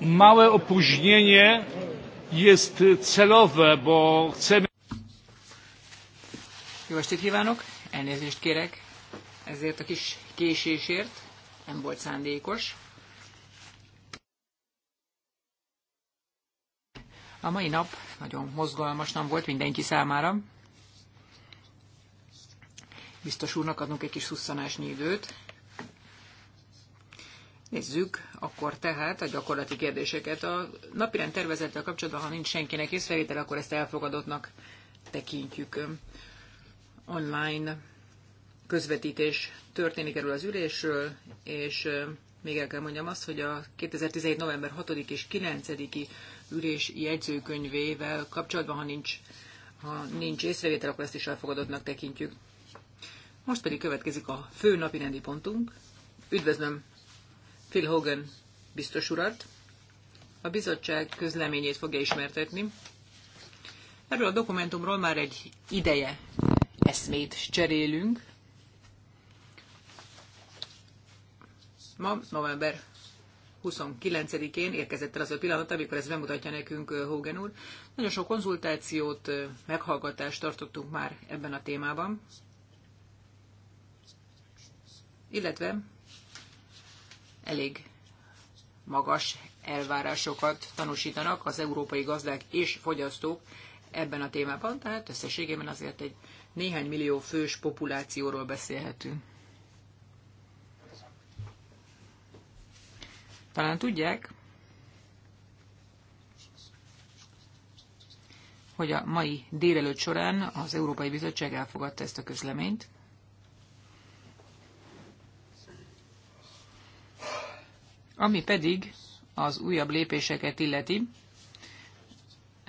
Małe opóźnienie jest celowe, bo chcemy... Jó estét kívánok! Elnézést kérek ezért a kis késésért. Nem volt szándékos. A mai nap nagyon mozgalmas nem volt mindenki számára biztos úrnak adunk egy kis szusszanásnyi időt. Nézzük akkor tehát a gyakorlati kérdéseket. A napirend tervezettel kapcsolatban, ha nincs senkinek észrevétel, akkor ezt elfogadottnak tekintjük. Online közvetítés történik erről az ülésről, és még el kell mondjam azt, hogy a 2017. november 6. és 9 ülés jegyzőkönyvével kapcsolatban, ha nincs, ha nincs észrevétel, akkor ezt is elfogadottnak tekintjük. Most pedig következik a fő napi rendi pontunk. Üdvözlöm Phil Hogan biztos urat. A bizottság közleményét fogja ismertetni. Erről a dokumentumról már egy ideje eszmét cserélünk. Ma, november 29-én érkezett el az a pillanat, amikor ezt bemutatja nekünk Hogan úr. Nagyon sok konzultációt, meghallgatást tartottunk már ebben a témában illetve elég magas elvárásokat tanúsítanak az európai gazdák és fogyasztók ebben a témában, tehát összességében azért egy néhány millió fős populációról beszélhetünk. Talán tudják, hogy a mai délelőtt során az Európai Bizottság elfogadta ezt a közleményt, Ami pedig az újabb lépéseket illeti,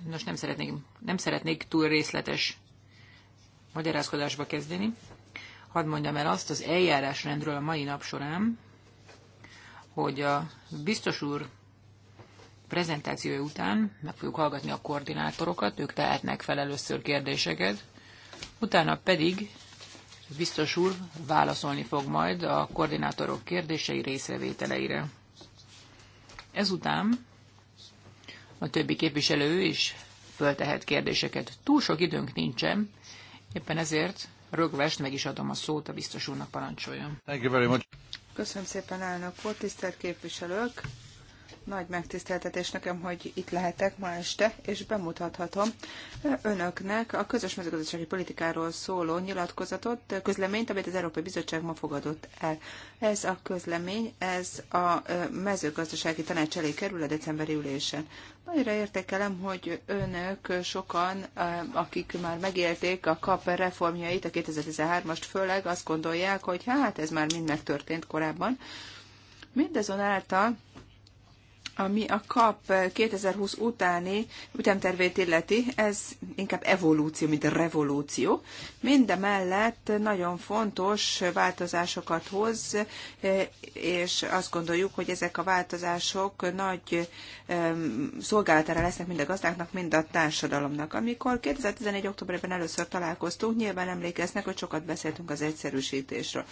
most nem szeretnék, nem szeretnék túl részletes magyarázkodásba kezdeni. Hadd mondjam el azt az eljárásrendről a mai nap során, hogy a biztos úr prezentációja után meg fogjuk hallgatni a koordinátorokat, ők tehetnek fel először kérdéseket, utána pedig biztos úr válaszolni fog majd a koordinátorok kérdései részrevételeire. Ezután a többi képviselő is föltehet kérdéseket. Túl sok időnk nincsen, éppen ezért rögvest meg is adom a szót a biztos úrnak parancsoljon. Thank you very much. Köszönöm szépen, elnök úr, tisztelt képviselők! Nagy megtiszteltetés nekem, hogy itt lehetek ma este, és bemutathatom önöknek a közös mezőgazdasági politikáról szóló nyilatkozatot, közleményt, amit az Európai Bizottság ma fogadott el. Ez a közlemény, ez a mezőgazdasági tanács elé kerül a decemberi ülésen. Nagyra értékelem, hogy önök sokan, akik már megélték a KAP reformjait, a 2013-ast főleg, azt gondolják, hogy hát ez már mind megtörtént korábban. Mindazonáltal ami a KAP 2020 utáni ütemtervét illeti, ez inkább evolúció, mint revolúció. Mindemellett nagyon fontos változásokat hoz, és azt gondoljuk, hogy ezek a változások nagy szolgálatára lesznek mind a gazdáknak, mind a társadalomnak. Amikor 2014. októberben először találkoztunk, nyilván emlékeznek, hogy sokat beszéltünk az egyszerűsítésről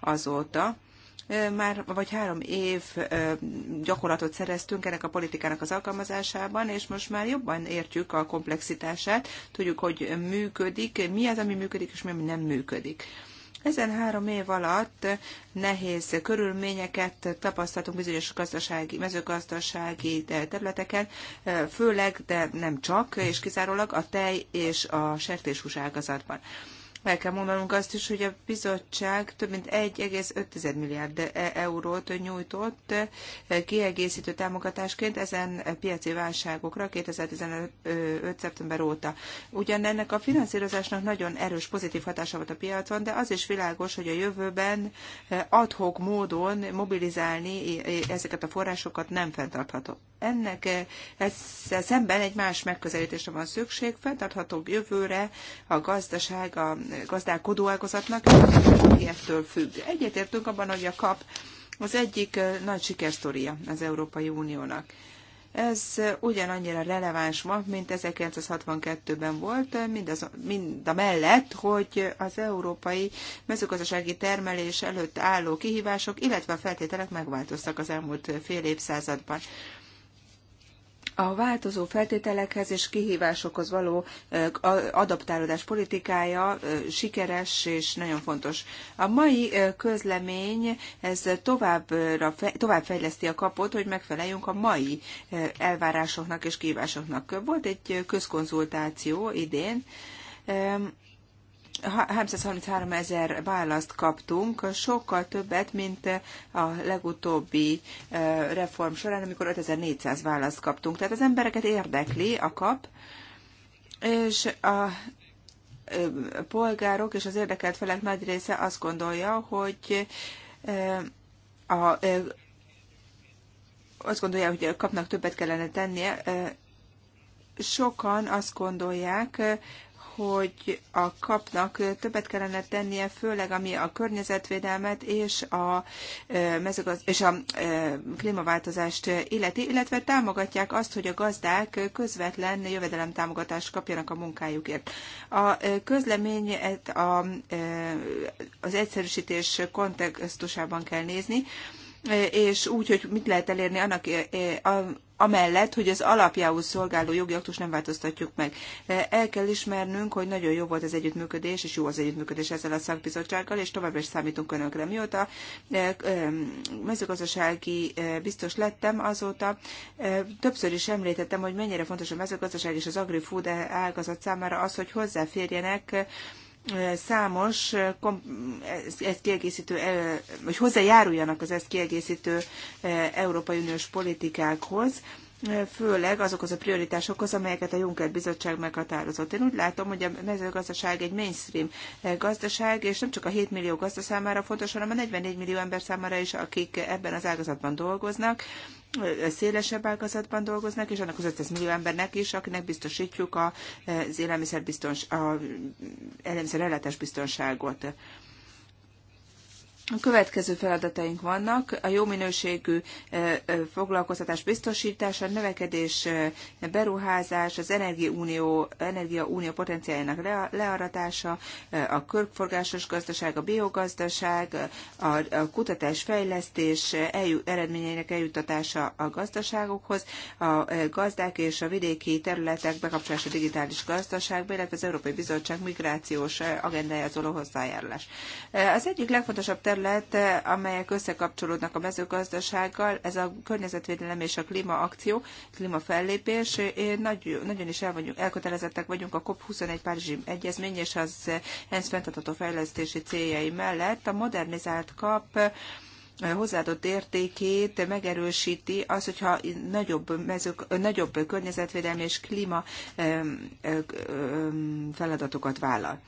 azóta már vagy három év gyakorlatot szereztünk ennek a politikának az alkalmazásában, és most már jobban értjük a komplexitását, tudjuk, hogy működik, mi az, ami működik, és mi ami nem működik. Ezen három év alatt nehéz körülményeket tapasztaltunk bizonyos gazdasági, mezőgazdasági területeken, főleg, de nem csak és kizárólag a tej és a sertéshús ágazatban. El kell mondanunk azt is, hogy a bizottság több mint 1,5 milliárd eurót nyújtott eh, kiegészítő támogatásként ezen piaci válságokra 2015. szeptember óta. Ugyan ennek a finanszírozásnak nagyon erős pozitív hatása volt a piacon, de az is világos, hogy a jövőben eh, adhok módon mobilizálni eh, ezeket a forrásokat nem fenntartható ennek eh, ezzel szemben egy más megközelítésre van szükség, fenntartható jövőre a gazdaság, a gazdálkodó ágazatnak, aki ettől függ. Egyetértünk abban, hogy a kap az egyik eh, nagy sikersztoria az Európai Uniónak. Ez eh, ugyanannyira releváns ma, mint 1962-ben volt, mind az, mind a mellett, hogy az európai mezőgazdasági termelés előtt álló kihívások, illetve a feltételek megváltoztak az elmúlt fél évszázadban a változó feltételekhez és kihívásokhoz való adaptálódás politikája sikeres és nagyon fontos. A mai közlemény ez továbbra, továbbfejleszti a kapot, hogy megfeleljünk a mai elvárásoknak és kihívásoknak. Volt egy közkonzultáció idén, 333 ezer választ kaptunk, sokkal többet, mint a legutóbbi reform során, amikor 5400 választ kaptunk. Tehát az embereket érdekli a kap, és a polgárok és az érdekelt felek nagy része azt gondolja, hogy a, azt gondolja, hogy kapnak többet kellene tennie, sokan azt gondolják, hogy a kapnak többet kellene tennie, főleg ami a környezetvédelmet és a, mezőgaz- és a klímaváltozást illeti, illetve támogatják azt, hogy a gazdák közvetlen jövedelemtámogatást kapjanak a munkájukért. A közleményet az egyszerűsítés kontextusában kell nézni, és úgy, hogy mit lehet elérni annak eh, eh, amellett, hogy az alapjául szolgáló jogi aktus nem változtatjuk meg. Eh, el kell ismernünk, hogy nagyon jó volt az együttműködés, és jó az együttműködés ezzel a szakbizottsággal, és továbbra is számítunk önökre. Mióta mezőgazdasági biztos lettem, azóta többször is említettem, hogy mennyire fontos a mezőgazdaság és az agri-food ágazat számára az, hogy hozzáférjenek számos ezt kiegészítő, vagy eh, hozzájáruljanak az ezt kiegészítő eh, Európai Uniós politikákhoz főleg azokhoz a prioritásokhoz, amelyeket a Juncker Bizottság meghatározott. Én úgy látom, hogy a mezőgazdaság egy mainstream eh, gazdaság, és nem csak a 7 millió gazda számára fontos, hanem a 44 millió ember számára is, akik ebben az ágazatban dolgoznak, eh, szélesebb ágazatban dolgoznak, és annak az 500 millió embernek is, akinek biztosítjuk eh, az élelmiszer, biztons, a, élelmiszer biztonságot. A következő feladataink vannak, a jó minőségű e, e, foglalkoztatás biztosítása, növekedés, e, beruházás, az energiaunió, energiaunió potenciáljának learatása, a körforgásos gazdaság, a biogazdaság, a kutatás, fejlesztés eredményeinek eljutatása a gazdaságokhoz, a gazdák és a vidéki területek bekapcsolása a digitális gazdaságba, illetve az Európai Bizottság migrációs agendája az hozzájárulás. Az egyik legfontosabb terület, terület, amelyek összekapcsolódnak a mezőgazdasággal, ez a környezetvédelem és a klímaakció, klímafellépés. Nagy, nagyon is el vagyunk, elkötelezettek vagyunk a COP21 Párizsi Egyezmény és az ENSZ fenntartható fejlesztési céljai mellett. A modernizált kap eh, hozzáadott értékét megerősíti az, hogyha nagyobb, mezők, nagyobb környezetvédelmi és klíma eh, feladatokat vállal.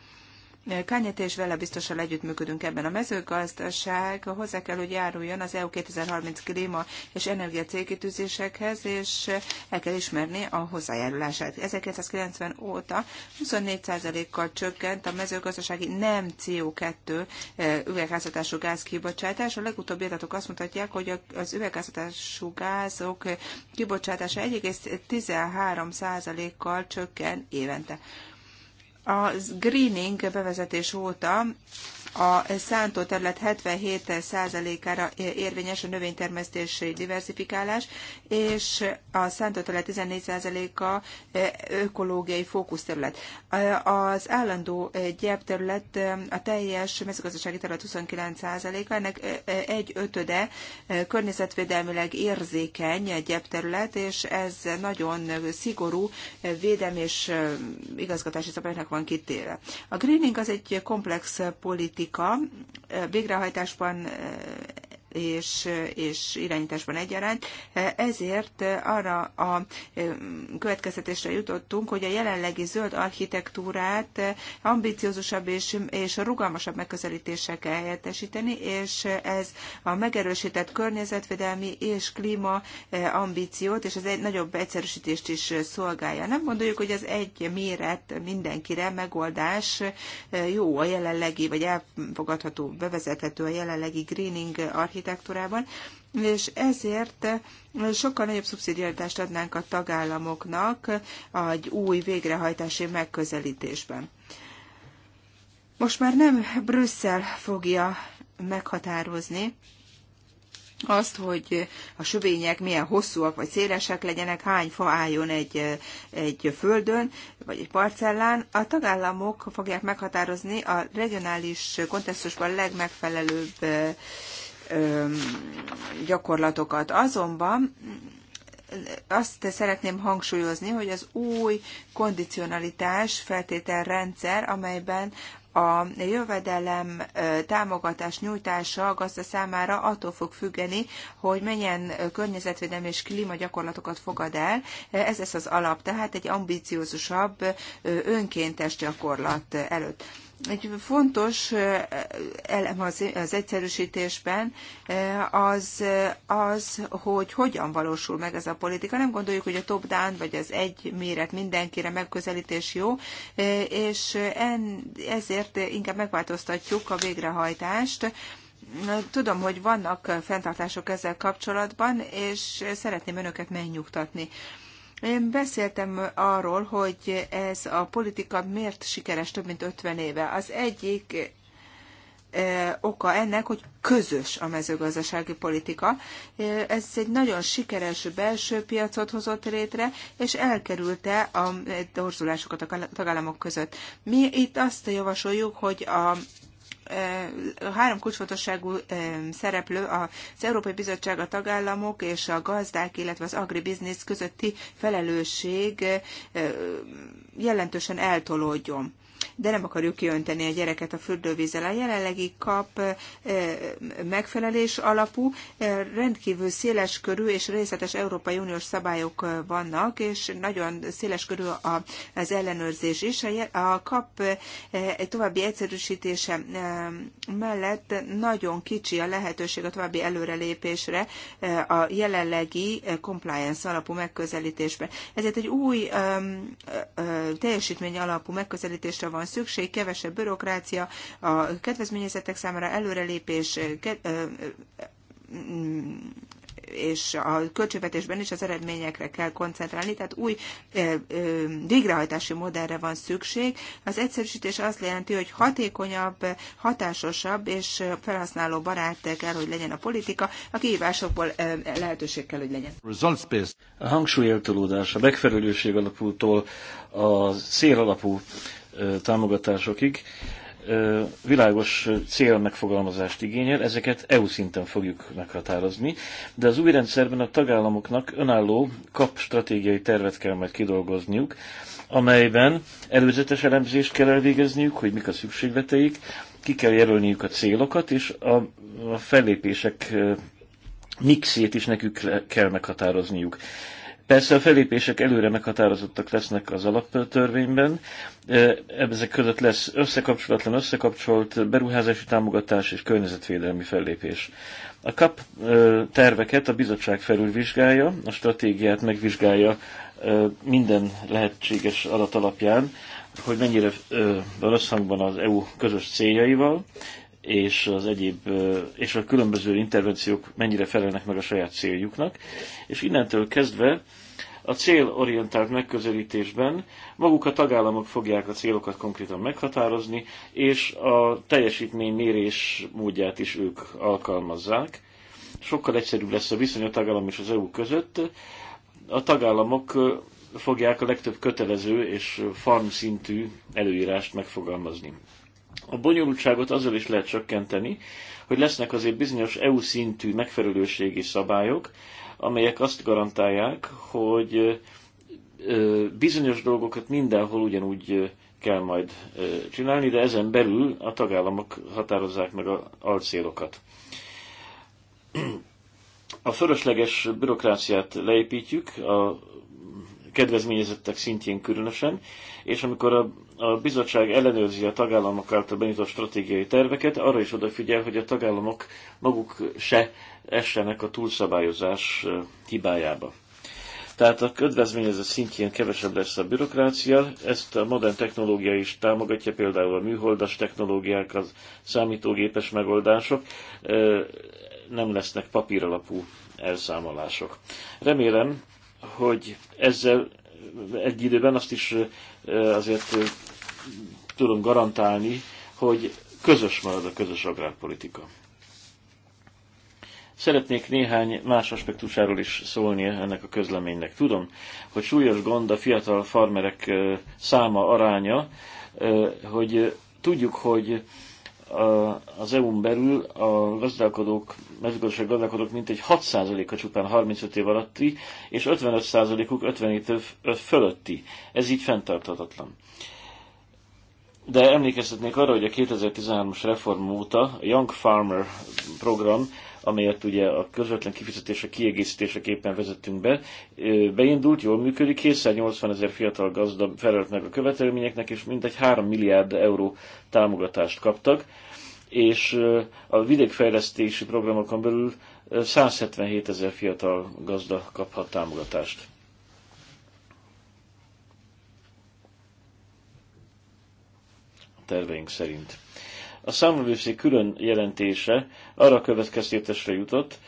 Kányet és vele biztosan együttműködünk ebben. A mezőgazdaság hozzá kell, hogy járuljon az EU 2030 klíma és energia célkitűzésekhez, és el kell ismerni a hozzájárulását. 1990 óta 24%-kal csökkent a mezőgazdasági nem CO2 eh, üvegházhatású gáz kibocsátás. A legutóbbi adatok azt mutatják, hogy az üvegházhatású gázok kibocsátása 1,13%-kal csökken évente. A greening bevezetés óta a szántó terület 77%-ára érvényes a növénytermesztési diversifikálás, és a szántó terület 14%-a ökológiai fókuszterület. Az állandó terület a teljes mezőgazdasági terület 29%-a, ennek egy ötöde környezetvédelmileg érzékeny terület, és ez nagyon szigorú védelmi és igazgatási szabályoknak van kitéve. A greening az egy komplex politika, politika végrehajtásban és, és irányításban egyaránt. Ezért arra a következtetésre jutottunk, hogy a jelenlegi zöld architektúrát ambiciózusabb és, és rugalmasabb megközelítéssel kell helyettesíteni, és ez a megerősített környezetvédelmi és klíma eh, ambíciót, és ez egy nagyobb egyszerűsítést is szolgálja. Nem gondoljuk, hogy az egy méret mindenkire megoldás eh, jó a jelenlegi, vagy elfogadható, bevezethető a jelenlegi greening architektúra, architektúrában, és ezért sokkal nagyobb szubszidiaritást adnánk a tagállamoknak egy új végrehajtási megközelítésben. Most már nem Brüsszel fogja meghatározni azt, hogy a sövények milyen hosszúak vagy szélesek legyenek, hány fa álljon egy, egy földön vagy egy parcellán. A tagállamok fogják meghatározni a regionális kontextusban legmegfelelőbb gyakorlatokat. Azonban azt szeretném hangsúlyozni, hogy az új kondicionalitás feltételrendszer, amelyben a jövedelem támogatás nyújtása a gazda számára attól fog függeni, hogy milyen környezetvédelmi és klíma gyakorlatokat fogad el. Ez lesz az alap, tehát egy ambiciózusabb önkéntes gyakorlat előtt. Egy fontos elem az, az egyszerűsítésben az, az, hogy hogyan valósul meg ez a politika. Nem gondoljuk, hogy a top-down vagy az egy méret mindenkire megközelítés jó, és en, ezért inkább megváltoztatjuk a végrehajtást, Tudom, hogy vannak fenntartások ezzel kapcsolatban, és szeretném önöket megnyugtatni. Én beszéltem arról, hogy ez a politika miért sikeres több mint 50 éve. Az egyik e, oka ennek, hogy közös a mezőgazdasági politika. E, ez egy nagyon sikeres belső piacot hozott létre, és elkerülte a e, torzulásokat a tagállamok között. Mi itt azt javasoljuk, hogy a három kulcsfontosságú szereplő az Európai Bizottság, a tagállamok és a gazdák, illetve az agribiznisz közötti felelősség jelentősen eltolódjon de nem akarjuk kiönteni a gyereket a fürdővízzel. A jelenlegi kap megfelelés alapú, rendkívül széles körű és részletes Európai Uniós szabályok vannak, és nagyon széles körű az ellenőrzés is. A kap további egyszerűsítése mellett nagyon kicsi a lehetőség a további előrelépésre a jelenlegi compliance alapú megközelítésbe. Ezért egy új teljesítmény alapú megközelítésre van van szükség, kevesebb bürokrácia, a kedvezményezetek számára előrelépés, mm, és a költségvetésben is az eredményekre kell koncentrálni, tehát új ö, végrehajtási modellre van szükség. Az egyszerűsítés azt jelenti, hogy hatékonyabb, hatásosabb és felhasználó barát kell, hogy legyen a politika, a kihívásokból lehetőség kell, hogy legyen. A eltolódás, a megfelelőség alapútól a szél alapú támogatásokig világos cél megfogalmazást igényel, ezeket EU szinten fogjuk meghatározni, de az új rendszerben a tagállamoknak önálló kap stratégiai tervet kell majd kidolgozniuk, amelyben előzetes elemzést kell elvégezniük, hogy mik a szükségleteik, ki kell jelölniük a célokat, és a, a fellépések mixét is nekük kell meghatározniuk. Persze a felépések előre meghatározottak lesznek az alaptörvényben, e, ezek között lesz összekapcsolatlan, összekapcsolt beruházási támogatás és környezetvédelmi fellépés. A KAP e, terveket a bizottság felülvizsgálja, a stratégiát megvizsgálja e, minden lehetséges adat alapján, hogy mennyire van összhangban az EU közös céljaival, és az egyéb, és a különböző intervenciók mennyire felelnek meg a saját céljuknak, és innentől kezdve a célorientált megközelítésben maguk a tagállamok fogják a célokat konkrétan meghatározni, és a teljesítmény mérés módját is ők alkalmazzák. Sokkal egyszerűbb lesz a viszony a tagállam és az EU között. A tagállamok fogják a legtöbb kötelező és farm szintű előírást megfogalmazni. A bonyolultságot azzal is lehet csökkenteni, hogy lesznek azért bizonyos EU szintű megfelelőségi szabályok, amelyek azt garantálják, hogy bizonyos dolgokat mindenhol ugyanúgy kell majd csinálni, de ezen belül a tagállamok határozzák meg a alcélokat. A fölösleges bürokráciát leépítjük, a kedvezményezettek szintjén különösen, és amikor a, a bizottság ellenőrzi a tagállamok által benyújtott stratégiai terveket, arra is odafigyel, hogy a tagállamok maguk se essenek a túlszabályozás hibájába. Tehát a kedvezményező szintjén kevesebb lesz a bürokrácia, ezt a modern technológia is támogatja, például a műholdas technológiák, az számítógépes megoldások, nem lesznek papíralapú elszámolások. Remélem, hogy ezzel egy időben azt is azért tudom garantálni, hogy közös marad a közös agrárpolitika. Szeretnék néhány más aspektusáról is szólni ennek a közleménynek. Tudom, hogy súlyos gond a fiatal farmerek száma aránya, hogy tudjuk, hogy az EU-n belül a gazdálkodók, mezőgazdaság gazdálkodók mintegy 6%-a csupán 35 év alatti, és 55%-uk 50 év fölötti. Ez így fenntarthatatlan. De emlékeztetnék arra, hogy a 2013-as reform óta a Young Farmer program amelyet ugye a közvetlen kifizetése kiegészítéseképpen vezettünk be, beindult, jól működik, 280 ezer fiatal gazda felelt meg a követelményeknek, és mintegy 3 milliárd euró támogatást kaptak, és a vidékfejlesztési programokon belül 177 ezer fiatal gazda kaphat támogatást. terveink szerint. A számvevőszék külön jelentése arra következtetésre jutott,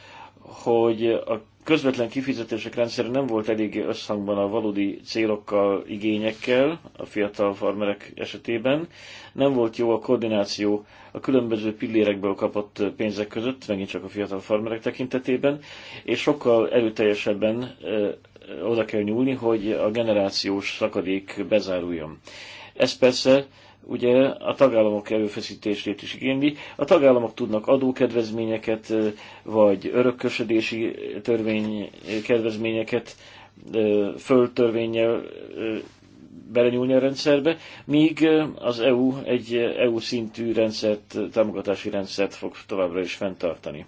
hogy a közvetlen kifizetések rendszere nem volt elég összhangban a valódi célokkal, igényekkel a fiatal farmerek esetében. Nem volt jó a koordináció a különböző pillérekből kapott pénzek között, megint csak a fiatal farmerek tekintetében, és sokkal erőteljesebben oda kell nyúlni, hogy a generációs szakadék bezáruljon. Ez persze ugye a tagállamok erőfeszítését is igényli. A tagállamok tudnak adókedvezményeket, vagy örökkösödési törvény kedvezményeket földtörvényel belenyúlni a rendszerbe, míg az EU egy EU szintű rendszert, támogatási rendszert fog továbbra is fenntartani.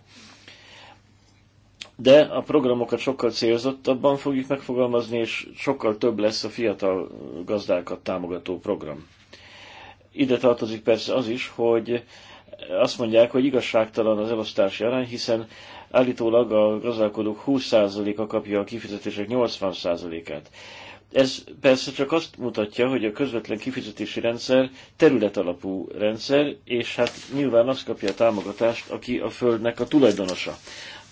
De a programokat sokkal célzottabban fogjuk megfogalmazni, és sokkal több lesz a fiatal gazdákat támogató program ide tartozik persze az is, hogy azt mondják, hogy igazságtalan az elosztási arány, hiszen állítólag a gazdálkodók 20%-a kapja a kifizetések 80%-át. Ez persze csak azt mutatja, hogy a közvetlen kifizetési rendszer területalapú rendszer, és hát nyilván azt kapja a támogatást, aki a földnek a tulajdonosa.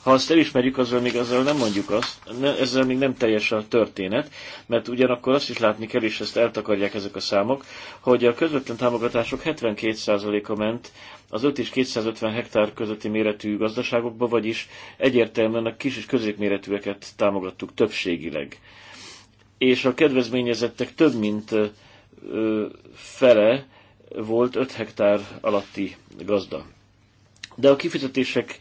Ha azt elismerjük, azzal még azzal nem mondjuk azt, ne, ezzel még nem teljes a történet, mert ugyanakkor azt is látni kell, és ezt eltakarják ezek a számok, hogy a közvetlen támogatások 72%-a ment az 5 és 250 hektár közötti méretű gazdaságokba, vagyis egyértelműen a kis és középméretűeket támogattuk többségileg. És a kedvezményezettek több mint ö, fele volt 5 hektár alatti gazda. De a kifizetések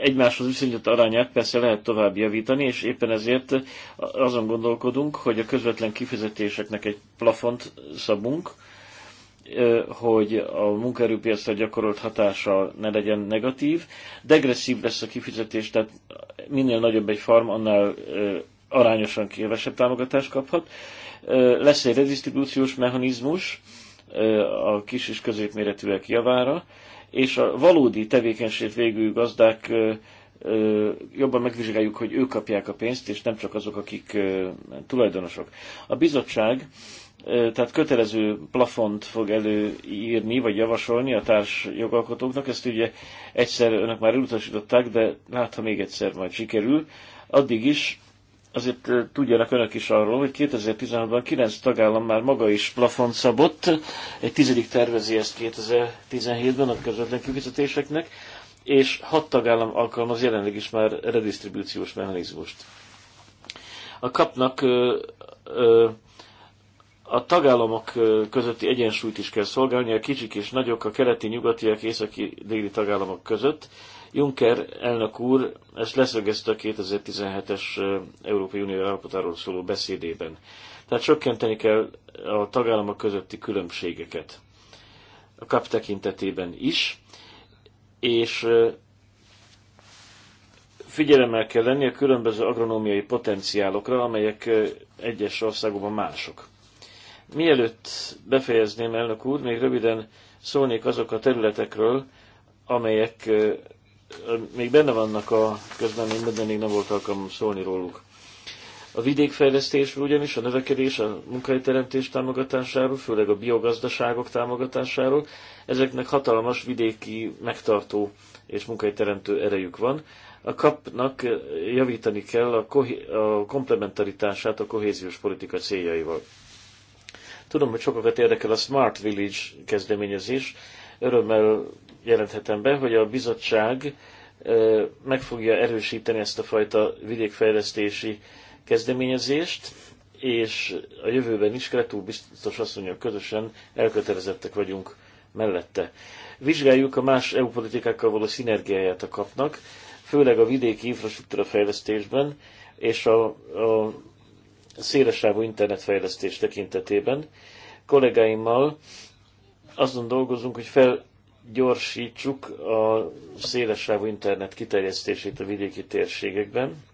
egymáshoz viszonyított arányát persze lehet tovább javítani, és éppen ezért azon gondolkodunk, hogy a közvetlen kifizetéseknek egy plafont szabunk, hogy a munkaerőpiacra gyakorolt hatása ne legyen negatív. Degresszív lesz a kifizetés, tehát minél nagyobb egy farm, annál arányosan kevesebb támogatást kaphat. Lesz egy redistribúciós mechanizmus a kis és középméretűek javára, és a valódi tevékenység végű gazdák jobban megvizsgáljuk, hogy ők kapják a pénzt, és nem csak azok, akik tulajdonosok. A bizottság tehát kötelező plafont fog előírni, vagy javasolni a társ jogalkotóknak. Ezt ugye egyszer önök már elutasították, de látha még egyszer majd sikerül, addig is azért eh, tudjanak önök is arról, hogy 2016-ban 9 tagállam már maga is plafont szabott, egy tizedik tervezi ezt 2017-ben a közvetlen kifizetéseknek, és 6 tagállam alkalmaz jelenleg is már redistribúciós mechanizmust. A kapnak ö, eh, ö, eh, a tagállamok közötti egyensúlyt is kell szolgálni, a kicsik és nagyok, a keleti, nyugatiak, északi, déli tagállamok között, Juncker elnök úr ezt leszögezte a 2017-es Európai Unió állapotáról szóló beszédében. Tehát csökkenteni kell a tagállamok közötti különbségeket a kap tekintetében is, és figyelemmel kell lenni a különböző agronómiai potenciálokra, amelyek egyes országokban mások. Mielőtt befejezném, elnök úr, még röviden szólnék azok a területekről, amelyek még benne vannak a közben, de még nem volt alkalmam szólni róluk. A vidékfejlesztésről ugyanis a növekedés, a munkahelyteremtés támogatásáról, főleg a biogazdaságok támogatásáról, ezeknek hatalmas vidéki megtartó és munkahelyteremtő erejük van. A kapnak javítani kell a, a komplementaritását a kohéziós politika céljaival. Tudom, hogy sokakat érdekel a Smart Village kezdeményezés. Örömmel jelenthetem be, hogy a bizottság meg fogja erősíteni ezt a fajta vidékfejlesztési kezdeményezést, és a jövőben is Kretú biztos asszonyok közösen elkötelezettek vagyunk mellette. Vizsgáljuk a más EU politikákkal való szinergiáját a kapnak, főleg a vidéki infrastruktúra fejlesztésben és a, a szélesávú internetfejlesztés tekintetében. Kollégáimmal azon dolgozunk, hogy fel gyorsítsuk a szélesávú internet kiterjesztését a vidéki térségekben.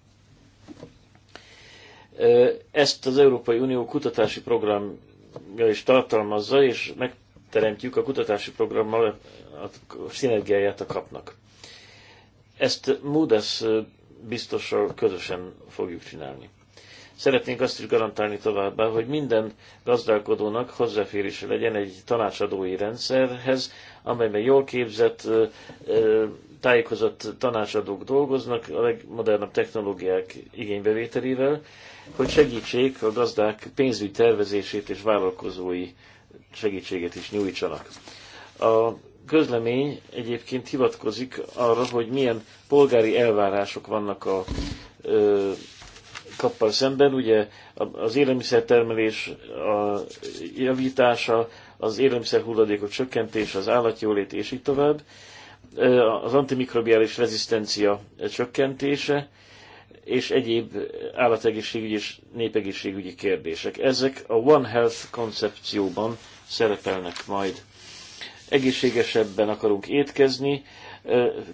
Ezt az Európai Unió kutatási programja is tartalmazza, és megteremtjük a kutatási programmal a szinergiáját a kapnak. Ezt Moodes biztosan közösen fogjuk csinálni. Szeretnénk azt is garantálni továbbá, hogy minden gazdálkodónak hozzáférése legyen egy tanácsadói rendszerhez, amelyben jól képzett, tájékozott tanácsadók dolgoznak a legmodernabb technológiák igénybevételével, hogy segítsék a gazdák pénzügy tervezését és vállalkozói segítséget is nyújtsanak. A közlemény egyébként hivatkozik arra, hogy milyen polgári elvárások vannak a ö, kappal szemben. Ugye az élelmiszertermelés a javítása, az élelmiszer hulladékok csökkentése, az állatjólét és így tovább, az antimikrobiális rezisztencia csökkentése, és egyéb állategészségügyi és népegészségügyi kérdések. Ezek a One Health koncepcióban szerepelnek majd. Egészségesebben akarunk étkezni,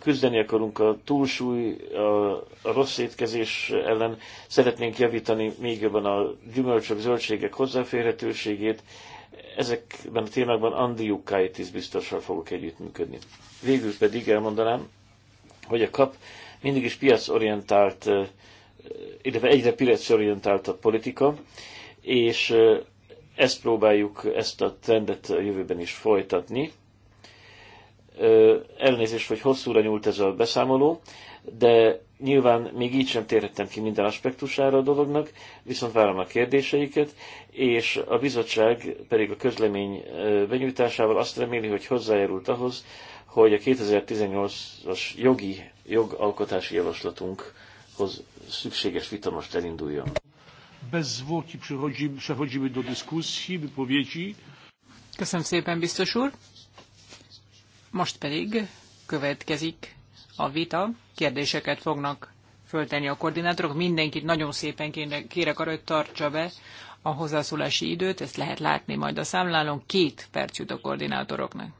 küzdeni akarunk a túlsúly, a, a rossz étkezés ellen, szeretnénk javítani még jobban a gyümölcsök, zöldségek hozzáférhetőségét, Ezekben a témákban Andi Jukáitis biztosan fogok együttműködni. Végül pedig elmondanám, hogy a kap mindig is piacorientált, illetve egyre a politika, és ezt próbáljuk, ezt a trendet a jövőben is folytatni. Elnézést, hogy hosszúra nyúlt ez a beszámoló de nyilván még így sem térhettem ki minden aspektusára a dolognak, viszont várom a kérdéseiket, és a bizottság pedig a közlemény benyújtásával azt reméli, hogy hozzájárult ahhoz, hogy a 2018-as jogi, jogalkotási javaslatunkhoz szükséges vita most elinduljon. Bez przechodzimy do dyskusji, wypowiedzi. Köszönöm szépen, biztos úr. Most pedig következik a vita kérdéseket fognak föltenni a koordinátorok. Mindenkit nagyon szépen kérek arra, hogy tartsa be a hozzászólási időt, ezt lehet látni majd a számlálón, két perc jut a koordinátoroknak.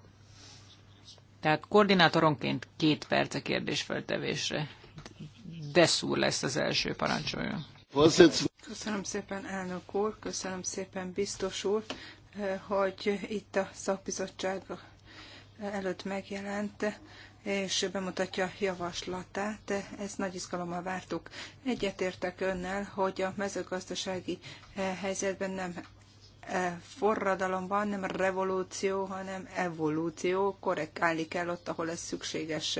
Tehát koordinátoronként két perc a kérdés de szúr lesz az első parancsoljon. Köszönöm szépen, elnök úr, köszönöm szépen, biztos úr, eh, hogy itt a szakbizottság előtt megjelent és bemutatja javaslatát. Ezt nagy izgalommal vártuk. Egyetértek önnel, hogy a mezőgazdasági eh, helyzetben nem eh, forradalom van, nem revolúció, hanem evolúció. Korrekálni kell ott, ahol ez szükséges.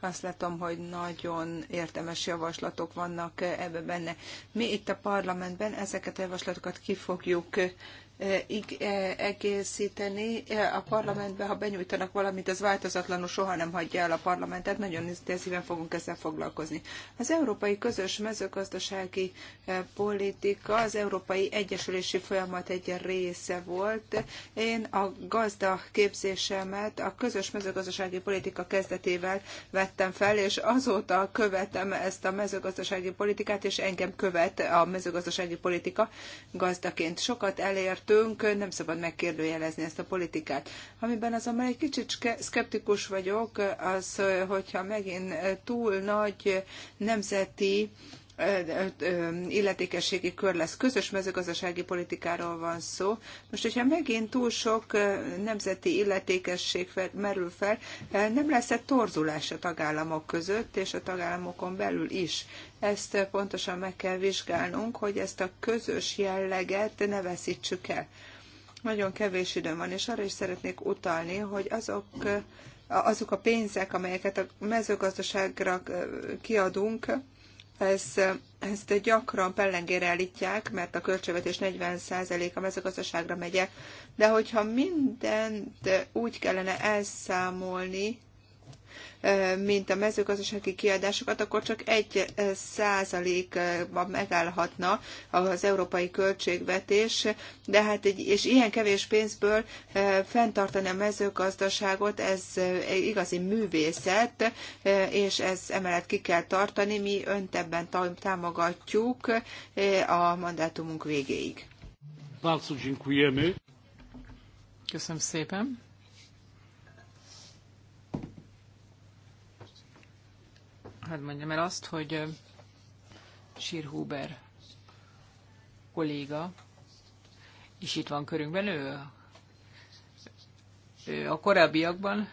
Azt látom, hogy nagyon értemes javaslatok vannak ebbe benne. Mi itt a parlamentben ezeket a javaslatokat ki fogjuk egészíteni. A parlamentbe, ha benyújtanak valamit, az változatlanul soha nem hagyja el a parlamentet. Nagyon intenzíven fogunk ezzel foglalkozni. Az európai közös mezőgazdasági politika az európai egyesülési folyamat egy része volt. Én a gazda képzésemet a közös mezőgazdasági politika kezdetével vettem fel, és azóta követem ezt a mezőgazdasági politikát, és engem követ a mezőgazdasági politika gazdaként. Sokat elért döntünk, nem szabad megkérdőjelezni ezt a politikát. Amiben azonban egy kicsit szkeptikus vagyok, az, hogyha megint túl nagy nemzeti illetékességi kör lesz. Közös mezőgazdasági politikáról van szó. Most, hogyha megint túl sok nemzeti illetékesség merül fel, nem lesz-e torzulás a tagállamok között és a tagállamokon belül is? Ezt pontosan meg kell vizsgálnunk, hogy ezt a közös jelleget ne veszítsük el. Nagyon kevés időm van, és arra is szeretnék utalni, hogy azok azok a pénzek, amelyeket a mezőgazdaságra kiadunk, ez, ezt gyakran pellengére állítják, mert a költségvetés 40% a mezőgazdaságra megy de hogyha mindent úgy kellene elszámolni, mint a mezőgazdasági kiadásokat, akkor csak egy eh, százalékban megállhatna az európai költségvetés, de hát egy, és ilyen kevés pénzből eh, fenntartani a mezőgazdaságot, ez eh, igazi művészet, és ez emellett ki kell tartani, mi önt ebben támogatjuk a mandátumunk végéig. Köszönöm szépen. hát mondjam el azt, hogy Sírhuber kolléga is itt van körünkben, ő, ő a korábbiakban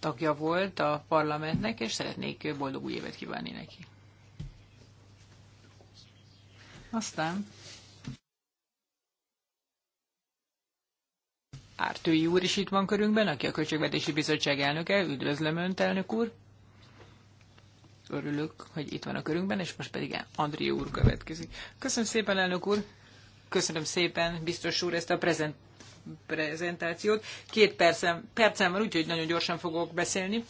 tagja volt a parlamentnek, és szeretnék boldog új évet kívánni neki. Aztán Ártői úr is itt van körünkben, aki a Költségvetési Bizottság elnöke. Üdvözlöm Önt, elnök úr! örülök, hogy itt van a körünkben, és most pedig André úr következik. Köszönöm szépen, elnök úr! Köszönöm szépen, biztos úr, ezt a prezent prezentációt. Két percem, percem van, úgyhogy nagyon gyorsan fogok beszélni.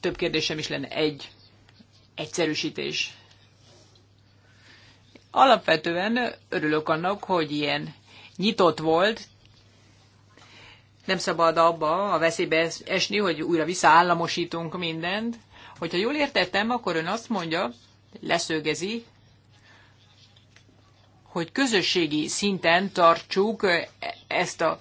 Több kérdésem is lenne. Egy egyszerűsítés. Alapvetően örülök annak, hogy ilyen nyitott volt, nem szabad abba a veszélybe esni, hogy újra visszaállamosítunk mindent. Hogyha jól értettem, akkor ön azt mondja, leszögezi, hogy közösségi szinten tartsuk ezt a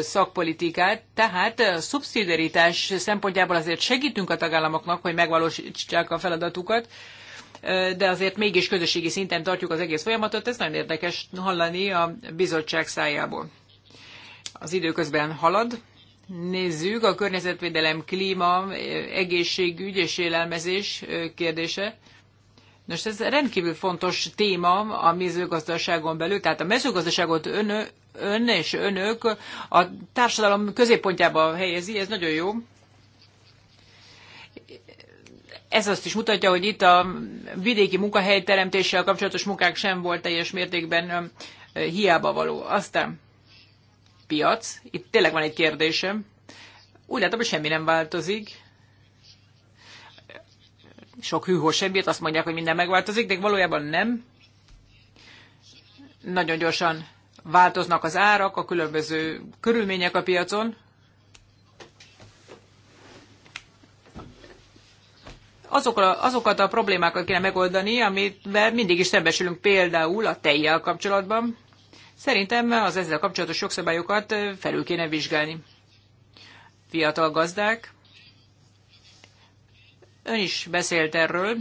szakpolitikát, tehát a szubszidiaritás szempontjából azért segítünk a tagállamoknak, hogy megvalósítsák a feladatukat, de azért mégis közösségi szinten tartjuk az egész folyamatot, ez nagyon érdekes hallani a bizottság szájából. Az idő közben halad, nézzük, a környezetvédelem, klíma, egészségügy és élelmezés kérdése. Nos, ez rendkívül fontos téma a mezőgazdaságon belül, tehát a mezőgazdaságot ön, ön és önök a társadalom középpontjába helyezi, ez nagyon jó. Ez azt is mutatja, hogy itt a vidéki munkahelyteremtéssel kapcsolatos munkák sem volt teljes mértékben hiába való. Aztán piac. Itt tényleg van egy kérdésem. Úgy látom, hogy semmi nem változik. Sok hűhó semmiért azt mondják, hogy minden megváltozik, de valójában nem. Nagyon gyorsan változnak az árak, a különböző körülmények a piacon. a, azokat a problémákat kéne megoldani, amit mindig is szembesülünk például a tejjel kapcsolatban Szerintem az ezzel kapcsolatos jogszabályokat felül kéne vizsgálni. Fiatal gazdák, ön is beszélt erről,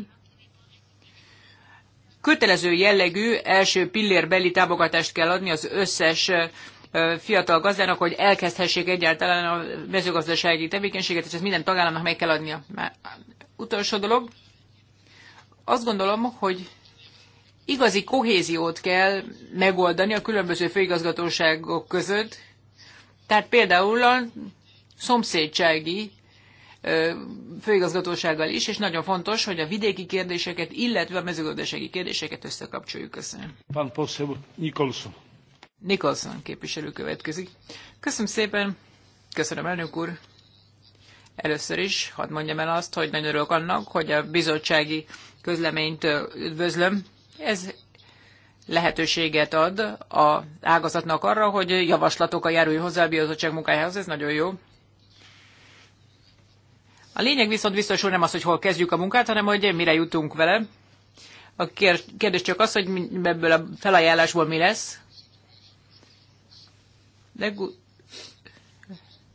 kötelező jellegű első pillérbeli támogatást kell adni az összes fiatal gazdának, hogy elkezdhessék egyáltalán a mezőgazdasági tevékenységet, és ezt minden tagállamnak meg kell adnia. Már utolsó dolog, azt gondolom, hogy igazi kohéziót kell megoldani a különböző főigazgatóságok között, tehát például a szomszédsági főigazgatósággal is, és nagyon fontos, hogy a vidéki kérdéseket, illetve a mezőgazdasági kérdéseket összekapcsoljuk. Köszönöm. Pán Poszév Nikolson. Nikolson képviselő következik. Köszönöm szépen. Köszönöm, elnök úr. Először is hadd mondjam el azt, hogy nagyon örülök annak, hogy a bizottsági közleményt üdvözlöm. Ez lehetőséget ad az ágazatnak arra, hogy javaslatokkal járulj hozzá a bizottság munkájához, ez nagyon jó. A lényeg viszont biztos hogy nem az, hogy hol kezdjük a munkát, hanem hogy mire jutunk vele. A kérdés csak az, hogy ebből a felajánlásból mi lesz. De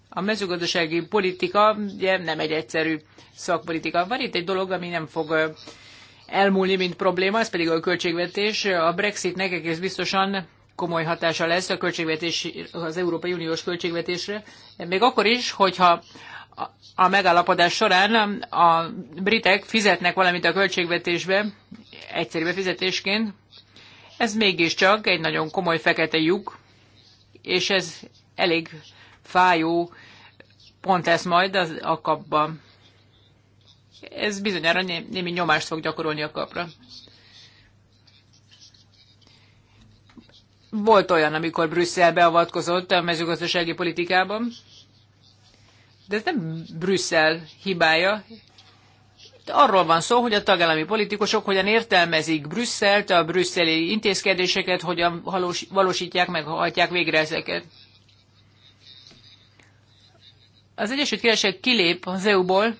a mezőgazdasági politika ugye nem egy egyszerű szakpolitika. Van itt egy dolog, ami nem fog elmúlni, mint probléma, ez pedig a költségvetés. A Brexitnek egész biztosan komoly hatása lesz a költségvetés, az Európai Uniós költségvetésre. Még akkor is, hogyha a megállapodás során a britek fizetnek valamit a költségvetésbe, egyszerű befizetésként, ez mégiscsak egy nagyon komoly fekete lyuk, és ez elég fájó pont lesz majd az kapban ez bizonyára némi nyomást fog gyakorolni a kapra. Volt olyan, amikor Brüsszel beavatkozott a mezőgazdasági politikában, de ez nem Brüsszel hibája. De arról van szó, hogy a tagállami politikusok hogyan értelmezik Brüsszelt, a brüsszeli intézkedéseket, hogyan valósítják meg, hajtják végre ezeket. Az Egyesült Királyság kilép az EU-ból,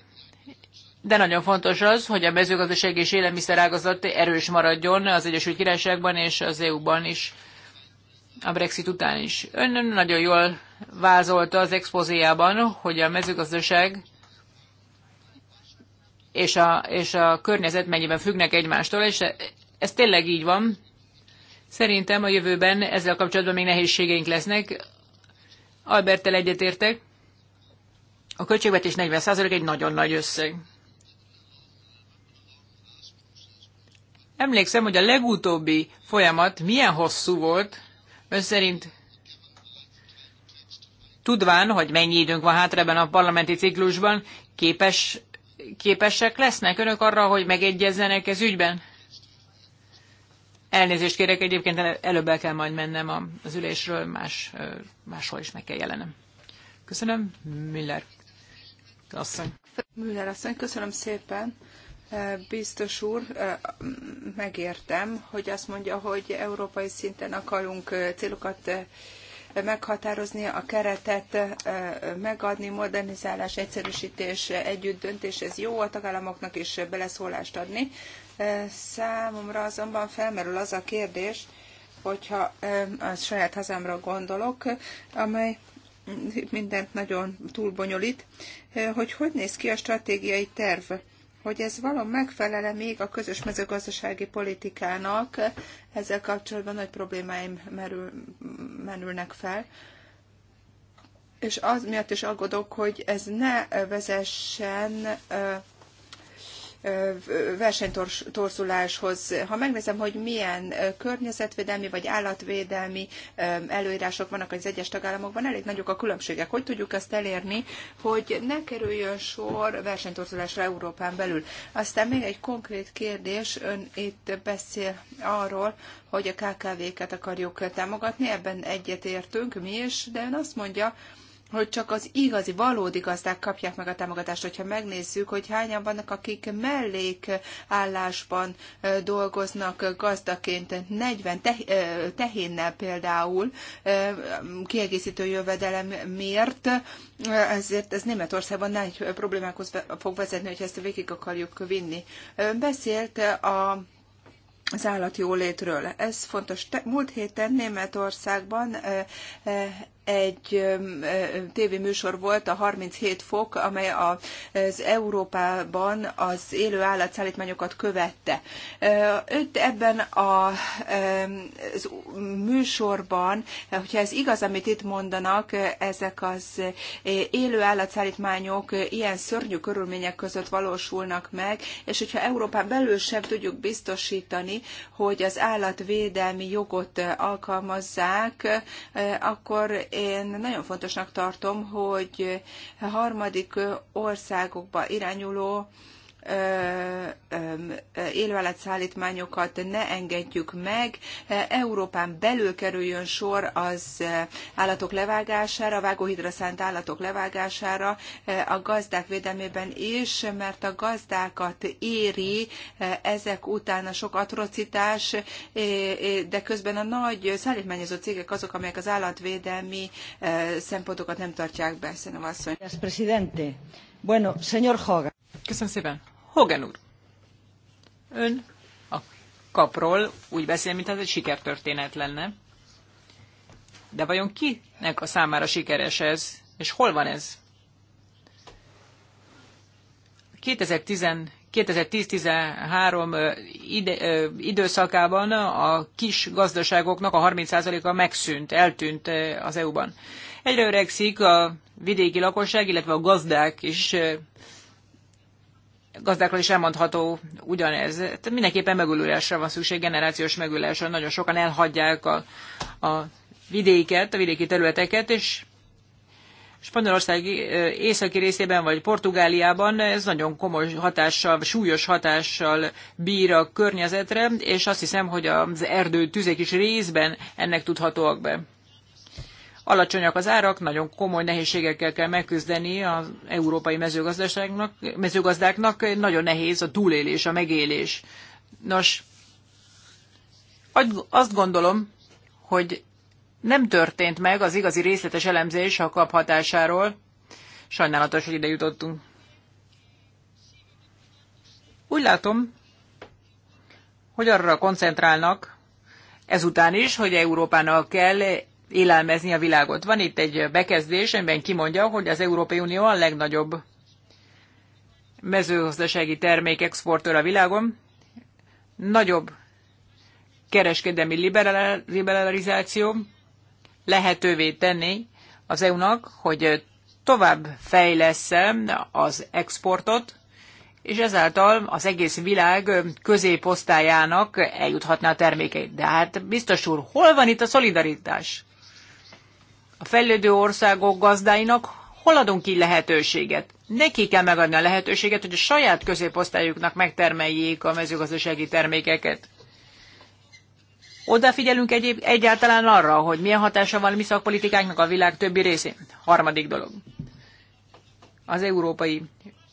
de nagyon fontos az, hogy a mezőgazdaság és élelmiszerágazat erős maradjon az Egyesült Királyságban és az EU-ban is, a Brexit után is. Ön nagyon jól vázolta az expozéjában, hogy a mezőgazdaság és a, és a környezet mennyiben függnek egymástól, és ez tényleg így van. Szerintem a jövőben ezzel kapcsolatban még nehézségeink lesznek. Albertel egyetértek. A költségvetés 40% egy nagyon nagy összeg. Emlékszem, hogy a legutóbbi folyamat milyen hosszú volt, ön szerint tudván, hogy mennyi időnk van hátra ebben a parlamenti ciklusban, képes, képesek lesznek önök arra, hogy megegyezzenek ez ügyben? Elnézést kérek, egyébként előbb el kell majd mennem az ülésről, más, máshol is meg kell jelenem. Köszönöm, Müller asszony. Müller asszony, köszönöm szépen. Biztos úr, megértem, hogy azt mondja, hogy európai szinten akarunk célokat meghatározni, a keretet megadni, modernizálás, egyszerűsítés, együtt döntés, ez jó a tagállamoknak is beleszólást adni. Számomra azonban felmerül az a kérdés, hogyha a saját hazámra gondolok, amely mindent nagyon túlbonyolít, hogy hogy néz ki a stratégiai terv hogy ez valóban megfelele még a közös mezőgazdasági politikának, ezzel kapcsolatban nagy problémáim merül, merülnek fel. És az miatt is aggódok, hogy ez ne vezessen versenytorzuláshoz. Ha megnézem, hogy milyen környezetvédelmi vagy állatvédelmi előírások vannak az egyes tagállamokban, elég nagyok a különbségek. Hogy tudjuk ezt elérni, hogy ne kerüljön sor versenytorzulásra Európán belül? Aztán még egy konkrét kérdés, ön itt beszél arról, hogy a KKV-ket akarjuk támogatni, ebben egyetértünk mi is, de ön azt mondja, hogy csak az igazi, valódi gazdák kapják meg a támogatást. Hogyha megnézzük, hogy hányan vannak, akik mellékállásban dolgoznak gazdaként, 40 tehénnel például kiegészítő jövedelem miért, ezért ez Németországban nagy problémákhoz fog vezetni, hogy ezt végig akarjuk vinni. Beszélt a az állatjólétről. Ez fontos. Múlt héten Németországban egy tévéműsor volt, a 37 fok, amely az Európában az élő állatszállítmányokat követte. Öt ebben a, az műsorban, hogyha ez igaz, amit itt mondanak, ezek az élő állatszállítmányok ilyen szörnyű körülmények között valósulnak meg, és hogyha Európán belül sem tudjuk biztosítani, hogy az állatvédelmi jogot alkalmazzák, akkor én nagyon fontosnak tartom, hogy harmadik országokba irányuló szállítmányokat ne engedjük meg, Európán belül kerüljön sor az állatok levágására, vágóhidra szánt állatok levágására a gazdák védelmében is, mert a gazdákat éri ezek után a sok atrocitás, de közben a nagy szállítmányozó cégek azok, amelyek az állatvédelmi szempontokat nem tartják be. Köszönöm asszony. Bueno, señor Köszönöm szépen. Hogan úr, ön a kapról úgy beszél, mintha ez egy sikertörténet lenne. De vajon kinek a számára sikeres ez, és hol van ez? 2010-13 ide, időszakában a kis gazdaságoknak a 30%-a megszűnt, eltűnt az EU-ban. Egyre öregszik a vidéki lakosság, illetve a gazdák is gazdákról is elmondható ugyanez. Tehát mindenképpen megülülésre van szükség, generációs megülésre. Nagyon sokan elhagyják a, a vidéket, a vidéki területeket, és Spanyolország északi részében, vagy Portugáliában ez nagyon komoly hatással, súlyos hatással bír a környezetre, és azt hiszem, hogy az erdő tüzek is részben ennek tudhatóak be. Alacsonyak az árak, nagyon komoly nehézségekkel kell megküzdeni az európai mezőgazdaságnak, mezőgazdáknak, nagyon nehéz a túlélés, a megélés. Nos, azt gondolom, hogy nem történt meg az igazi részletes elemzés a kaphatásáról. Sajnálatos, hogy ide jutottunk. Úgy látom, hogy arra koncentrálnak ezután is, hogy Európának kell élelmezni a világot. Van itt egy bekezdés, amiben kimondja, hogy az Európai Unió a legnagyobb mezőgazdasági termék exportőr a világon, nagyobb kereskedelmi liberalizáció lehetővé tenni az EU-nak, hogy tovább fejlesz az exportot, és ezáltal az egész világ középosztályának eljuthatná a termékeit. De hát biztos úr, hol van itt a szolidaritás? a fejlődő országok gazdáinak hol adunk ki lehetőséget? Neki kell megadni a lehetőséget, hogy a saját középosztályuknak megtermeljék a mezőgazdasági termékeket. Odafigyelünk egyéb, egyáltalán arra, hogy milyen hatása van mi szakpolitikánknak a világ többi részén. Harmadik dolog. Az Európai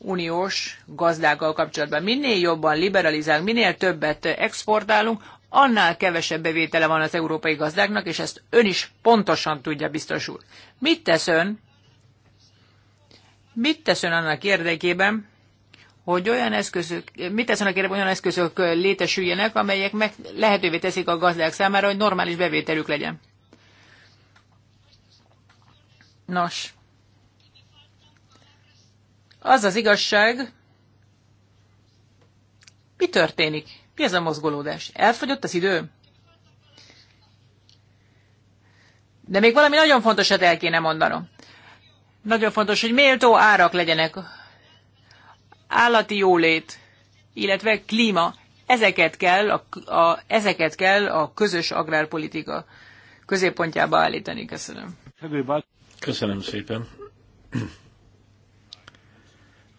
Uniós gazdákkal kapcsolatban. Minél jobban liberalizálunk, minél többet exportálunk, annál kevesebb bevétele van az európai gazdáknak, és ezt ön is pontosan tudja, biztos úr. Mit tesz ön? Mit tesz ön annak érdekében, hogy olyan eszközök, mit tesz annak érdekében, olyan eszközök létesüljenek, amelyek meg lehetővé teszik a gazdák számára, hogy normális bevételük legyen? Nos, az az igazság, mi történik? Mi ez a mozgolódás? Elfogyott az idő? De még valami nagyon fontosat el kéne mondanom. Nagyon fontos, hogy méltó árak legyenek. Állati jólét, illetve klíma. Ezeket kell a, a, ezeket kell a közös agrárpolitika középpontjába állítani. Köszönöm. Köszönöm szépen.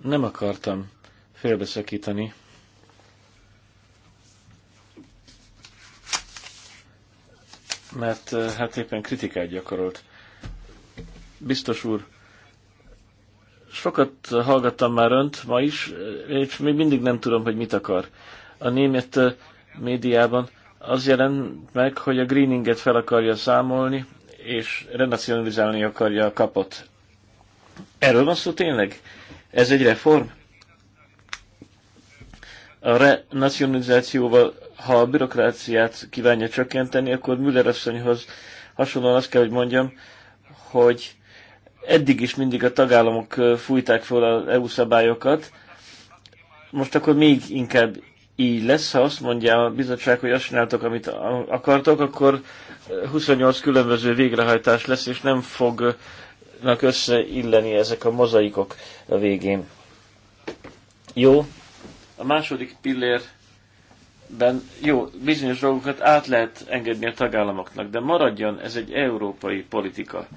Nem akartam félbeszakítani mert eh, hát éppen kritikát gyakorolt. Biztos úr, sokat hallgattam már önt ma is, eh, és még mindig nem tudom, hogy mit akar. A német eh, médiában az jelent meg, hogy a greeninget fel akarja számolni, és renacionalizálni akarja a kapot. Erről van szó tényleg? Ez egy reform? A renacionalizációval ha a bürokráciát kívánja csökkenteni, akkor Müller asszonyhoz hasonlóan azt kell, hogy mondjam, hogy eddig is mindig a tagállamok fújták fel az EU szabályokat, most akkor még inkább így lesz, ha azt mondja a bizottság, hogy azt csináltok, amit akartok, akkor 28 különböző végrehajtás lesz, és nem fognak összeilleni ezek a mozaikok a végén. Jó, a második pillér ben jó, bizonyos dolgokat át lehet engedni a tagállamoknak, de maradjon ez egy európai politika.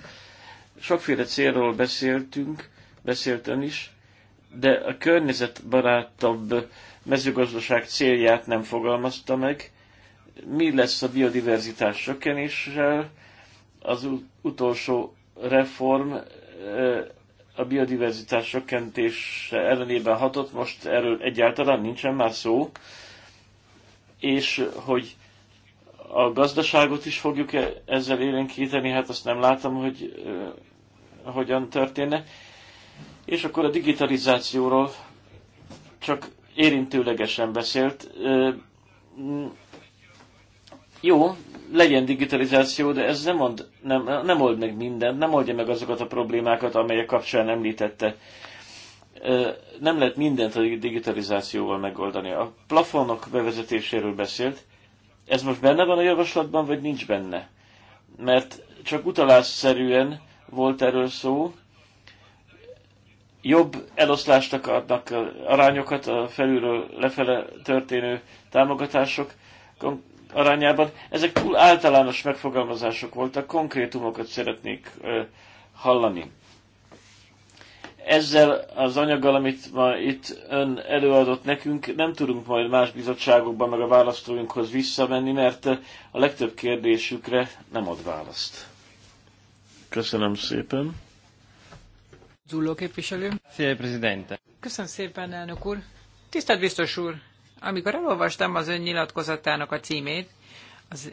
Sokféle célról beszéltünk, beszélt is, de a környezetbarátabb mezőgazdaság célját nem fogalmazta meg. Mi lesz a biodiverzitás csökkenéssel? Az utolsó reform a biodiverzitás csökkentés ellenében hatott, most erről egyáltalán nincsen már szó és hogy a gazdaságot is fogjuk -e ezzel élénkíteni, hát azt nem látom, hogy uh, hogyan történne. És akkor a digitalizációról csak érintőlegesen beszélt. Uh, jó, legyen digitalizáció, de ez nem, mond, nem, nem old meg mindent, nem oldja meg azokat a problémákat, amelyek kapcsán említette nem lehet mindent a digitalizációval megoldani. A plafonok bevezetéséről beszélt. Ez most benne van a javaslatban, vagy nincs benne? Mert csak utalásszerűen volt erről szó. Jobb eloszlást akarnak arányokat a felülről lefele történő támogatások arányában. Ezek túl általános megfogalmazások voltak, konkrétumokat szeretnék hallani ezzel az anyaggal, amit ma itt ön előadott nekünk, nem tudunk majd más bizottságokban meg a választóinkhoz visszamenni, mert a legtöbb kérdésükre nem ad választ. Köszönöm szépen. Zulló képviselő. Szia, prezidente. Köszönöm szépen, elnök úr. Tisztelt biztos úr, amikor elolvastam az ön nyilatkozatának a címét, az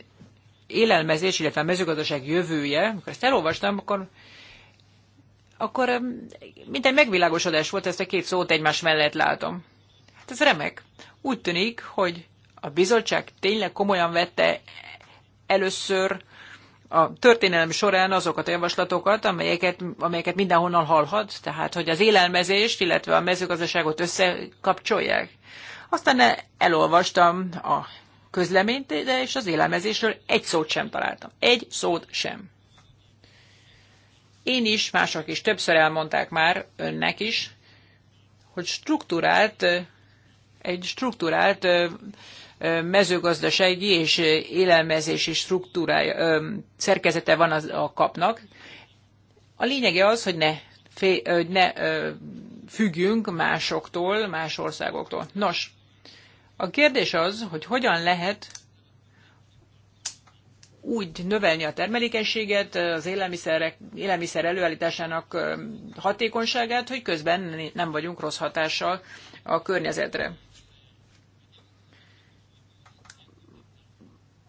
élelmezés, illetve a mezőgazdaság jövője, amikor ezt elolvastam, akkor akkor mint egy megvilágosodás volt, ezt a két szót egymás mellett látom. Hát ez remek. Úgy tűnik, hogy a bizottság tényleg komolyan vette először a történelem során azokat a javaslatokat, amelyeket, amelyeket mindenhonnan hallhat, tehát hogy az élelmezést, illetve a mezőgazdaságot összekapcsolják. Aztán elolvastam a közleményt, de és az élelmezésről egy szót sem találtam. Egy szót sem. Én is, mások is többször elmondták már önnek is, hogy struktúrált, egy struktúrált mezőgazdasági és élelmezési struktúrája, szerkezete van az, a kapnak. A lényege az, hogy ne, fé, hogy ne függjünk másoktól, más országoktól. Nos, a kérdés az, hogy hogyan lehet úgy növelni a termelékenységet, az élelmiszerek, élelmiszer előállításának hatékonyságát, hogy közben nem vagyunk rossz hatással a környezetre.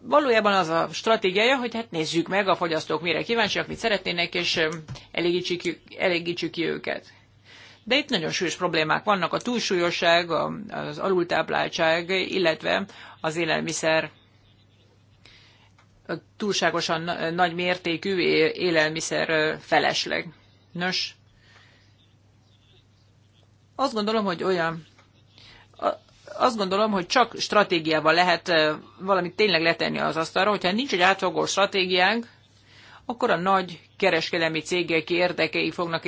Valójában az a stratégiája, hogy hát nézzük meg a fogyasztók mire kíváncsiak, mit szeretnének, és elégítsük, elégítsük ki őket. De itt nagyon súlyos problémák vannak, a túlsúlyosság, az alultápláltság, illetve az élelmiszer túlságosan nagy mértékű élelmiszer felesleg. Nos, azt gondolom, hogy olyan azt gondolom, hogy csak stratégiával lehet valamit tényleg letenni az asztalra, hogyha nincs egy átfogó stratégiánk, akkor a nagy kereskedelmi cégek érdekei fognak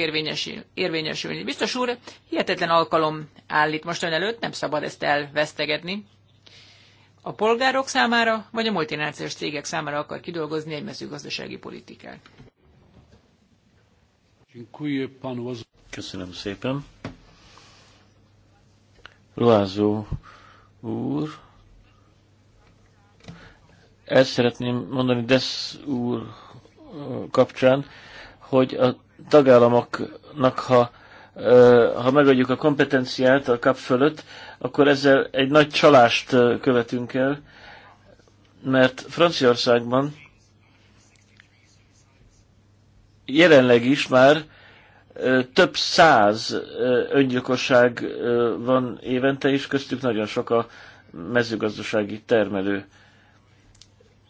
érvényesülni. Biztos úr, hihetetlen alkalom állít most ön előtt, nem szabad ezt elvesztegetni a polgárok számára, vagy a multinációs cégek számára akar kidolgozni egy mezőgazdasági politikát. Köszönöm szépen. Ruázó úr, ezt szeretném mondani Desz úr kapcsán, hogy a tagállamoknak, ha ha megadjuk a kompetenciát a kap fölött, akkor ezzel egy nagy csalást követünk el, mert Franciaországban jelenleg is már több száz öngyilkosság van évente, és köztük nagyon sok a mezőgazdasági termelő.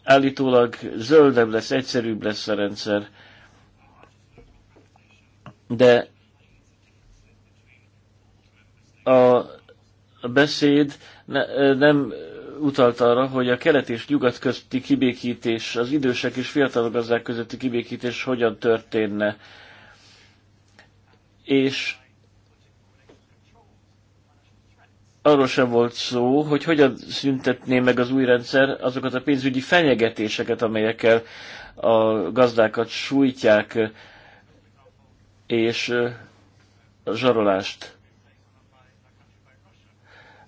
Állítólag zöldebb lesz, egyszerűbb lesz a rendszer, de a beszéd ne, nem utalt arra, hogy a kelet és nyugat közti kibékítés, az idősek és fiatal gazdák közötti kibékítés hogyan történne. És arról sem volt szó, hogy hogyan szüntetné meg az új rendszer azokat a pénzügyi fenyegetéseket, amelyekkel a gazdákat sújtják, és a zsarolást.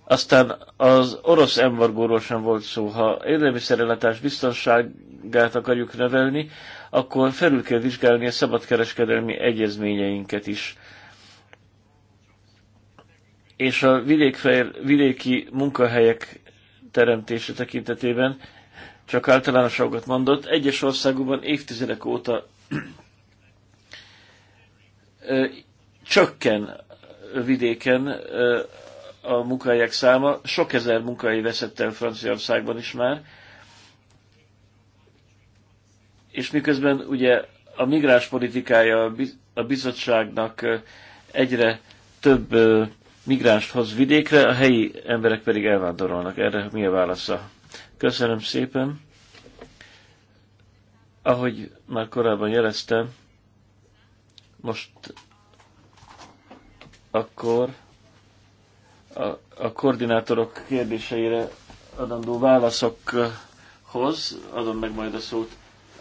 Aztán az orosz embargóról sem volt szó. Ha élelmiszerellátás biztonságát akarjuk nevelni, akkor felül kell vizsgálni a szabadkereskedelmi egyezményeinket is. És a vidékfejl, vidéki munkahelyek teremtése tekintetében csak általánosságot mondott, egyes országokban évtizedek óta csökken vidéken a munkahelyek száma. Sok ezer munkahely veszett el Franciaországban is már. És miközben ugye a migráns politikája a bizottságnak egyre több migránst hoz vidékre, a helyi emberek pedig elvándorolnak. Erre mi a válasza? Köszönöm szépen. Ahogy már korábban jeleztem, most akkor a, a koordinátorok kérdéseire adandó válaszokhoz adom meg majd a szót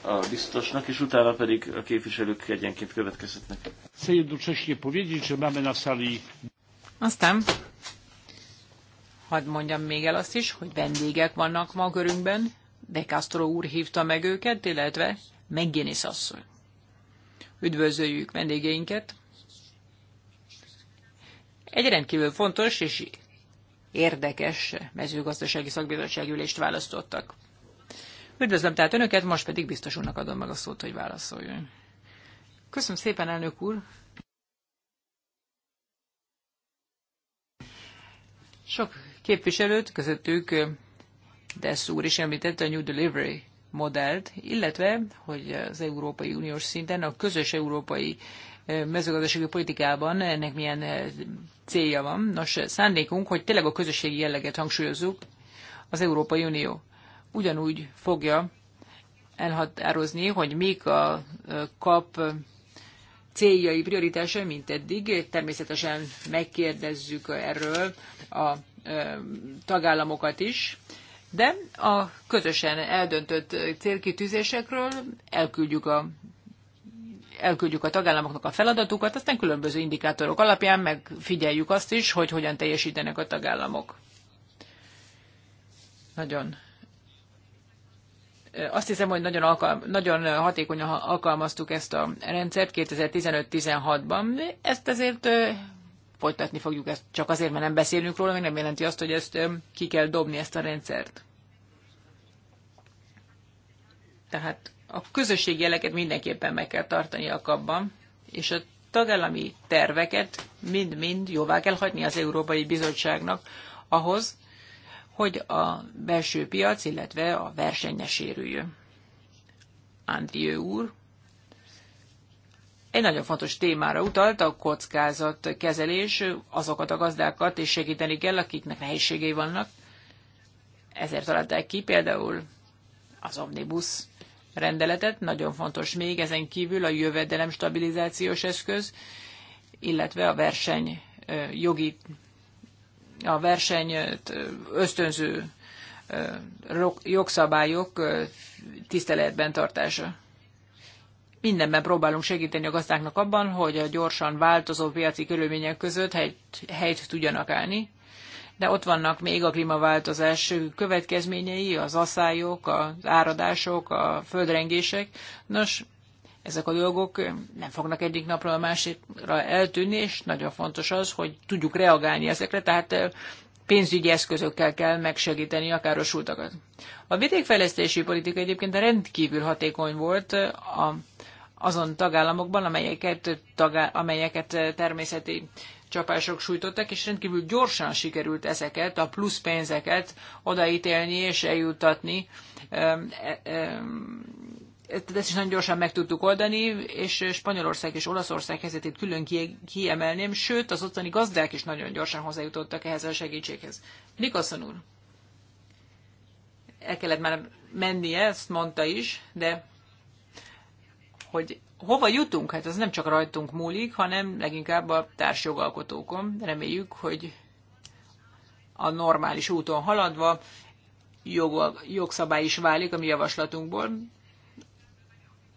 a biztosnak, és utána pedig a képviselők egyenként következhetnek. Aztán hadd mondjam még el azt is, hogy vendégek vannak ma körünkben, de Castro úr hívta meg őket, illetve McGinnis asszony. Üdvözöljük vendégeinket! Egy rendkívül fontos és érdekes mezőgazdasági ülést választottak. Üdvözlöm tehát Önöket, most pedig biztos úrnak adom meg a szót, hogy válaszoljon. Köszönöm szépen, elnök úr! Sok képviselőt, közöttük Dessz úr is említette a New Delivery modellt, illetve, hogy az Európai Uniós szinten a közös európai mezőgazdasági politikában ennek milyen eh, célja van. Nos, szándékunk, hogy tényleg a közösségi jelleget hangsúlyozzuk, az Európai Unió ugyanúgy fogja elhatározni, hogy mik a eh, kap eh, céljai, prioritásai, mint eddig. Természetesen megkérdezzük erről a tagállamokat is, de a közösen eldöntött célkitűzésekről elküldjük a elküldjük a tagállamoknak a feladatukat, aztán különböző indikátorok alapján megfigyeljük azt is, hogy hogyan teljesítenek a tagállamok. Nagyon. Azt hiszem, hogy nagyon, alkalm, nagyon hatékonyan alkalmaztuk ezt a rendszert 2015-16-ban. Ezt azért folytatni fogjuk, ezt csak azért, mert nem beszélünk róla, még nem jelenti azt, hogy ezt ki kell dobni ezt a rendszert. Tehát a közösségi jeleket mindenképpen meg kell tartani a kapban, és a tagállami terveket mind-mind jóvá kell hagyni az Európai Bizottságnak ahhoz, hogy a belső piac, illetve a verseny ne sérüljön. Andrió úr egy nagyon fontos témára utalt, a kockázat kezelés, azokat a gazdákat és segíteni kell, akiknek nehézségei vannak. Ezért találták ki például az Omnibus rendeletet. Nagyon fontos még ezen kívül a jövedelem stabilizációs eszköz, illetve a verseny jogi, a versenyt ösztönző jogszabályok tiszteletben tartása. Mindenben próbálunk segíteni a gazdáknak abban, hogy a gyorsan változó piaci körülmények között helyt, helyt tudjanak állni, de ott vannak még a klímaváltozás következményei, az aszályok, az áradások, a földrengések. Nos, ezek a dolgok nem fognak egyik napról a másikra eltűnni, és nagyon fontos az, hogy tudjuk reagálni ezekre, tehát eh, pénzügyi eszközökkel kell megsegíteni a károsultakat. A vidékfejlesztési politika egyébként rendkívül hatékony volt eh, a, azon tagállamokban, amelyeket, tagá, amelyeket eh, természeti csapások sújtottak, és rendkívül gyorsan sikerült ezeket, a plusz pénzeket odaítélni és eljutatni. E, e, ezt is nagyon gyorsan meg tudtuk oldani, és Spanyolország és Olaszország helyzetét külön kiemelném, sőt, az ottani gazdák is nagyon gyorsan hozzájutottak ehhez a segítséghez. Nikolson úr, el kellett már mennie, ezt mondta is, de hogy hova jutunk? Hát az nem csak rajtunk múlik, hanem leginkább a társjogalkotókon. Reméljük, hogy a normális úton haladva jog, jogszabály is válik a mi javaslatunkból.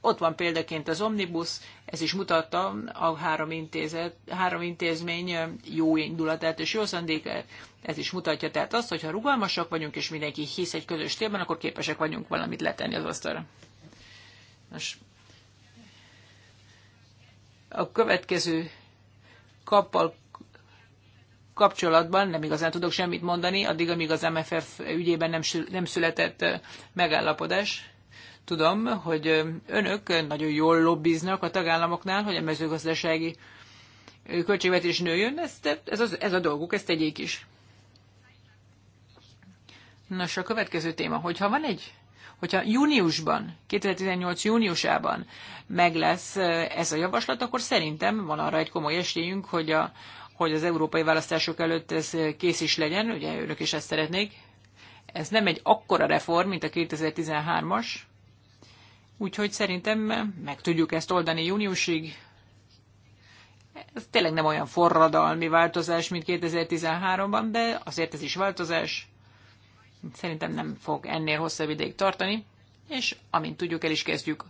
Ott van példaként az Omnibus, ez is mutatta a három, intézet, három intézmény jó indulatát és jó szándékát. Ez is mutatja tehát azt, hogy ha rugalmasak vagyunk, és mindenki hisz egy közös térben, akkor képesek vagyunk valamit letenni az asztalra. Most a következő kappal kapcsolatban nem igazán tudok semmit mondani, addig, amíg az MFF ügyében nem, született megállapodás. Tudom, hogy önök nagyon jól lobbiznak a tagállamoknál, hogy a mezőgazdasági költségvetés nőjön, ez, ez, az, ez a dolguk, ezt tegyék is. Nos, a következő téma, hogyha van egy Hogyha júniusban, 2018 júniusában meg lesz ez a javaslat, akkor szerintem van arra egy komoly esélyünk, hogy, a, hogy az európai választások előtt ez kész is legyen, ugye önök is ezt szeretnék. Ez nem egy akkora reform, mint a 2013-as, úgyhogy szerintem meg tudjuk ezt oldani júniusig, ez tényleg nem olyan forradalmi változás, mint 2013-ban, de azért ez is változás. Szerintem nem fog ennél hosszabb ideig tartani, és amint tudjuk, el is kezdjük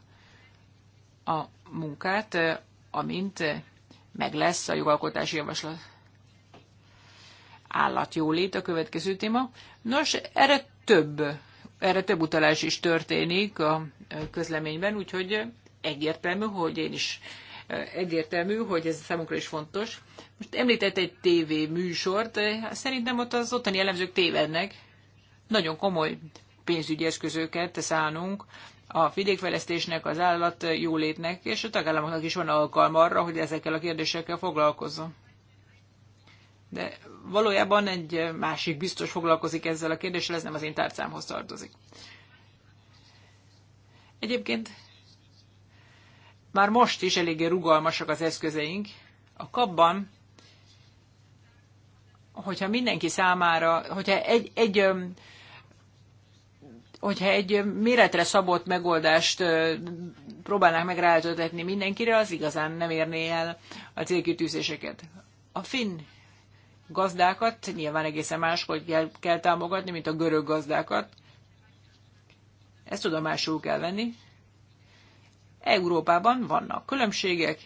a munkát, amint meg lesz a jogalkotási javaslat. Állatjólét a következő téma. Nos, erre több, erre több utalás is történik a közleményben, úgyhogy egyértelmű, hogy én is egyértelmű, hogy ez számunkra is fontos. Most említett egy TV műsort, hát szerintem ott az ottani jellemzők tévednek nagyon komoly pénzügyi eszközöket szánunk a vidékfejlesztésnek, az állat jólétnek, és a tagállamoknak is van alkalma arra, hogy ezekkel a kérdésekkel foglalkozzon. De valójában egy másik biztos foglalkozik ezzel a kérdéssel, ez nem az én tárcámhoz tartozik. Egyébként már most is eléggé rugalmasak az eszközeink. A kapban, hogyha mindenki számára, hogyha egy, egy hogyha egy méretre szabott megoldást próbálnák meg ráöltetni mindenkire, az igazán nem érné el a célkitűzéseket. A finn gazdákat nyilván egészen máshogy kell, kell támogatni, mint a görög gazdákat. Ezt tudomásul kell venni. Európában vannak különbségek,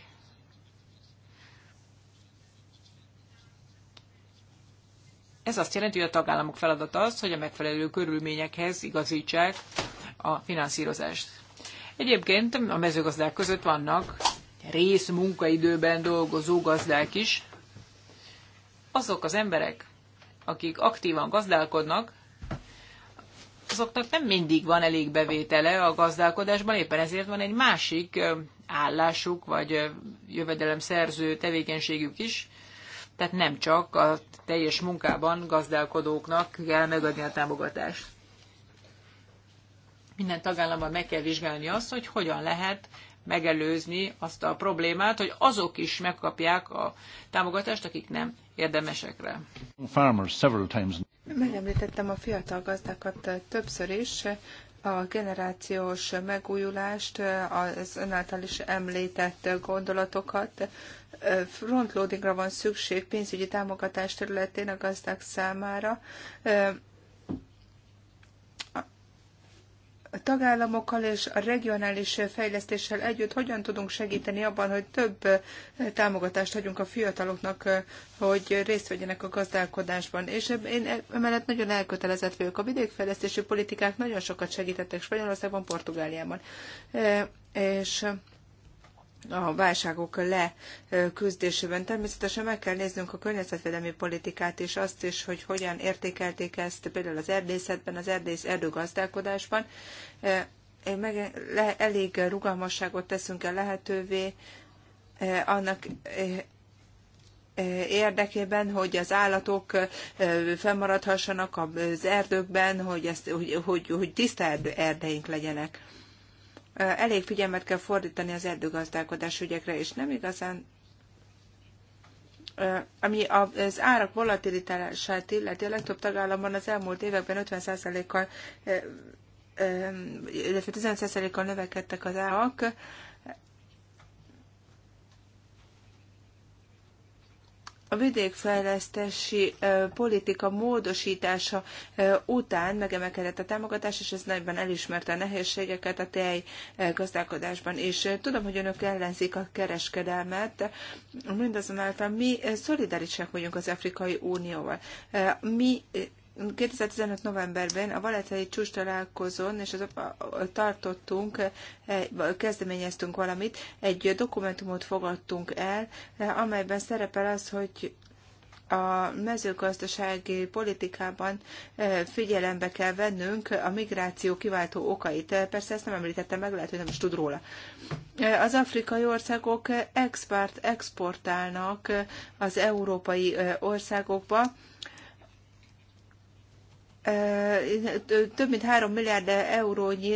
Ez azt jelenti, hogy a tagállamok feladata az, hogy a megfelelő körülményekhez igazítsák a finanszírozást. Egyébként a mezőgazdák között vannak rész munkaidőben dolgozó gazdák is. Azok az emberek, akik aktívan gazdálkodnak, azoknak nem mindig van elég bevétele a gazdálkodásban, éppen ezért van egy másik állásuk, vagy jövedelemszerző tevékenységük is, tehát nem csak a teljes munkában gazdálkodóknak kell megadni a támogatást. Minden tagállamban meg kell vizsgálni azt, hogy hogyan lehet megelőzni azt a problémát, hogy azok is megkapják a támogatást, akik nem érdemesekre. Farmers several times. Megemlítettem a fiatal gazdákat többször is, a generációs megújulást, az önáltal is említett gondolatokat. Frontloadingra van szükség pénzügyi támogatás területén a gazdák számára. a tagállamokkal és a regionális fejlesztéssel együtt hogyan tudunk segíteni abban, hogy több eh, támogatást adjunk a fiataloknak, eh, hogy részt vegyenek a gazdálkodásban. És én e-, emellett nagyon elkötelezett vagyok. A vidékfejlesztési politikák nagyon sokat segítettek Spanyolországban, Portugáliában. Eh, és a válságok leküzdésében. Természetesen meg kell néznünk a környezetvédelmi politikát és azt is, hogy hogyan értékelték ezt például az erdészetben, az erdész erdőgazdálkodásban. Eh, meg elég rugalmasságot teszünk el lehetővé eh, annak eh, érdekében, hogy az állatok fennmaradhassanak az erdőkben, hogy, ezt, hogy, hogy, hogy tiszta erdeink legyenek elég figyelmet kell fordítani az erdőgazdálkodás ügyekre, és nem igazán ami az árak volatilitását illeti, a legtöbb tagállamban az elmúlt években 50%-kal illetve 15%-kal növekedtek az árak, A vidékfejlesztési politika módosítása után megemelkedett a támogatás, és ez nagyban elismerte a nehézségeket a tej gazdálkodásban. És tudom, hogy önök ellenzik a kereskedelmet, mindazonáltal mi szolidárisak vagyunk az Afrikai Unióval. Mi 2015. novemberben a Valetei csúcs találkozón, és az, tartottunk, e, kezdeményeztünk valamit, egy dokumentumot fogadtunk el, e, amelyben szerepel az, hogy a mezőgazdasági politikában e, figyelembe kell vennünk a migráció kiváltó okait. Persze ezt nem említettem meg, lehet, hogy nem is tud róla. Az afrikai országok export, exportálnak az európai országokba, több mint 3 milliárd eurónyi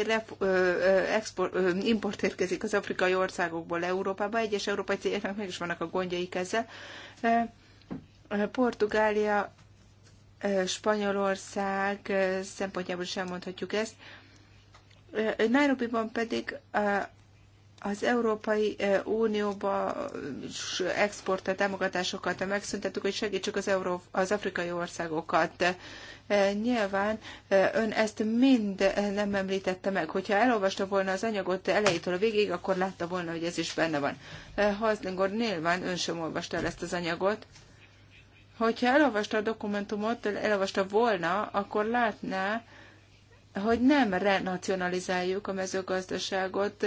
export, import érkezik az afrikai országokból Európába. Egyes európai cégeknek mégis vannak a gondjaik ezzel. Portugália, Spanyolország szempontjából sem mondhatjuk ezt. Nairobiban pedig az Európai eh, Unióba exportált támogatásokat megszüntettük, hogy segítsük az, Euró, az afrikai országokat. Eh, nyilván eh, ön ezt mind nem említette meg. Hogyha elolvasta volna az anyagot elejétől a végéig, akkor látta volna, hogy ez is benne van. Hazlingor nyilván ön sem olvasta el ezt az anyagot. Hogyha elolvasta a dokumentumot, elolvasta volna, akkor látná, hogy nem renacionalizáljuk a mezőgazdaságot,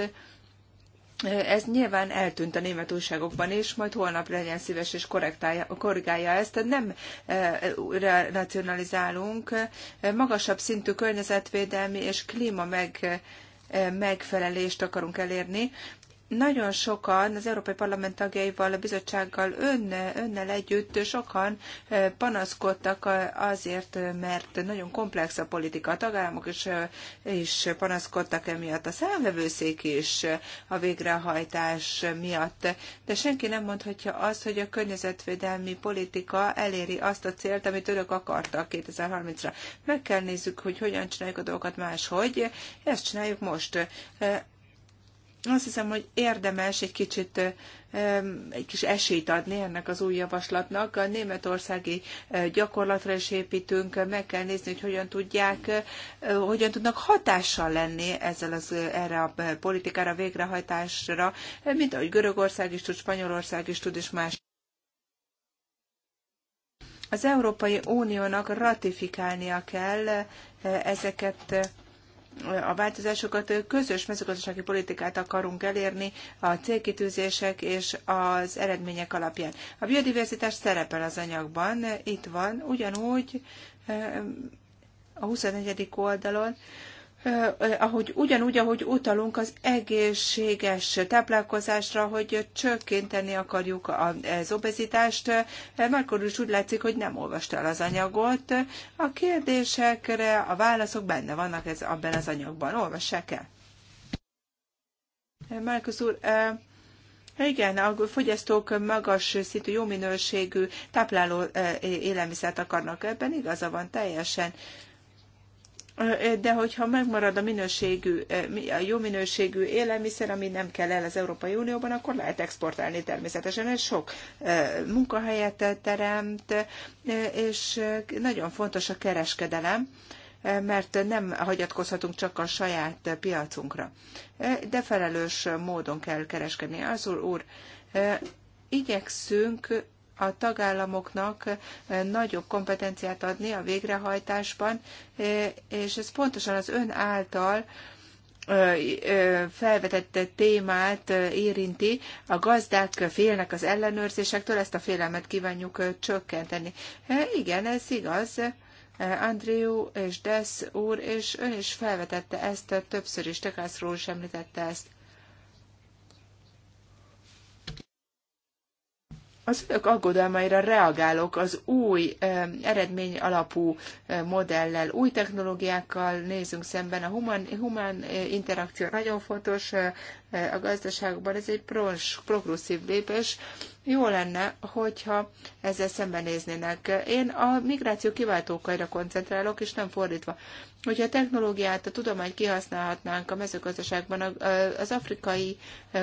ez nyilván eltűnt a német újságokban is, majd holnap legyen szíves és korrigálja ezt. Nem nacionalizálunk. Magasabb szintű környezetvédelmi és klíma meg megfelelést akarunk elérni nagyon sokan, az Európai Parlament tagjaival, a bizottsággal, ön, önnel együtt sokan panaszkodtak azért, mert nagyon komplex a politika. A tagállamok is, is panaszkodtak emiatt, a számvevőszék is a végrehajtás miatt. De senki nem mondhatja azt, hogy a környezetvédelmi politika eléri azt a célt, amit önök akartak 2030-ra. Meg kell nézzük, hogy hogyan csináljuk a dolgokat máshogy. Ezt csináljuk most azt hiszem, hogy érdemes egy kicsit egy kis esélyt adni ennek az új javaslatnak. A németországi gyakorlatra is építünk, meg kell nézni, hogy hogyan tudják, hogyan tudnak hatással lenni ezzel az, erre a politikára, végrehajtásra, mint ahogy Görögország is tud, Spanyolország is tud, és más. Az Európai Uniónak ratifikálnia kell ezeket a változásokat, közös mezőgazdasági politikát akarunk elérni a célkitűzések és az eredmények alapján. A biodiverzitás szerepel az anyagban, itt van, ugyanúgy eh, a 24. oldalon, ahogy ugyanúgy, ahogy utalunk az egészséges táplálkozásra, hogy csökkenteni akarjuk az obezitást, Márkor is úgy látszik, hogy nem olvasta el az anyagot. A kérdésekre a válaszok benne vannak ez, abban az anyagban. Olvassák el. Márkus úr, igen, a fogyasztók magas szintű, jó minőségű, tápláló élelmiszert akarnak ebben, igaza van teljesen de hogyha megmarad a minőségű, a jó minőségű élelmiszer, ami nem kell el az Európai Unióban, akkor lehet exportálni természetesen. Ez sok munkahelyet teremt, és nagyon fontos a kereskedelem mert nem hagyatkozhatunk csak a saját piacunkra. De felelős módon kell kereskedni. Az úr, úr igyekszünk a tagállamoknak eh, nagyobb kompetenciát adni a végrehajtásban, eh, és ez pontosan az ön által eh, felvetett témát érinti. A gazdák félnek az ellenőrzésektől, ezt a félelmet kívánjuk csökkenteni. Igen, ez igaz. Andrew és Dess úr, és ön is felvetette ezt többször is, Tekászról is említette ezt. Az önök aggodalmaira reagálok az új eredmény alapú modellel, új technológiákkal nézünk szemben. A human, human interakció nagyon fontos a gazdaságban, ez egy progresszív lépés, jó lenne, hogyha ezzel szembenéznének. Én a migráció kiváltókaira koncentrálok, és nem fordítva. Hogyha a technológiát, a tudományt kihasználhatnánk a mezőgazdaságban az afrikai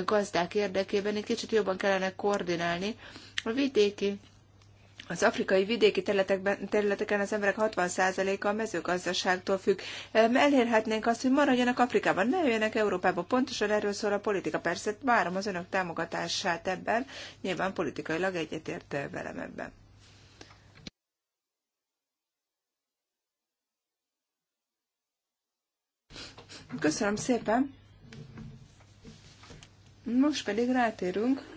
gazdák érdekében, egy kicsit jobban kellene koordinálni a vidéki az afrikai vidéki területekben, területeken az emberek 60%-a a mezőgazdaságtól függ. Elérhetnénk azt, hogy maradjanak Afrikában, ne jöjjenek Európába. Pontosan erről szól a politika. Persze várom az önök támogatását ebben, nyilván politikailag egyetért eh, velem ebben. Köszönöm szépen! Most pedig rátérünk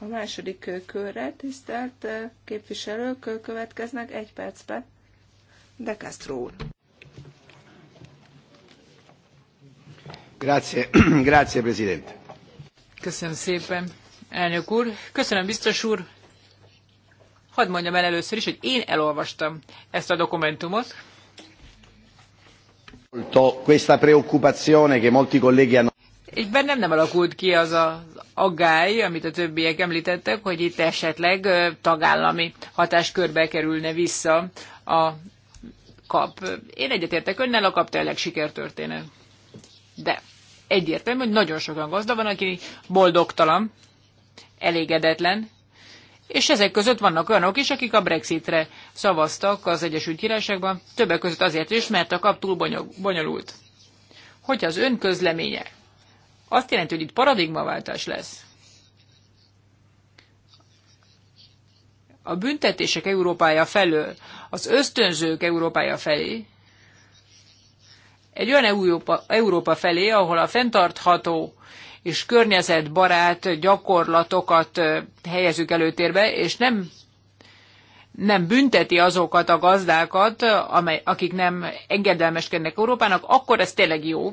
a második körre tisztelt képviselők következnek egy percben. De Castro úr. Grazie, grazie, Presidente. Köszönöm szépen, elnök úr. Köszönöm, biztos úr. Hadd mondjam el először is, hogy én elolvastam ezt a dokumentumot. Questa preoccupazione che molti colleghi hanno és bennem nem alakult ki az a aggály, amit a többiek említettek, hogy itt esetleg tagállami hatáskörbe kerülne vissza a kap. Én egyetértek önnel, a kap tényleg sikertörténet. De egyértelmű, hogy nagyon sokan gazda van, aki boldogtalan, elégedetlen, és ezek között vannak olyanok is, akik a Brexitre szavaztak az Egyesült Királyságban, többek között azért is, mert a kap túl bonyolult. Hogyha az ön közleménye azt jelenti, hogy itt paradigmaváltás lesz. A büntetések Európája felől, az ösztönzők Európája felé, egy olyan Európa, Európa felé, ahol a fenntartható és környezetbarát gyakorlatokat helyezünk előtérbe, és nem, nem bünteti azokat a gazdákat, amely, akik nem engedelmeskednek Európának, akkor ez tényleg jó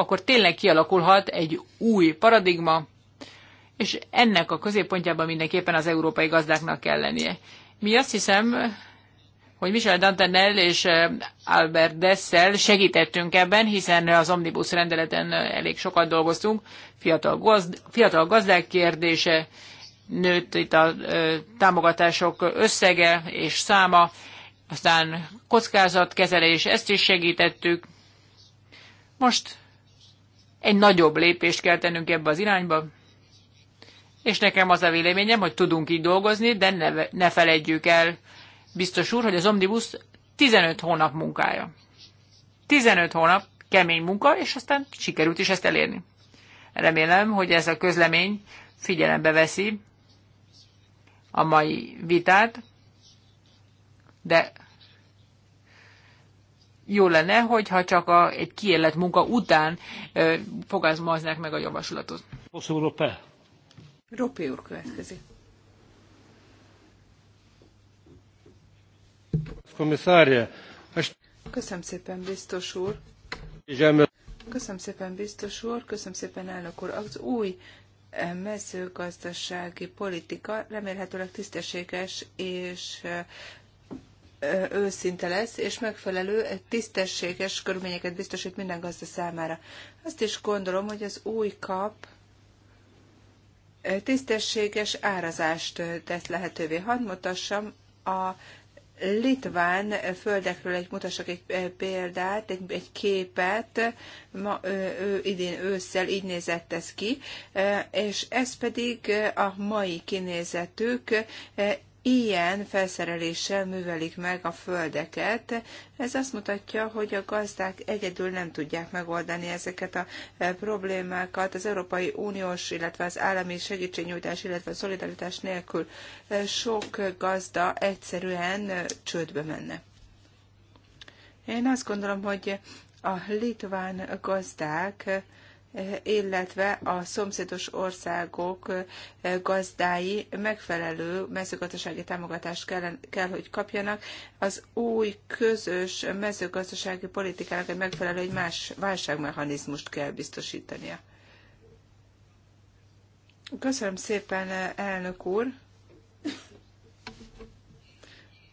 akkor tényleg kialakulhat egy új paradigma, és ennek a középpontjában mindenképpen az európai gazdáknak kell lennie. Mi azt hiszem, hogy Michel Dantanel és eh, Albert Dessel segítettünk ebben, hiszen az Omnibus rendeleten eh, elég sokat dolgoztunk. Fiatal, gazd, fiatal gazdák kérdése, nőtt itt a eh, támogatások összege és száma, aztán kockázatkezelés, ezt is segítettük. Most egy nagyobb lépést kell tennünk ebbe az irányba, és nekem az a véleményem, hogy tudunk így dolgozni, de ne, ne felejtjük el, biztos úr, hogy az Omnibus 15 hónap munkája. 15 hónap kemény munka, és aztán sikerült is ezt elérni. Remélem, hogy ez a közlemény figyelembe veszi a mai vitát, de jó lenne, hogyha csak a, egy kiélet munka után e, fogalmaznák meg a javaslatot. Bosszú Ropé. Ropé úr következik. Köszönöm szépen, biztos úr. Köszönöm szépen, biztos úr. Köszönöm szépen, elnök úr. Az új eh, mezőgazdasági politika remélhetőleg tisztességes és eh, őszinte lesz, és megfelelő, tisztességes körülményeket biztosít minden gazda számára. Azt is gondolom, hogy az új kap tisztességes árazást tesz lehetővé. Hadd mutassam a litván földekről egy, mutassak egy példát, egy, egy képet, ma, ő, ő, idén ősszel így nézett ez ki, és ez pedig a mai kinézetük, ilyen felszereléssel művelik meg a földeket. Ez azt mutatja, hogy a gazdák egyedül nem tudják megoldani ezeket a e, problémákat az Európai Uniós, illetve az állami segítségnyújtás, illetve a szolidaritás nélkül. E, sok gazda egyszerűen e, csődbe menne. Én azt gondolom, hogy a litván gazdák Eh, illetve a szomszédos országok eh, gazdái megfelelő mezőgazdasági támogatást kell, kell hogy kapjanak. Az új közös mezőgazdasági politikának egy megfelelő egy más válságmechanizmust kell biztosítania. Köszönöm szépen, eh, elnök úr,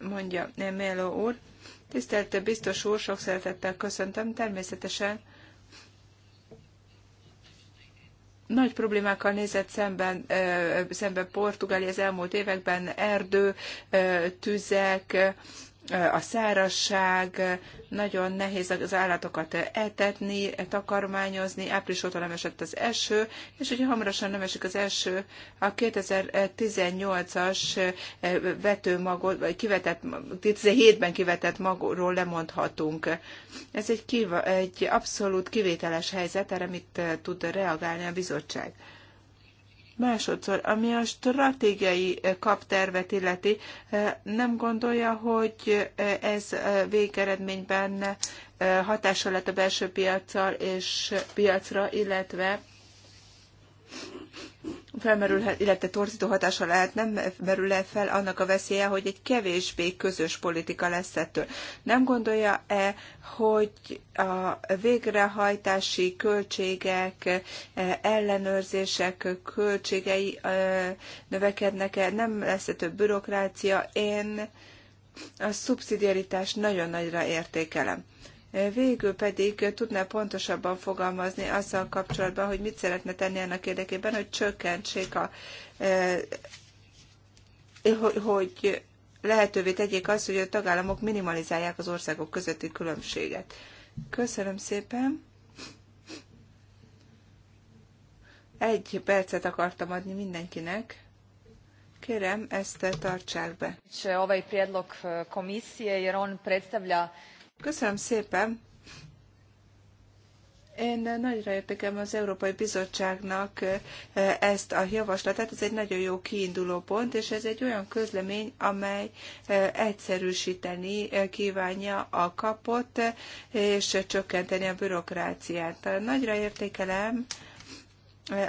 mondja Méló úr. Tisztelt biztos úr, sok szeretettel köszöntöm. Természetesen nagy problémákkal nézett szemben, szemben Portugália az elmúlt években, erdő, tüzek, a szárasság, nagyon nehéz az állatokat etetni, takarmányozni, április óta nem esett az eső, és ugye hamarosan nem esik az eső, a 2018-as eh, vetőmagot, vagy kivetett, 2017-ben kivetett magról lemondhatunk. Ez egy, kiva, egy abszolút kivételes helyzet, erre mit eh, tud reagálni a bizottság? Másodszor, ami a stratégiai eh, kaptervet illeti, eh, nem gondolja, hogy eh, ez végeredményben hatással lett a belső piacsal és piacra, illetve felmerülhet, illetve torzító hatása lehet, nem merül -e fel annak a veszélye, hogy egy kevésbé közös politika lesz ettől. Nem gondolja-e, hogy a végrehajtási költségek, e, ellenőrzések költségei e, növekednek-e, nem lesz-e több bürokrácia? Én a szubszidiaritást nagyon nagyra értékelem. Végül pedig tudná pontosabban fogalmazni azzal kapcsolatban, hogy mit szeretne tenni annak érdekében, hogy csökkentsék a, e, eh, hogy lehetővé tegyék azt, hogy a tagállamok minimalizálják az országok közötti különbséget. Köszönöm szépen. Egy percet akartam adni mindenkinek. Kérem, ezt tartsák be. Ovaj prijedlog eh, komisije, predstavlja Köszönöm szépen! Én nagyra értékelem az Európai Bizottságnak eh, ezt a javaslatát, ez egy nagyon jó kiinduló pont, és ez egy olyan közlemény, amely eh, egyszerűsíteni eh, kívánja a kapot, és csökkenteni a bürokráciát. Nagyra értékelem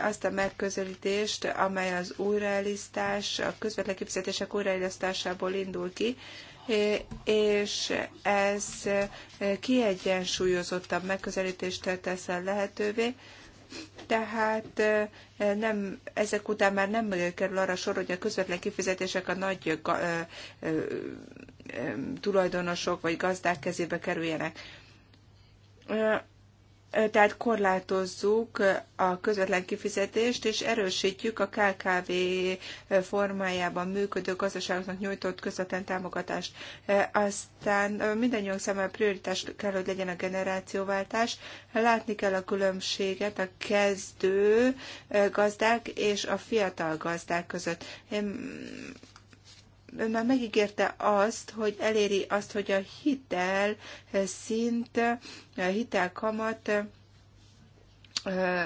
azt a megközelítést, amely az újraelisztás, a közvetlen kifizetések újraelisztásából indul ki, és ez kiegyensúlyozottabb megközelítést teszel lehetővé, tehát eh, nem, ezek után már nem kerül arra sor, hogy a közvetlen kifizetések a nagy eh, eh, tulajdonosok vagy gazdák kezébe kerüljenek tehát korlátozzuk a közvetlen kifizetést, és erősítjük a KKV formájában működő gazdaságoknak nyújtott közvetlen támogatást. Aztán mindannyiunk számára prioritás kell, hogy legyen a generációváltás. Látni kell a különbséget a kezdő gazdák és a fiatal gazdák között. Én ön már megígérte azt, hogy eléri azt, hogy a hitel szint, a hitel kamat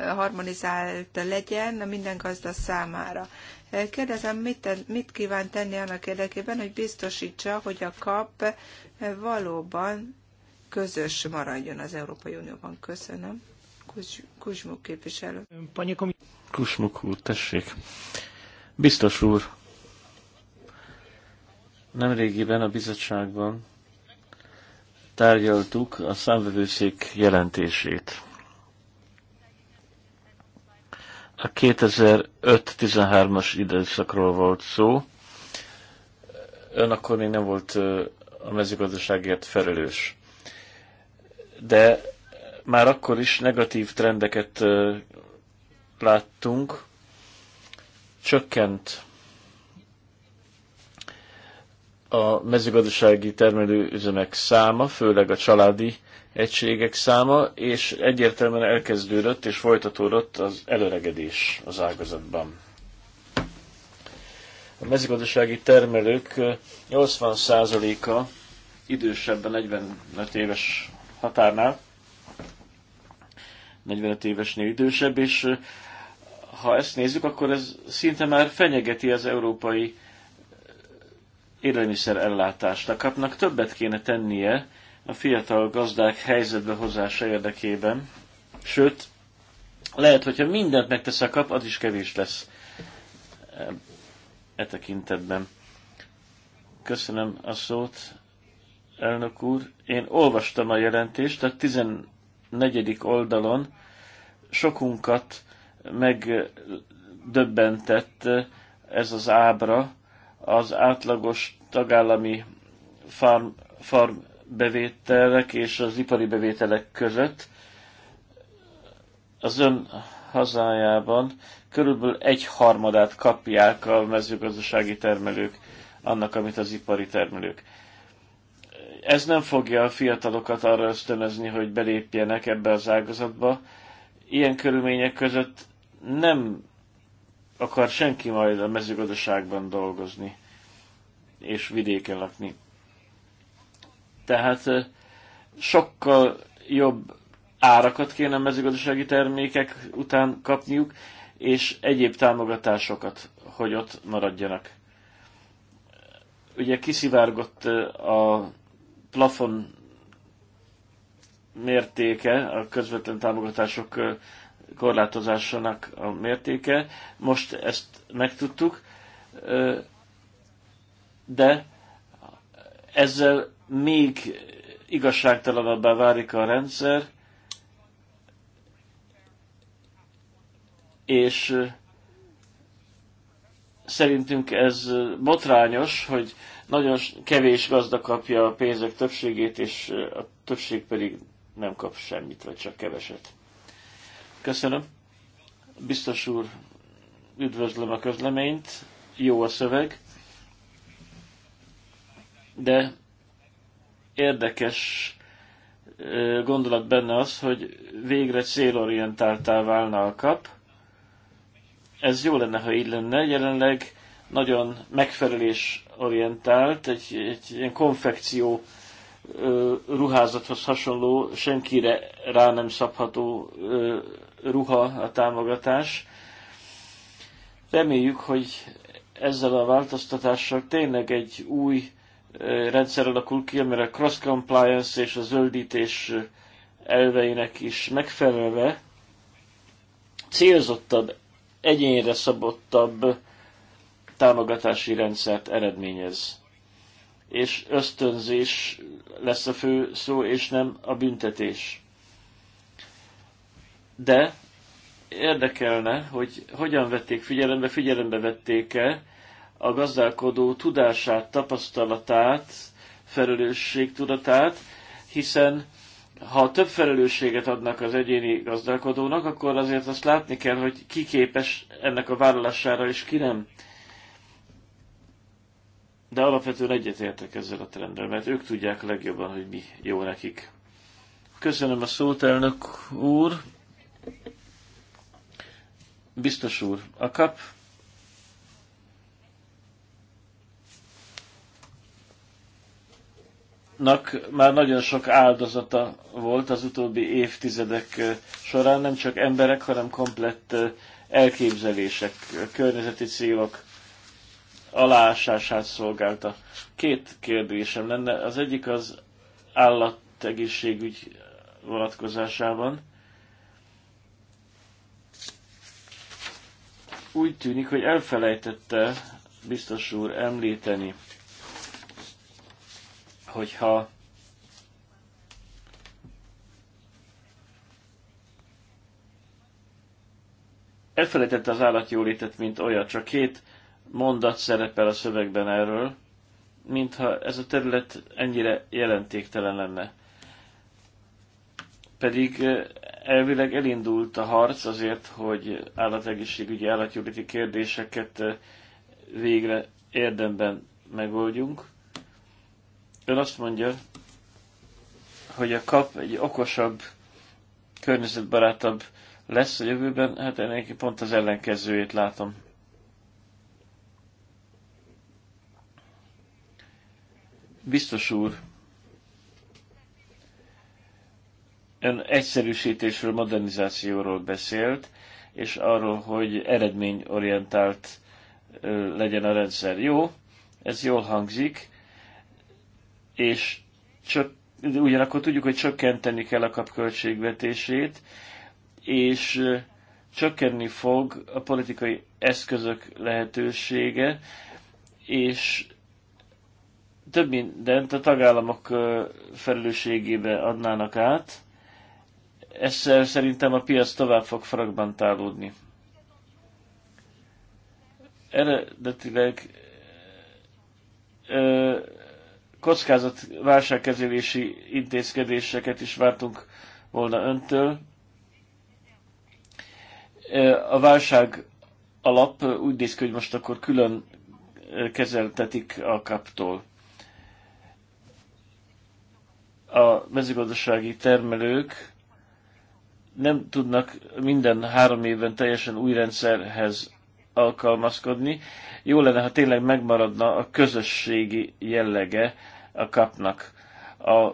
harmonizált legyen minden gazda számára. Kérdezem, mit, mit kíván tenni annak érdekében, hogy biztosítsa, hogy a kap valóban közös maradjon az Európai Unióban. Köszönöm. Kuzsmuk képviselő. Kusmuk úr, tessék. Biztos úr, Nemrégiben a bizottságban tárgyaltuk a számvevőszék jelentését. A 2005-13-as időszakról volt szó. Ön akkor még nem volt a mezőgazdaságért felelős. De már akkor is negatív trendeket láttunk. Csökkent a mezőgazdasági termelőüzemek száma, főleg a családi egységek száma, és egyértelműen elkezdődött és folytatódott az előregedés az ágazatban. A mezőgazdasági termelők 80%-a idősebb a 45 éves határnál, 45 évesnél idősebb, és ha ezt nézzük, akkor ez szinte már fenyegeti az európai élelmiszer ellátásra kapnak. Többet kéne tennie a fiatal gazdák helyzetbe hozása érdekében. Sőt, lehet, hogyha mindent megtesz a kap, az is kevés lesz e tekintetben. Köszönöm a szót, elnök úr. Én olvastam a jelentést, a 14. oldalon sokunkat megdöbbentett ez az ábra, az átlagos tagállami farm, farm bevételek és az ipari bevételek között az ön hazájában körülbelül egy harmadát kapják a mezőgazdasági termelők annak, amit az ipari termelők. Ez nem fogja a fiatalokat arra ösztönözni, hogy belépjenek ebbe az ágazatba. Ilyen körülmények között nem akar senki majd a mezőgazdaságban dolgozni és vidéken lakni. Tehát sokkal jobb árakat kéne a mezőgazdasági termékek után kapniuk, és egyéb támogatásokat, hogy ott maradjanak. Ugye kiszivárgott a plafon mértéke a közvetlen támogatások korlátozásának a mértéke. Most ezt megtudtuk, de ezzel még igazságtalanabbá válik a rendszer, és szerintünk ez botrányos, hogy nagyon kevés gazda kapja a pénzek többségét, és a többség pedig nem kap semmit, vagy csak keveset. Köszönöm. Biztos úr, üdvözlöm a közleményt, jó a szöveg, de érdekes gondolat benne az, hogy végre célorientáltá válna a kap. Ez jó lenne, ha így lenne. Jelenleg nagyon orientált, egy, egy ilyen konfekció ruházathoz hasonló, senkire rá nem szabható ruha a támogatás. Reméljük, hogy ezzel a változtatással tényleg egy új rendszer alakul ki, amire a cross compliance és a zöldítés elveinek is megfelelve célzottabb, egyénre szabottabb támogatási rendszert eredményez és ösztönzés lesz a fő szó, és nem a büntetés. De érdekelne, hogy hogyan vették figyelembe, figyelembe vették-e a gazdálkodó tudását, tapasztalatát, felelősségtudatát, hiszen ha több felelősséget adnak az egyéni gazdálkodónak, akkor azért azt látni kell, hogy ki képes ennek a vállalására, és ki nem de alapvetően egyetértek ezzel a trendel, mert ők tudják legjobban, hogy mi jó nekik. Köszönöm a szót, elnök úr. Biztos úr, a kap Nak már nagyon sok áldozata volt az utóbbi évtizedek során, nem csak emberek, hanem komplett elképzelések, környezeti célok aláásását szolgálta. Két kérdésem lenne. Az egyik az állategészségügy vonatkozásában. Úgy tűnik, hogy elfelejtette biztos úr említeni, hogyha elfelejtette az állatjólétet, mint olyat, csak két mondat szerepel a szövegben erről, mintha ez a terület ennyire jelentéktelen lenne. Pedig elvileg elindult a harc azért, hogy állategészségügyi, állatjogi kérdéseket végre érdemben megoldjunk. Ön azt mondja, hogy a kap egy okosabb, környezetbarátabb lesz a jövőben, hát ennek pont az ellenkezőjét látom. Biztos úr, ön egyszerűsítésről, modernizációról beszélt, és arról, hogy eredményorientált legyen a rendszer. Jó, ez jól hangzik, és csak, ugyanakkor tudjuk, hogy csökkenteni kell a kapköltségvetését, és csökkenni fog a politikai eszközök lehetősége, és több mindent a tagállamok felelősségébe adnának át, ezzel szerintem a piac tovább fog fragmentálódni. Eredetileg ö, kockázat válságkezelési intézkedéseket is vártunk volna öntől. A válság alap úgy néz ki, hogy most akkor külön kezeltetik a kaptól a mezőgazdasági termelők nem tudnak minden három évben teljesen új rendszerhez alkalmazkodni. Jó lenne, ha tényleg megmaradna a közösségi jellege a kapnak. A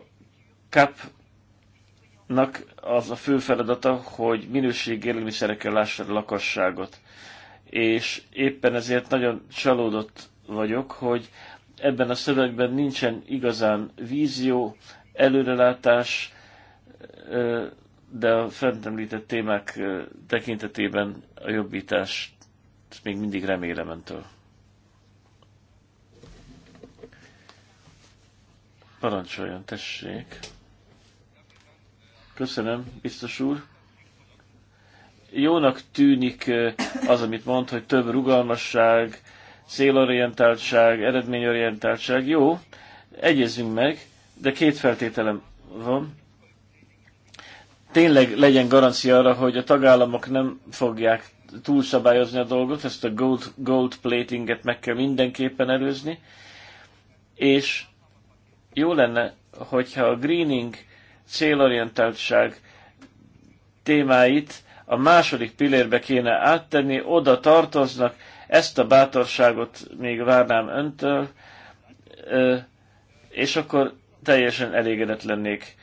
kapnak az a fő feladata, hogy minőségi élelmiszerekkel lássa a lakosságot. És éppen ezért nagyon csalódott vagyok, hogy ebben a szövegben nincsen igazán vízió, előrelátás, de a fent említett témák tekintetében a jobbítást még mindig remélem öntől. Parancsoljon, tessék. Köszönöm, biztos úr. Jónak tűnik az, amit mond, hogy több rugalmasság, célorientáltság, eredményorientáltság. Jó, egyezünk meg, de két feltételem van. Tényleg legyen garancia arra, hogy a tagállamok nem fogják túlszabályozni a dolgot, ezt a gold, gold platinget meg kell mindenképpen előzni, és jó lenne, hogyha a greening célorientáltság témáit a második pillérbe kéne áttenni, oda tartoznak, ezt a bátorságot még várnám öntől, és akkor teljesen elégedett lennék.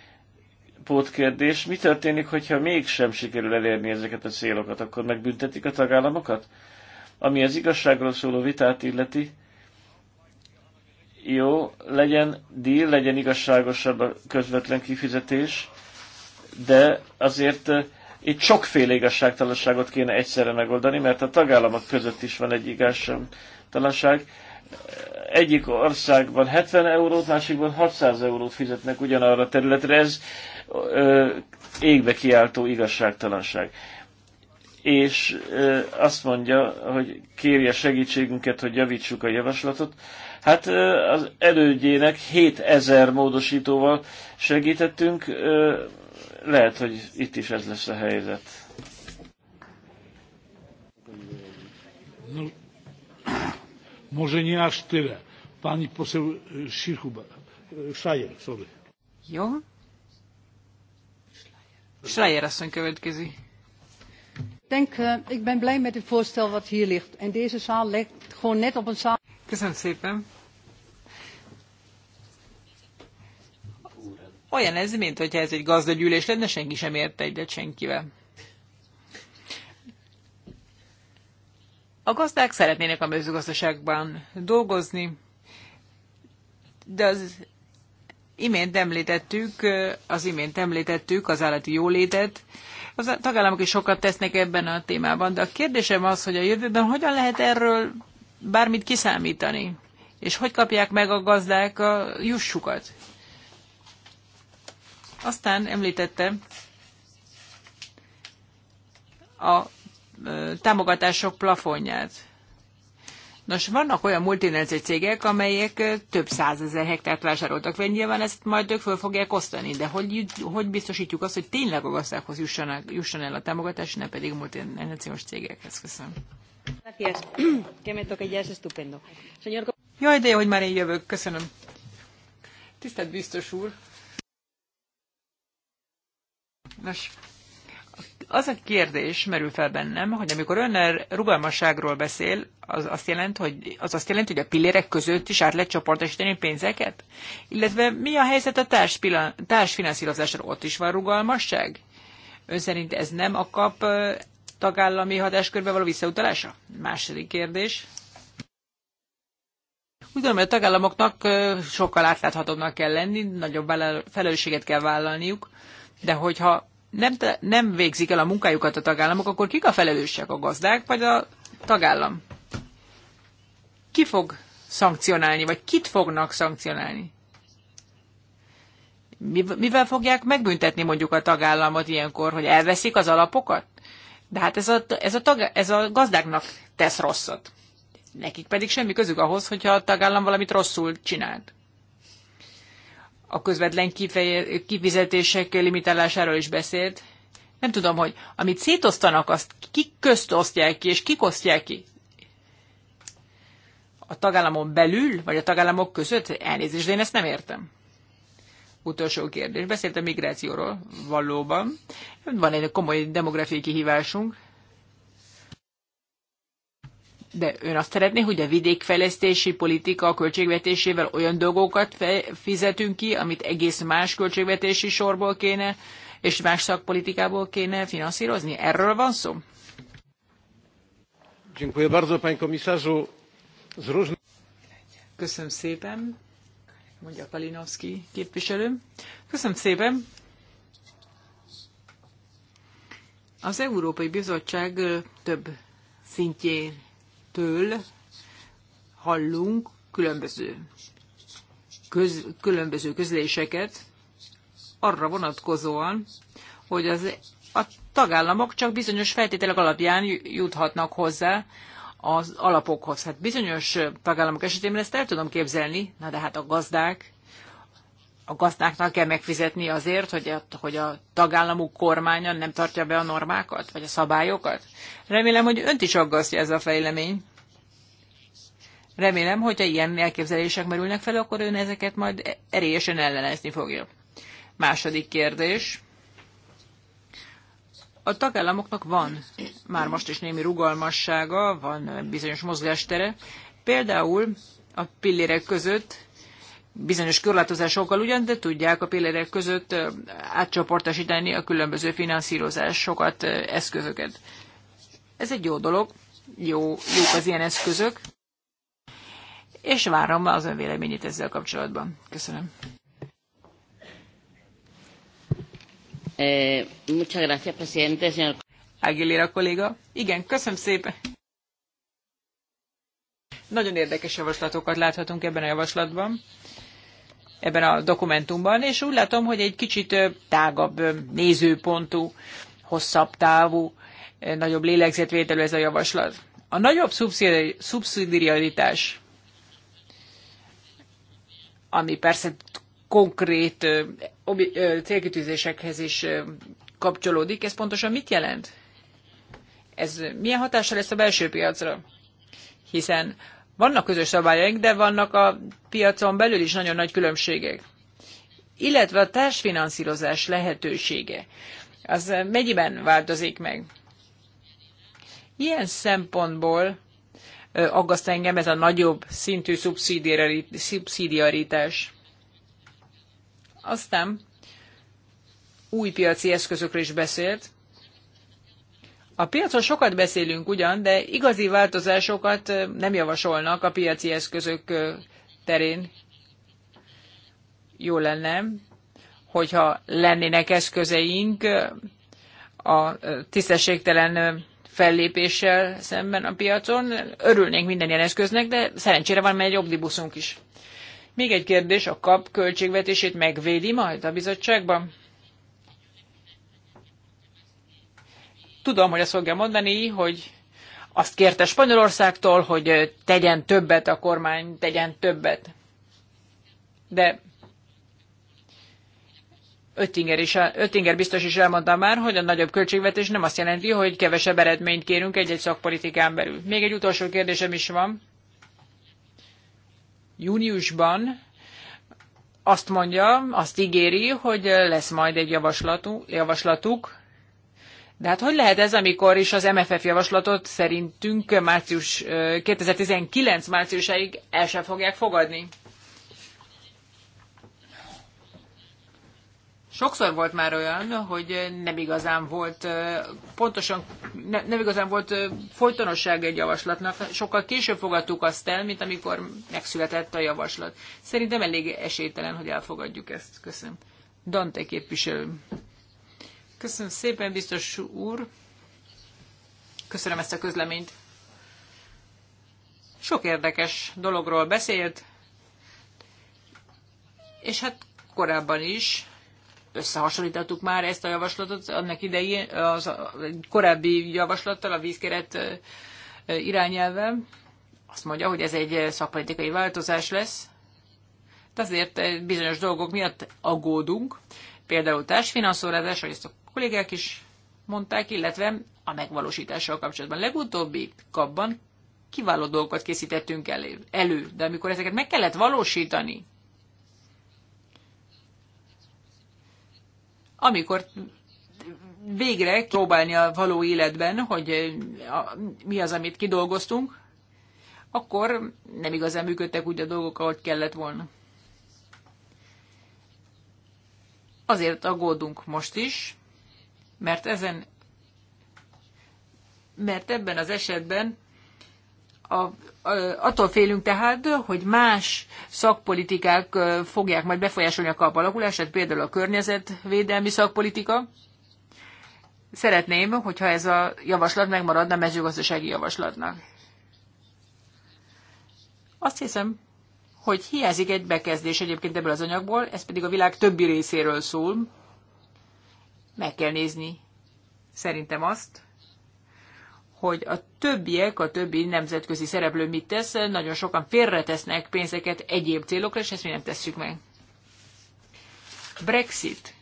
Pótkérdés, mi történik, hogyha mégsem sikerül elérni ezeket a célokat, akkor megbüntetik a tagállamokat? Ami az igazságról szóló vitát illeti, jó, legyen díl, legyen igazságosabb a közvetlen kifizetés, de azért eh, itt sokféle igazságtalanságot kéne egyszerre megoldani, mert a tagállamok között is van egy igazságtalanság egyik országban 70 eurót, másikban 600 eurót fizetnek ugyanarra a területre. Ez ö, égbe kiáltó igazságtalanság. És ö, azt mondja, hogy kérje segítségünket, hogy javítsuk a javaslatot. Hát ö, az elődjének 7000 módosítóval segítettünk, ö, lehet, hogy itt is ez lesz a helyzet. No. Może nie aż tyle. Pani poseł e, Schirchuber. Schreier, sorry. Jó. Schreier asszony következik. Eh, Köszönöm szépen. Olyan ez, mint hogyha ez egy gazdagyűlés lenne, senki sem ért egyet senkivel. A gazdák szeretnének a mezőgazdaságban dolgozni, de az imént említettük, az imént említettük az állati jólétet, az tagállamok is sokat tesznek ebben a témában, de a kérdésem az, hogy a jövőben hogyan lehet erről bármit kiszámítani, és hogy kapják meg a gazdák a jussukat. Aztán említette a támogatások plafonját. Nos, vannak olyan multinacionális cégek, amelyek több százezer hektárt vásároltak fel, nyilván ezt majd ők föl fogják osztani, de hogy, hogy biztosítjuk azt, hogy tényleg a gazdákhoz jussanak, jusson el a támogatás, ne pedig multinacionális cégekhez. Köszönöm. Jaj, de jó, hogy már én jövök. Köszönöm. Tisztelt biztos úr. Nos, az a kérdés merül fel bennem, hogy amikor ön rugalmasságról beszél, az azt, jelent, hogy, az azt jelenti, hogy a pillérek között is át lehet csoportosítani pénzeket? Illetve mi a helyzet a társ társfinanszírozásra? Ott is van rugalmasság? Ön szerint ez nem a kap tagállami hatáskörbe való visszautalása? Második kérdés. Úgy gondolom, hogy a tagállamoknak sokkal átláthatóbbnak kell lenni, nagyobb felelősséget kell vállalniuk, de hogyha nem, nem végzik el a munkájukat a tagállamok, akkor kik a felelősek, a gazdák vagy a tagállam? Ki fog szankcionálni, vagy kit fognak szankcionálni? Mivel fogják megbüntetni mondjuk a tagállamot ilyenkor, hogy elveszik az alapokat? De hát ez a, ez a, tag, ez a gazdáknak tesz rosszat. Nekik pedig semmi közük ahhoz, hogyha a tagállam valamit rosszul csinált a közvetlen kifeje, kifizetések limitálásáról is beszélt. Nem tudom, hogy amit szétosztanak, azt kik közt osztják ki, és kik osztják ki? A tagállamon belül, vagy a tagállamok között? Elnézést, de én ezt nem értem. Utolsó kérdés. Beszélt a migrációról, valóban. Van egy komoly demográfiai kihívásunk de ön azt szeretné, hogy a vidékfejlesztési politika költségvetésével olyan dolgokat fizetünk ki, amit egész más költségvetési sorból kéne, és más szakpolitikából kéne finanszírozni? Erről van szó? Köszönöm szépen, mondja Kalinowski képviselő. Köszönöm szépen. Az Európai Bizottság több szintjén től hallunk különböző, köz, különböző közléseket arra vonatkozóan, hogy az, a tagállamok csak bizonyos feltételek alapján juthatnak hozzá az alapokhoz. Hát bizonyos tagállamok esetében ezt el tudom képzelni, na de hát a gazdák a gazdáknak kell megfizetni azért, hogy a, hogy a tagállamú kormánya nem tartja be a normákat, vagy a szabályokat? Remélem, hogy önt is aggasztja ez a fejlemény. Remélem, hogyha ilyen elképzelések merülnek fel, akkor ön ezeket majd erélyesen ellenezni fogja. Második kérdés. A tagállamoknak van már most is némi rugalmassága, van bizonyos mozgástere. Például a pillérek között bizonyos korlátozásokkal ugyan, de tudják a pillérek között átcsoportosítani a különböző finanszírozásokat, eszközöket. Ez egy jó dolog, jó, jók az ilyen eszközök, és várom az ön véleményét ezzel kapcsolatban. Köszönöm. Eh, muchas gracias, presidente. Señor... Aguilera kolléga. Igen, köszönöm szépen. Nagyon érdekes javaslatokat láthatunk ebben a javaslatban ebben a dokumentumban, és úgy látom, hogy egy kicsit tágabb nézőpontú, hosszabb távú, nagyobb lélegzetvételű ez a javaslat. A nagyobb szubszidiaritás, ami persze konkrét célkitűzésekhez is kapcsolódik, ez pontosan mit jelent? Ez milyen hatással lesz a belső piacra? Hiszen vannak közös szabályaink, de vannak a piacon belül is nagyon nagy különbségek. Illetve a társfinanszírozás lehetősége. Az eh, mennyiben változik meg? Ilyen szempontból eh, aggaszt engem ez a nagyobb szintű szubszidiaritás. Aztán új piaci eszközökről is beszélt. A piacon sokat beszélünk ugyan, de igazi változásokat nem javasolnak a piaci eszközök terén. Jó lenne, hogyha lennének eszközeink a tisztességtelen fellépéssel szemben a piacon. Örülnénk minden ilyen eszköznek, de szerencsére van már egy obdibuszunk is. Még egy kérdés, a kap költségvetését megvédi majd a bizottságban? Tudom, hogy azt fogja mondani, hogy azt kérte Spanyolországtól, hogy tegyen többet a kormány, tegyen többet. De Öttinger, is, Öttinger biztos is elmondta már, hogy a nagyobb költségvetés nem azt jelenti, hogy kevesebb eredményt kérünk egy-egy szakpolitikán belül. Még egy utolsó kérdésem is van. Júniusban azt mondja, azt ígéri, hogy lesz majd egy javaslatuk, de hát hogy lehet ez, amikor is az MFF javaslatot szerintünk március 2019 márciusáig el sem fogják fogadni? Sokszor volt már olyan, hogy nem igazán volt pontosan, ne, nem igazán volt folytonosság egy javaslatnak. Sokkal később fogadtuk azt el, mint amikor megszületett a javaslat. Szerintem elég esélytelen, hogy elfogadjuk ezt. Köszönöm. Dante képviselő. Köszönöm szépen, biztos úr. Köszönöm ezt a közleményt. Sok érdekes dologról beszélt, és hát korábban is összehasonlítottuk már ezt a javaslatot, annak idején az korábbi javaslattal, a vízkeret irányelve. Azt mondja, hogy ez egy szakpolitikai változás lesz, de azért bizonyos dolgok miatt aggódunk. Például társfinanszírozás, hogy ezt a kollégák is mondták, illetve a megvalósítással kapcsolatban. Legutóbbi kapban kiváló dolgokat készítettünk elő, elő, de amikor ezeket meg kellett valósítani, amikor végre próbálni a való életben, hogy eh, mi az, amit kidolgoztunk, akkor nem igazán működtek úgy a dolgok, ahogy kellett volna. Azért aggódunk most is, mert ezen mert ebben az esetben a, attól félünk tehát, hogy más szakpolitikák fogják majd befolyásolni a kap alakulását, például a környezetvédelmi szakpolitika. Szeretném, hogyha ez a javaslat megmaradna a mezőgazdasági javaslatnak. Azt hiszem, hogy hiányzik egy bekezdés egyébként ebből az anyagból, ez pedig a világ többi részéről szól, meg kell nézni szerintem azt, hogy a többiek, a többi nemzetközi szereplő mit tesz, nagyon sokan félretesznek pénzeket egyéb célokra, és ezt mi nem tesszük meg. Brexit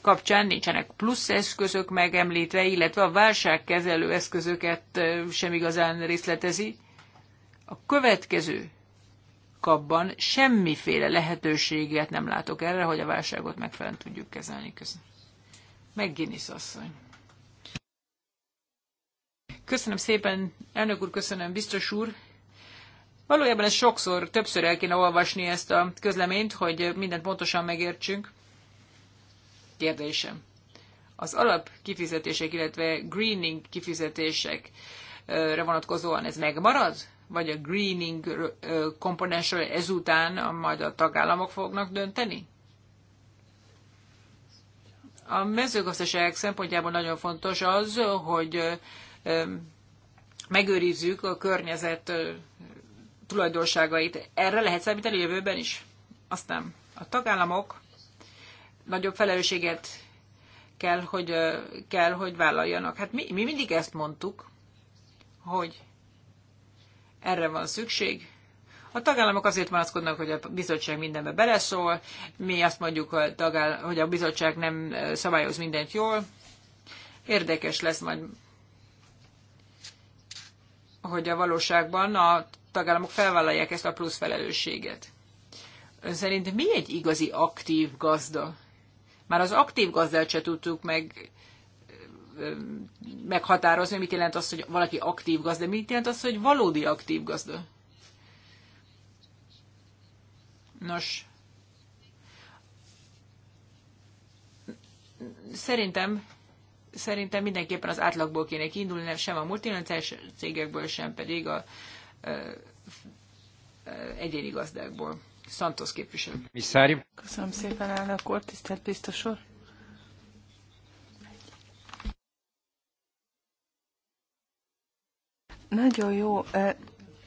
kapcsán nincsenek plusz eszközök megemlítve, illetve a válságkezelő eszközöket sem igazán részletezi. A következő kapban semmiféle lehetőséget nem látok erre, hogy a válságot megfelelően tudjuk kezelni. Köszönöm. McGuinness asszony. Köszönöm szépen, elnök úr, köszönöm, biztos úr. Valójában ezt sokszor, többször el kéne olvasni ezt a közleményt, hogy mindent pontosan megértsünk. Kérdésem. Az alap kifizetések, illetve greening kifizetésekre vonatkozóan ez megmarad? Vagy a greening komponensről ezután majd a tagállamok fognak dönteni? A mezőgazdaság szempontjából nagyon fontos az, hogy megőrizzük a környezet tulajdonságait. Erre lehet számítani jövőben is. Aztán a tagállamok nagyobb felelősséget kell, hogy, kell, hogy vállaljanak. Hát mi, mi mindig ezt mondtuk, hogy erre van szükség, a tagállamok azért maradkodnak, hogy a bizottság mindenbe beleszól, mi azt mondjuk, a tagáll- hogy a bizottság nem szabályoz mindent jól. Érdekes lesz majd, hogy a valóságban a tagállamok felvállalják ezt a plusz felelősséget. Ön szerint mi egy igazi aktív gazda? Már az aktív gazdát se tudtuk meg meghatározni, mit jelent az, hogy valaki aktív gazda, mit jelent az, hogy valódi aktív gazda. Nos, szerintem szerintem mindenképpen az átlagból kéne kiindulni, nem sem a multinacionális cégekből, sem pedig a ö, ö, egyéni gazdákból. Santos képviselő. Misszári. Köszönöm szépen, elnök úr, tisztelt biztos úr. Nagyon jó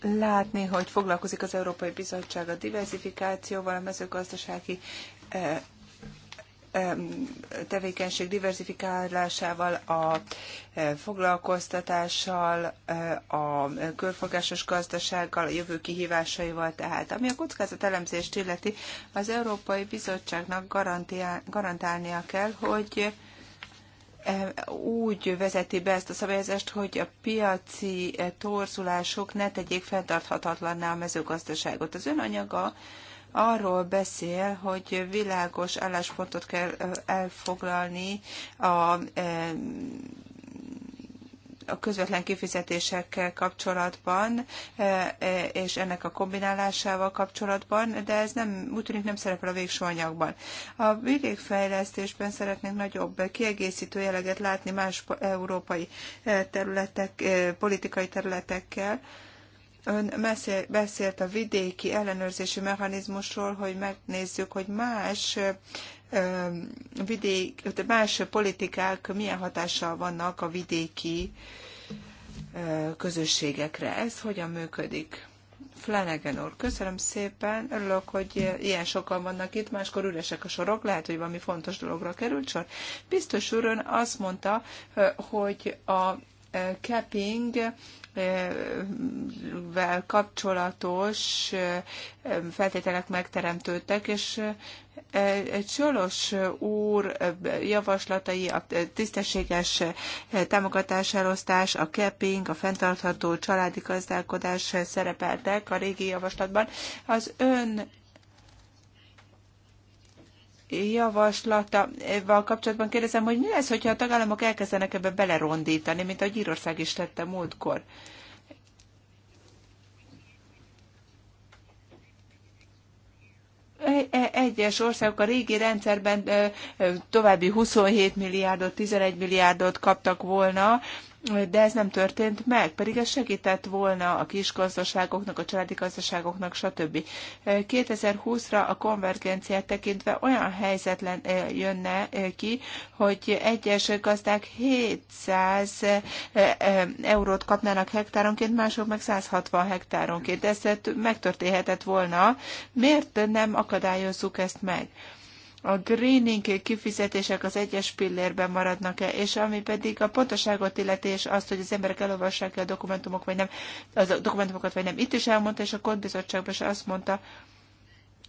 látni, hogy foglalkozik az Európai Bizottság a diversifikációval, a mezőgazdasági eh, tevékenység diversifikálásával, a eh, foglalkoztatással, eh, a körfogásos gazdasággal, a jövő kihívásaival. Tehát ami a kockázat elemzést illeti, az Európai Bizottságnak garantálnia kell, hogy úgy vezeti be ezt a szabályozást, hogy a piaci torzulások ne tegyék fenntarthatatlanná a mezőgazdaságot. Az önanyaga arról beszél, hogy világos álláspontot kell elfoglalni a a közvetlen kifizetésekkel kapcsolatban, e, e, és ennek a kombinálásával kapcsolatban, de ez nem, úgy tűnik nem szerepel a végső anyagban. A vidékfejlesztésben szeretnénk nagyobb kiegészítő jeleget látni más európai e, területek, politikai területekkel, Ön beszélt a vidéki ellenőrzési mechanizmusról, hogy megnézzük, hogy más vidék, más politikák milyen hatással vannak a vidéki közösségekre. Ez hogyan működik? Flanagan úr, köszönöm szépen, örülök, hogy ilyen sokan vannak itt, máskor üresek a sorok, lehet, hogy valami fontos dologra került sor. Biztos ön azt mondta, hogy a capping vel kapcsolatos feltételek megteremtődtek, és Csolos úr javaslatai, a tisztességes támogatáselosztás, a capping, a fenntartható családi gazdálkodás szerepeltek a régi javaslatban. Az ön javaslatával kapcsolatban kérdezem, hogy mi lesz, hogyha a tagállamok elkezdenek ebbe belerondítani, mint ahogy Írország is tette múltkor. E-, e-, egyes országok a régi rendszerben további 27 milliárdot, 11 milliárdot kaptak volna de ez nem történt meg, pedig ez segített volna a kis gazdaságoknak, a családi gazdaságoknak, stb. 2020-ra a konvergenciát tekintve olyan helyzet eh, jönne eh, ki, hogy egyes gazdák 700 eh, eurót kapnának hektáronként, mások meg 160 hektáronként. Ez megtörténhetett volna. Miért nem akadályozzuk ezt meg? a greening kifizetések az egyes pillérben maradnak-e, és ami pedig a pontoságot illeti, és azt, hogy az emberek elolvassák -e a dokumentumok, vagy nem, az a dokumentumokat, vagy nem. Itt is elmondta, és a kontbizottságban is azt mondta,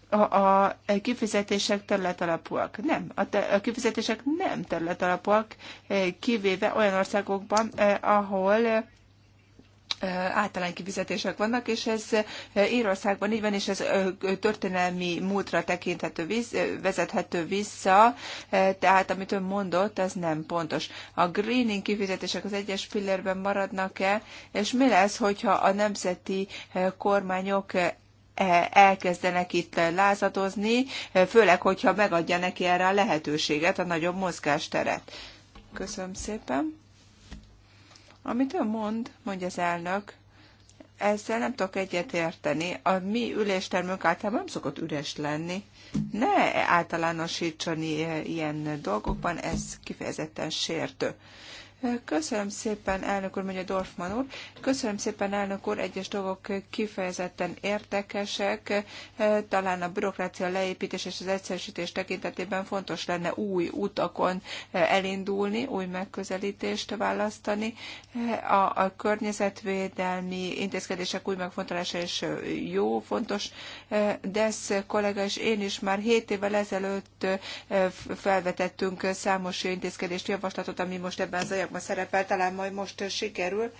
a, a kifizetések területalapúak. Nem, a, te, a kifizetések nem területalapúak, eh, kivéve olyan országokban, eh, ahol eh, általány kifizetések vannak, és ez Írországban így van, és ez történelmi múltra tekinthető víz, vezethető vissza, tehát amit ön mondott, ez nem pontos. A greening kifizetések az egyes pillérben maradnak-e, és mi lesz, hogyha a nemzeti kormányok e, elkezdenek itt lázadozni, főleg, hogyha megadja neki erre a lehetőséget, a nagyobb mozgásteret. Köszönöm szépen. Amit ő mond, mondja az elnök, ezzel nem tudok egyetérteni. A mi üléstermünk általában nem szokott üres lenni. Ne általánosítsani ilyen dolgokban, ez kifejezetten sértő. Köszönöm szépen, elnök úr, mondja Dorfman úr. Köszönöm szépen, elnök úr, egyes dolgok kifejezetten értekesek. E, talán a bürokrácia leépítés és az egyszerűsítés tekintetében fontos lenne új utakon e, elindulni, új megközelítést választani. E, a, a környezetvédelmi intézkedések új megfontolása és jó, fontos. Desz kollega és én is már 7 évvel ezelőtt felvetettünk számos intézkedést, javaslatot, ami most ebben az bizottságban szerepel, talán majd most sikerül.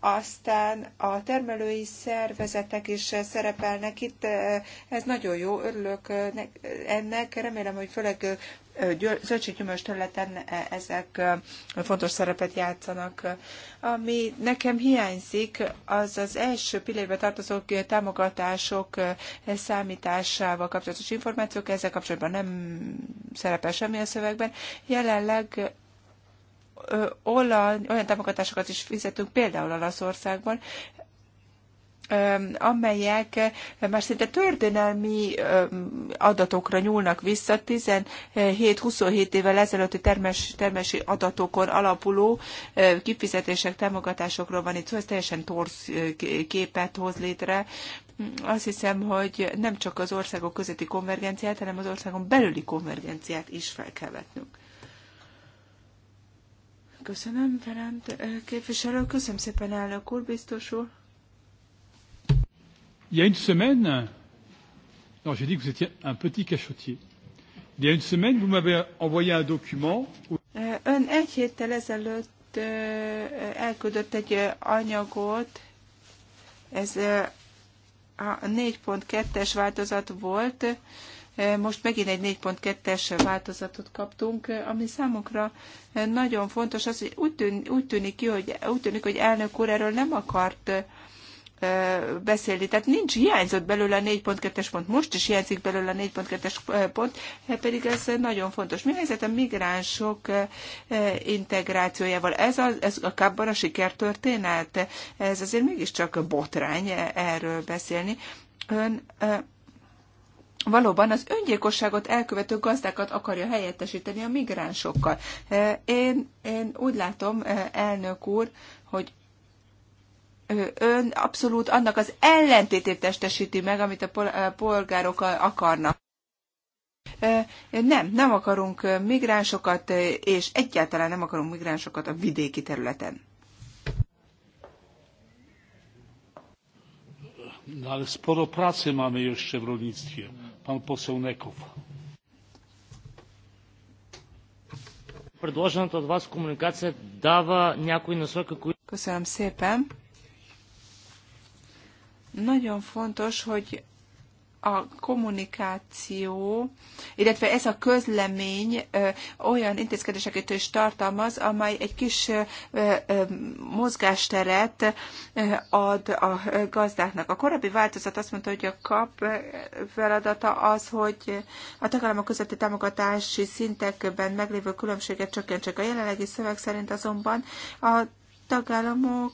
Aztán a termelői szervezetek is szerepelnek itt, ez nagyon jó, örülök ennek, remélem, hogy főleg zöldséggyümölcs területen ezek fontos szerepet játszanak. Ami nekem hiányzik, az az első pillérbe tartozó támogatások számításával kapcsolatos információk, ezzel kapcsolatban nem szerepel semmi a szövegben. Jelenleg olyan, olyan támogatásokat is fizetünk, például Olaszországban, amelyek már szinte történelmi adatokra nyúlnak vissza, 17-27 évvel ezelőtti termes, termesi adatokon alapuló kifizetések, támogatásokról van itt, szóval ez teljesen torz képet hoz létre. Azt hiszem, hogy nem csak az országok közötti konvergenciát, hanem az országon belüli konvergenciát is fel kell vetnünk. Köszönöm, Ferenc eh, képviselő. Köszönöm szépen, elnök úr, biztos úr. Il y a une semaine, non, j'ai dit que vous étiez un petit cachotier. Il y a une semaine, vous m'avez envoyé un document. Eh, ön egy héttel ezelőtt eh, elküldött egy anyagot, ez a 4.2-es változat volt, most megint egy 4.2-es változatot kaptunk, ami számunkra nagyon fontos. Az, hogy úgy, tűn, úgy, tűnik ki, hogy, úgy tűnik, hogy elnök úr erről nem akart beszélni. Tehát nincs hiányzott belőle a 4.2-es pont, most is hiányzik belőle a 4.2-es pont, e, pedig ez nagyon fontos. Mi helyzet a migránsok integrációjával? Ez a, ez a kapban a sikertörténet? Ez azért mégiscsak botrány e, erről beszélni. Ön valóban az öngyilkosságot elkövető gazdákat akarja helyettesíteni a migránsokkal. E, én, én úgy látom, e, elnök úr, hogy ön abszolút annak az ellentétét testesíti meg, amit a e, polgárok akarnak. Nem, nem akarunk migránsokat, és egyáltalán nem akarunk migránsokat a vidéki területen. No ale sporo pracy mamy jeszcze w rolnictwie. Pan poseł Nekow. Предложената от вас комуникация дава някои насоки, които... Köszönöm szépen. Nagyon fontos, hogy a kommunikáció, illetve ez a közlemény olyan intézkedéseket is tartalmaz, amely egy kis mozgásteret ad a gazdáknak. A korábbi változat azt mondta, hogy a kap feladata az, hogy a tagállamok közötti támogatási szintekben meglévő különbséget csökkentsek. A jelenlegi szöveg szerint azonban a tagállamok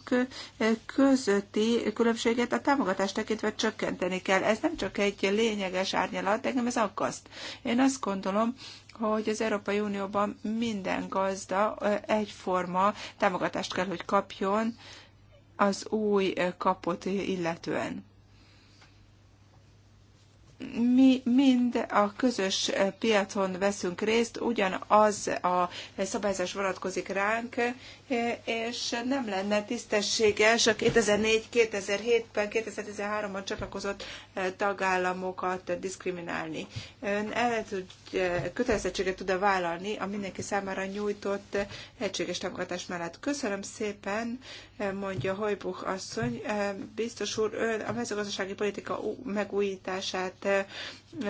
közötti különbséget a támogatást tekintve csökkenteni kell. Ez nem csak egy lényeges árnyalat, engem ez akaszt. Én azt gondolom, hogy az Európai Unióban minden gazda egyforma támogatást kell, hogy kapjon az új kapot illetően mi mind a közös piacon veszünk részt, ugyanaz a szabályzás vonatkozik ránk, és nem lenne tisztességes a 2004-2007-ben, 2013-ban csatlakozott tagállamokat diszkriminálni. Ön el tud, kötelezettséget tud-e vállalni a mindenki számára nyújtott egységes támogatás mellett? Köszönöm szépen, mondja Hojbuch asszony. Biztos úr, ön a mezőgazdasági politika megújítását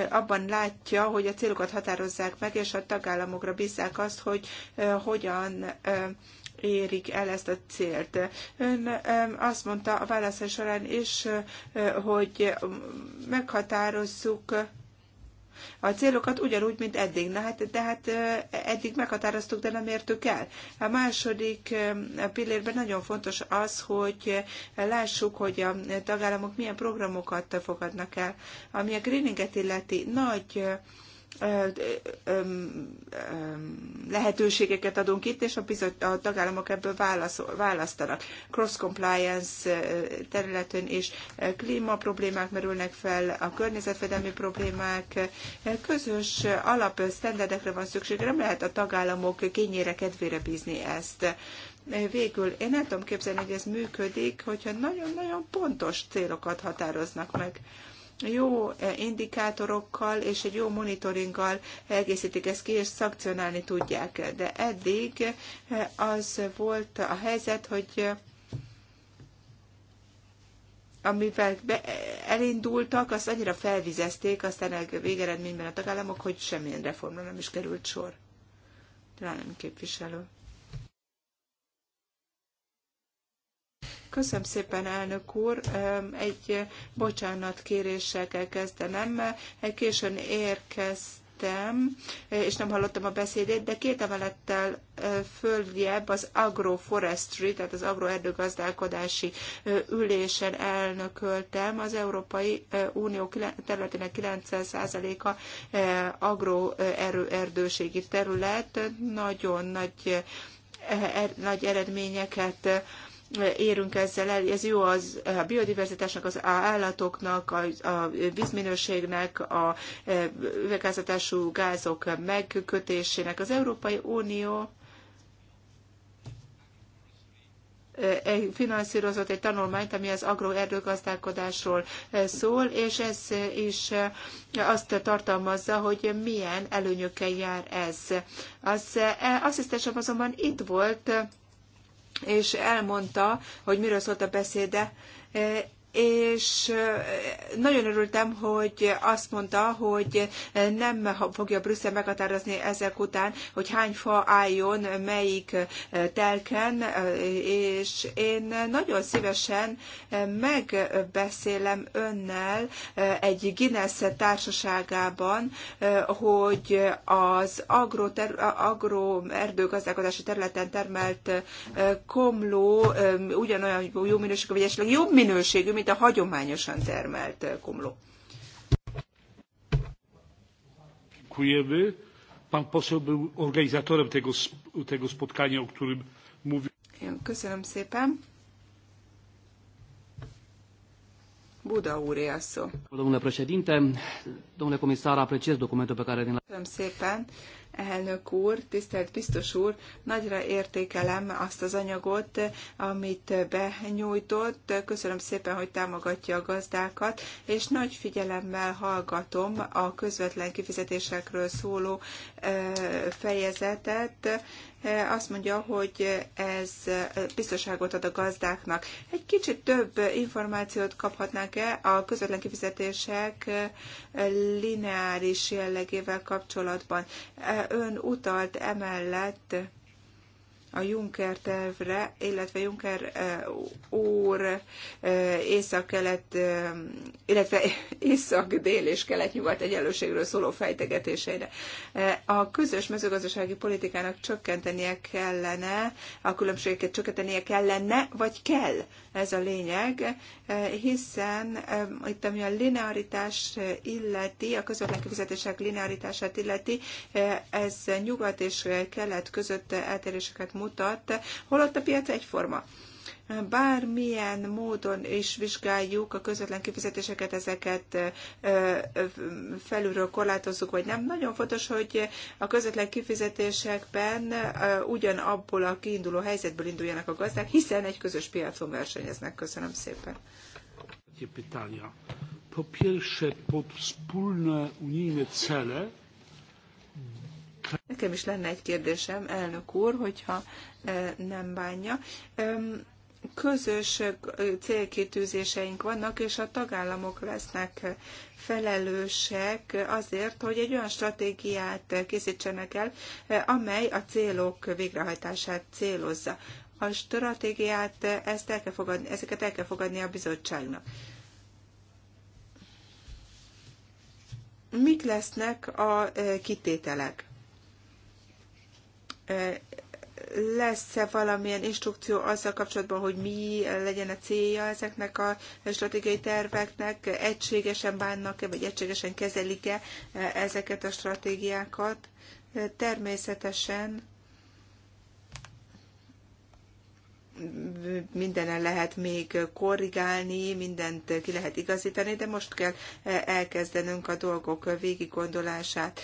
abban látja, hogy a célokat határozzák meg, és a tagállamokra bízzák azt, hogy hogyan érik el ezt a célt. Ön azt mondta a válaszás során is, hogy meghatározzuk a célokat ugyanúgy, mint eddig. Na hát, de hát eddig meghatároztuk, de nem értük el. A második pillérben nagyon fontos az, hogy lássuk, hogy a tagállamok milyen programokat fogadnak el. Ami a greeninget illeti, nagy lehetőségeket adunk itt, és a, bizot, a tagállamok ebből válaszol, választanak. Cross-compliance területén és klíma problémák merülnek fel, a környezetvédelmi problémák, közös alapsztenderdekre van szükség, nem lehet a tagállamok kényére, kedvére bízni ezt végül én nem tudom képzelni, hogy ez működik, hogyha nagyon-nagyon pontos célokat határoznak meg jó eh, indikátorokkal és egy jó monitoringgal elkészítik ezt ki, és szankcionálni tudják. De eddig eh, az volt a helyzet, hogy eh, amivel be, elindultak, azt annyira felvizezték, aztán a végeredményben a tagállamok, hogy semmilyen reformra nem is került sor. Talán nem képviselő. Köszönöm szépen, elnök úr. Egy bocsánat kell kezdenem. Egy későn érkeztem és nem hallottam a beszédét, de két emelettel följebb az agroforestry, tehát az agroerdőgazdálkodási ülésen elnököltem. Az Európai Unió területének 90%-a agroerdőségi terület, nagyon nagy er, nagy eredményeket érünk ezzel el, ez jó az a biodiverzitásnak, az állatoknak, a, a vízminőségnek, a e, üvegházatású gázok megkötésének. Az Európai Unió e, finanszírozott egy tanulmányt, ami az agroerdőgazdálkodásról e, szól, és ez is azt tartalmazza, hogy milyen előnyökkel jár ez. Az asszisztensem azonban itt volt, és elmondta, hogy miről szólt a beszéde, és nagyon örültem, hogy azt mondta, hogy nem fogja Brüsszel meghatározni ezek után, hogy hány fa álljon melyik telken, és én nagyon szívesen megbeszélem önnel egy Guinness társaságában, hogy az agroerdőgazdálkodási agro területen termelt komló ugyanolyan jó minőségű, vagy esetleg jobb minőségű, mint mint a hagyományosan termelt kumló. Dziękujemy. Pan poseł był organizatorem tego, tego spotkania, o którym mówił. Köszönöm szépen. Buda a Domnule președinte, domnule comisar, apreciez documentul pe care din... Köszönöm szépen elnök úr, tisztelt biztos úr, nagyra értékelem azt az anyagot, amit benyújtott. Köszönöm szépen, hogy támogatja a gazdákat, és nagy figyelemmel hallgatom a közvetlen kifizetésekről szóló fejezetet azt mondja, hogy ez biztonságot ad a gazdáknak. Egy kicsit több információt kaphatnánk-e a közvetlen kifizetések lineáris jellegével kapcsolatban? Ön utalt emellett a Juncker tervre, illetve Juncker eh, úr eh, észak-kelet, eh, illetve észak-dél és kelet-nyugat egyenlőségről szóló fejtegetéseire. A közös mezőgazdasági politikának csökkentenie kellene, a különbségeket csökkentenie kellene, vagy kell, ez a lényeg, hiszen itt ami a linearitás illeti, a közvetlen kifizetések linearitását illeti, ez nyugat és kelet között eltéréseket mutat, mutat, holott a piac egyforma bármilyen módon is vizsgáljuk a közvetlen kifizetéseket, ezeket felülről korlátozzuk, vagy nem. Nagyon fontos, hogy a közvetlen kifizetésekben ugyanabból a kiinduló helyzetből induljanak a gazdák, hiszen egy közös piacon versenyeznek. Köszönöm szépen. Pytania. Po pierwsze, pod wspólne unijne cele Nekem is lenne egy kérdésem, elnök úr, hogyha e, nem bánja. Közös e, célkitűzéseink vannak, és a tagállamok lesznek felelősek azért, hogy egy olyan stratégiát készítsenek el, e, amely a célok végrehajtását célozza. A stratégiát ezt el kell fogadni, ezeket el kell fogadni a bizottságnak. mik lesznek a kitételek? lesz-e valamilyen instrukció azzal kapcsolatban, hogy mi legyen a célja ezeknek a stratégiai terveknek, egységesen bánnak-e, vagy egységesen kezelik-e ezeket a stratégiákat. Természetesen mindenen lehet még korrigálni, mindent ki lehet igazítani, de most kell elkezdenünk a dolgok végiggondolását.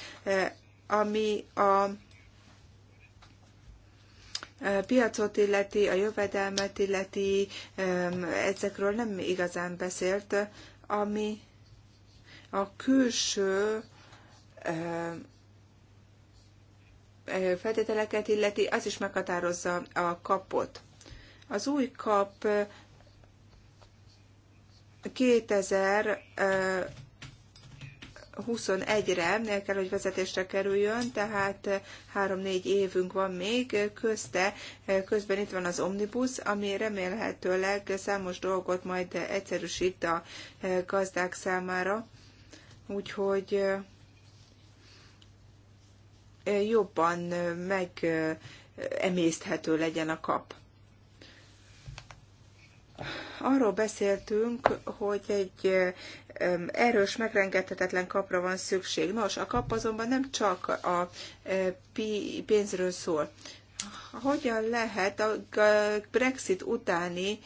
Ami a piacot illeti, a jövedelmet illeti, ezekről nem igazán beszélt, ami a külső feltételeket illeti, az is meghatározza a kapot. Az új kap 2000 21-re kell, hogy vezetésre kerüljön, tehát 3-4 eh, évünk van még eh, közte. Eh, közben itt van az Omnibus, ami remélhetőleg számos dolgot majd egyszerűsít a gazdák számára. Úgyhogy jobban megemészthető legyen a kap arról beszéltünk, hogy egy erős, megrengethetetlen kapra van szükség. Nos, a kap azonban nem csak a e, pénzről szól. Hogyan lehet a Brexit utáni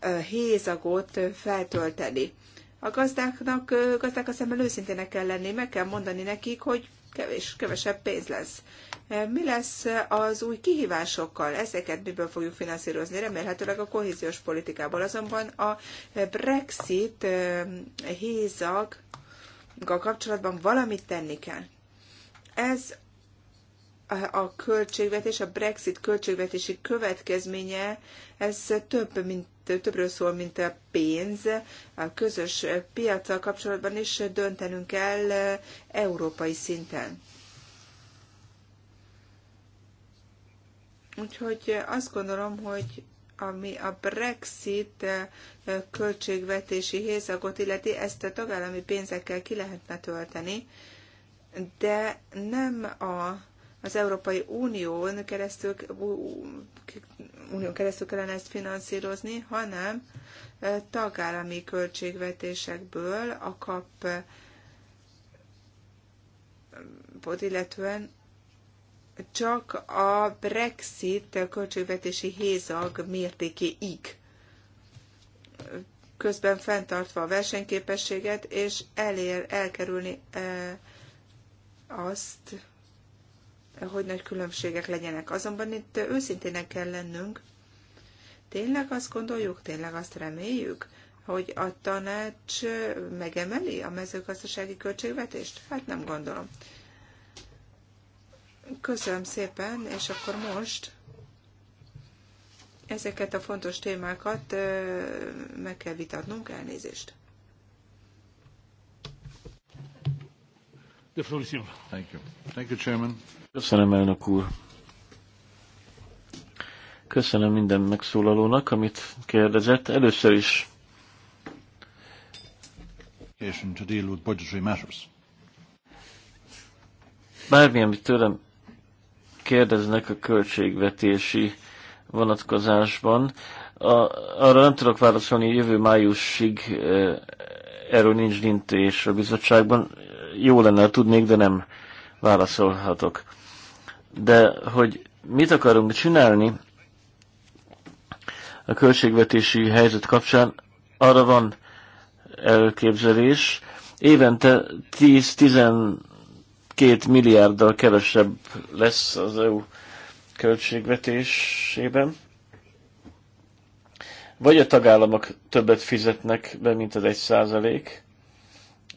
e, hézagot feltölteni? A gazdáknak, gazdák a szemben őszintének kell lenni, meg kell mondani nekik, hogy kevés, kevesebb pénz lesz. Mi lesz az új kihívásokkal? Ezeket miből fogjuk finanszírozni? Remélhetőleg a kohéziós politikából. Azonban a Brexit hézaggal kapcsolatban valamit tenni kell. Ez a költségvetés, a Brexit költségvetési következménye, ez több, mint, többről szól, mint a pénz. A közös piacsal kapcsolatban is döntenünk kell európai szinten. Úgyhogy azt gondolom, hogy ami a Brexit eh, költségvetési hézagot illeti, ezt a tagállami pénzekkel ki lehetne tölteni, de nem a, az Európai Unión keresztül, Unión keresztül kellene ezt finanszírozni, hanem eh, tagállami költségvetésekből a kap eh, illetően csak a Brexit költségvetési hézag mértékéig, közben fenntartva a versenyképességet, és elér, elkerülni e, azt, hogy nagy különbségek legyenek. Azonban itt őszintének kell lennünk. Tényleg azt gondoljuk, tényleg azt reméljük, hogy a tanács megemeli a mezőgazdasági költségvetést? Hát nem gondolom. Köszönöm szépen, és akkor most ezeket a fontos témákat meg kell vitatnunk, elnézést. The floor is yours. Thank you. Thank you, Chairman. Köszönöm, elnök úr. Köszönöm minden megszólalónak, amit kérdezett. Először is to deal with budgetary matters. Bármi, amit tőlem kérdeznek a költségvetési vonatkozásban. A, arra nem tudok válaszolni, jövő májusig eh, erről nincs döntés a bizottságban. Jó lenne, ha tudnék, de nem válaszolhatok. De hogy mit akarunk csinálni a költségvetési helyzet kapcsán, arra van elképzelés. Évente két milliárddal kevesebb lesz az EU költségvetésében. Vagy a tagállamok többet fizetnek be, mint az egy százalék,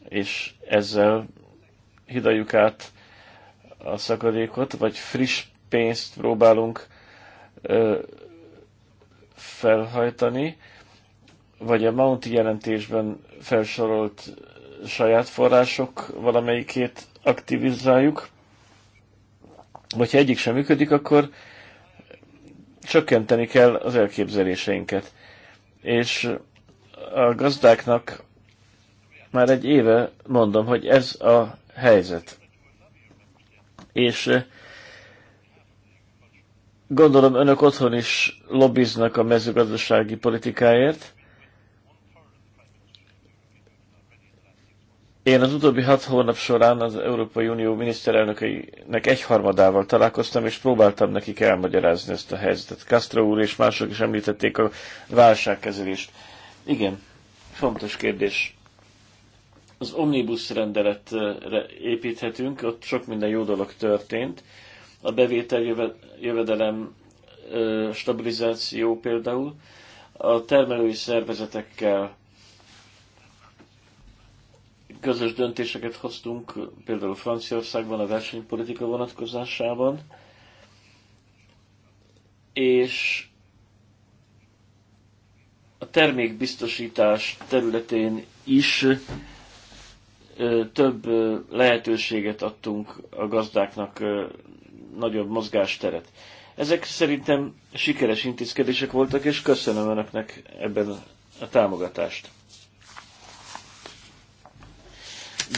és ezzel hidaljuk át a szakadékot, vagy friss pénzt próbálunk ö, felhajtani, vagy a Mounti jelentésben felsorolt saját források valamelyikét aktivizáljuk, vagy egyik sem működik, akkor csökkenteni kell az elképzeléseinket. És a gazdáknak már egy éve mondom, hogy ez a helyzet. És eh, gondolom önök otthon is lobbiznak a mezőgazdasági politikáért, Én az utóbbi hat hónap során az Európai Unió miniszterelnökeinek egyharmadával találkoztam, és próbáltam nekik elmagyarázni ezt a helyzetet. Castro úr és mások is említették a válságkezelést. Igen, fontos kérdés. Az omnibus rendeletre építhetünk, ott sok minden jó dolog történt. A bevétel jövedelem stabilizáció például. A termelői szervezetekkel közös döntéseket hoztunk, például Franciaországban a versenypolitika vonatkozásában, és a termékbiztosítás területén is több lehetőséget adtunk a gazdáknak, nagyobb mozgásteret. Ezek szerintem sikeres intézkedések voltak, és köszönöm Önöknek ebben a támogatást.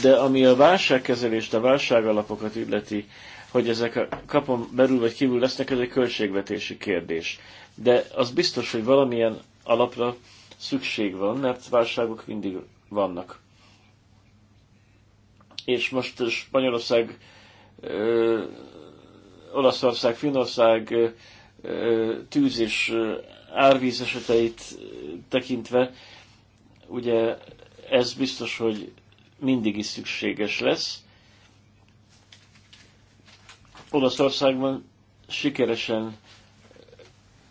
De ami a válságkezelést, a válságalapokat illeti, hogy ezek a kapon belül vagy kívül lesznek, ez egy költségvetési kérdés. De az biztos, hogy valamilyen alapra szükség van, mert válságok mindig vannak. És most Spanyolország, ö, Olaszország, Finnország ö, tűz és árvíz eseteit tekintve, ugye ez biztos, hogy mindig is szükséges lesz. Olaszországban sikeresen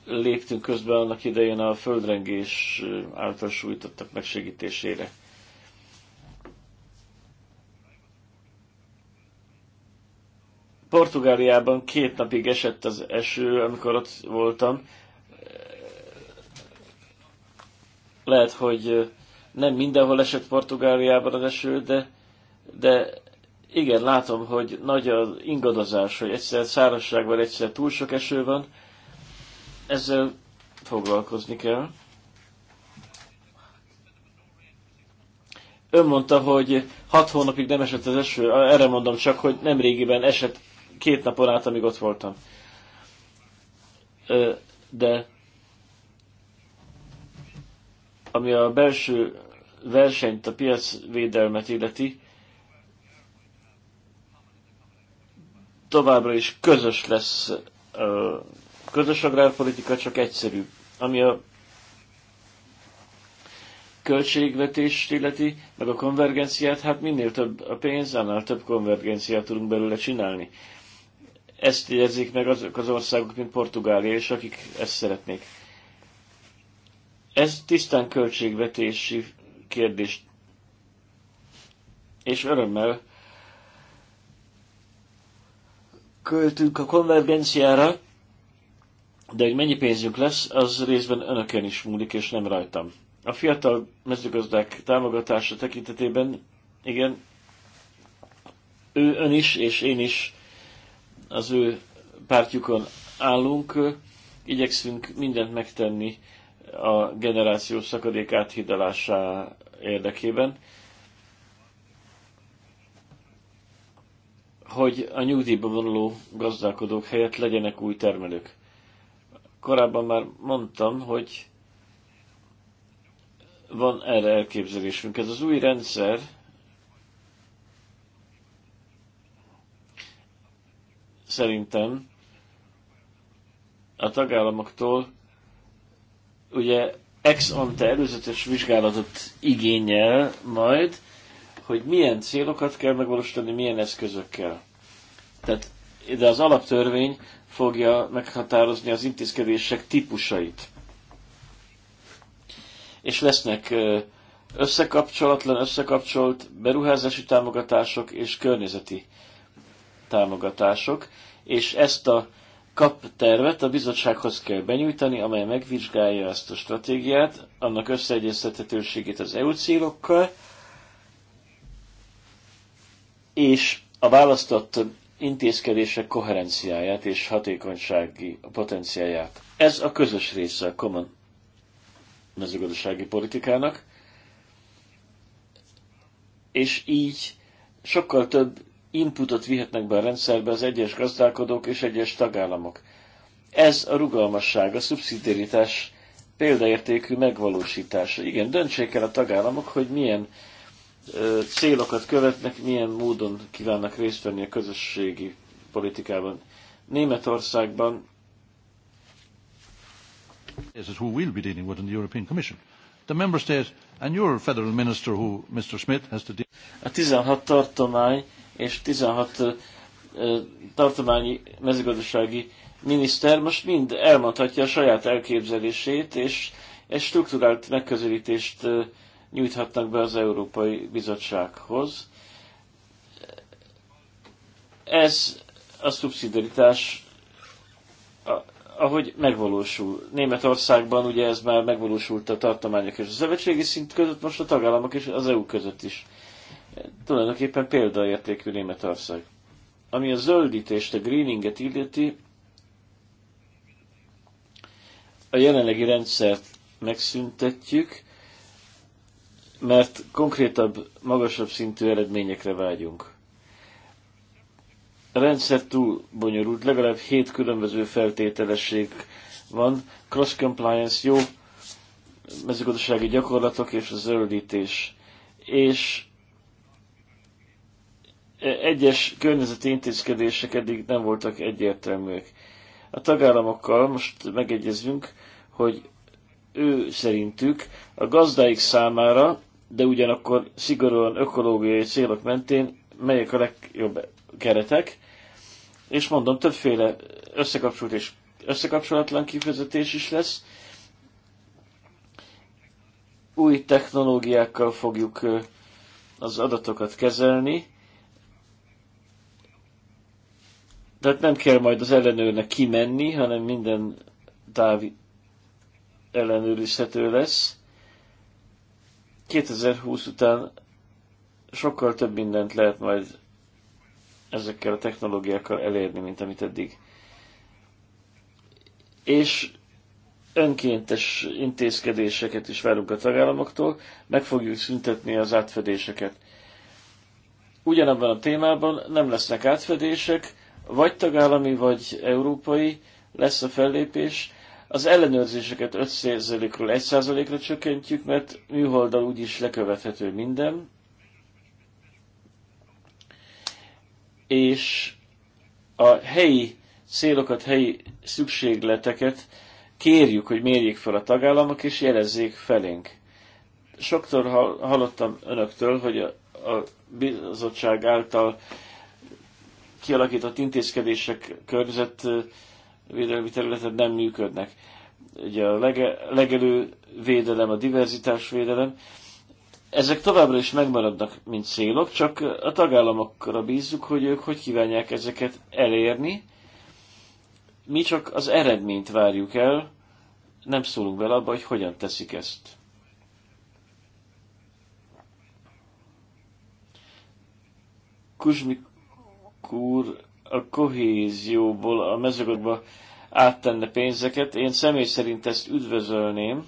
léptünk közben annak idején a földrengés által sújtottak megsegítésére. Portugáliában két napig esett az eső, amikor ott voltam. Lehet, hogy nem mindenhol esett Portugáliában az eső, de, de igen, látom, hogy nagy az ingadozás, hogy egyszer szárazság van, egyszer túl sok eső van. Ezzel foglalkozni kell. Ön mondta, hogy hat hónapig nem esett az eső, erre mondom csak, hogy nem régiben esett két napon át, amíg ott voltam. De ami a belső versenyt, a piacvédelmet illeti, továbbra is közös lesz a közös agrárpolitika, csak egyszerű, Ami a költségvetést illeti, meg a konvergenciát, hát minél több a pénz, annál több konvergenciát tudunk belőle csinálni. Ezt érzik meg azok az országok, mint Portugália, és akik ezt szeretnék. Ez tisztán költségvetési kérdést. És örömmel költünk a konvergenciára, de hogy mennyi pénzünk lesz, az részben önöken is múlik, és nem rajtam. A fiatal mezőgazdák támogatása tekintetében, igen, ő ön is, és én is az ő pártjukon állunk, igyekszünk mindent megtenni a generáció szakadék áthidalása érdekében, hogy a nyugdíjba vonuló gazdálkodók helyett legyenek új termelők. Korábban már mondtam, hogy van erre elképzelésünk. Ez az új rendszer szerintem a tagállamoktól ugye ex ante előzetes vizsgálatot igényel majd, hogy milyen célokat kell megvalósítani, milyen eszközökkel. Tehát de az alaptörvény fogja meghatározni az intézkedések típusait. És lesznek összekapcsolatlan, összekapcsolt beruházási támogatások és környezeti támogatások, és ezt a kap tervet a bizottsághoz kell benyújtani, amely megvizsgálja ezt a stratégiát, annak összeegyeztethetőségét az EU célokkal, és a választott intézkedések koherenciáját és hatékonysági potenciáját. Ez a közös része a common mezőgazdasági politikának, és így sokkal több inputot vihetnek be a rendszerbe az egyes gazdálkodók és egyes tagállamok. Ez a rugalmasság, a szubszidiaritás példaértékű megvalósítása. Igen, döntsék el a tagállamok, hogy milyen ö, célokat követnek, milyen módon kívánnak részt venni a közösségi politikában. Németországban ez az, who will be dealing with in the European Commission. The member state and your federal minister who, Mr. Smith, has to deal... A 16 tartomány és 16 tartományi mezőgazdasági miniszter most mind elmondhatja a saját elképzelését, és egy struktúrált megközelítést nyújthatnak be az Európai Bizottsághoz. Ez a szubszidaritás, ahogy megvalósul. Németországban ugye ez már megvalósult a tartományok és a szövetségi szint között, most a tagállamok és az EU között is tulajdonképpen példaértékű Németország. Ami a zöldítést, a greeninget illeti, a jelenlegi rendszert megszüntetjük, mert konkrétabb, magasabb szintű eredményekre vágyunk. A rendszer túl bonyolult, legalább hét különböző feltételesség van, cross compliance jó, mezőgazdasági gyakorlatok és a zöldítés. És egyes környezeti intézkedések eddig nem voltak egyértelműek. A tagállamokkal most megegyezünk, hogy ő szerintük a gazdáik számára, de ugyanakkor szigorúan ökológiai célok mentén melyek a legjobb keretek, és mondom, többféle összekapcsolt és összekapcsolatlan kifejezetés is lesz. Új technológiákkal fogjuk az adatokat kezelni, Tehát nem kell majd az ellenőrnek kimenni, hanem minden táv ellenőrizhető lesz. 2020 után sokkal több mindent lehet majd ezekkel a technológiákkal elérni, mint amit eddig. És önkéntes intézkedéseket is várunk a tagállamoktól, meg fogjuk szüntetni az átfedéseket. Ugyanabban a témában nem lesznek átfedések, vagy tagállami, vagy európai lesz a fellépés. Az ellenőrzéseket 5%-ról 1%-ra csökkentjük, mert műholdal úgyis lekövethető minden. És a helyi célokat, helyi szükségleteket kérjük, hogy mérjék fel a tagállamok, és jelezzék felénk. Sokszor hallottam önöktől, hogy a bizottság által kialakított intézkedések környezetvédelmi területen nem működnek. Ugye a lege, legelő védelem, a diverzitás védelem, ezek továbbra is megmaradnak, mint célok, csak a tagállamokra bízzuk, hogy ők hogy kívánják ezeket elérni. Mi csak az eredményt várjuk el, nem szólunk bele abba, hogy hogyan teszik ezt. Kuzmik úr a kohézióból a mezőgazdaságba áttenne pénzeket. Én személy szerint ezt üdvözölném.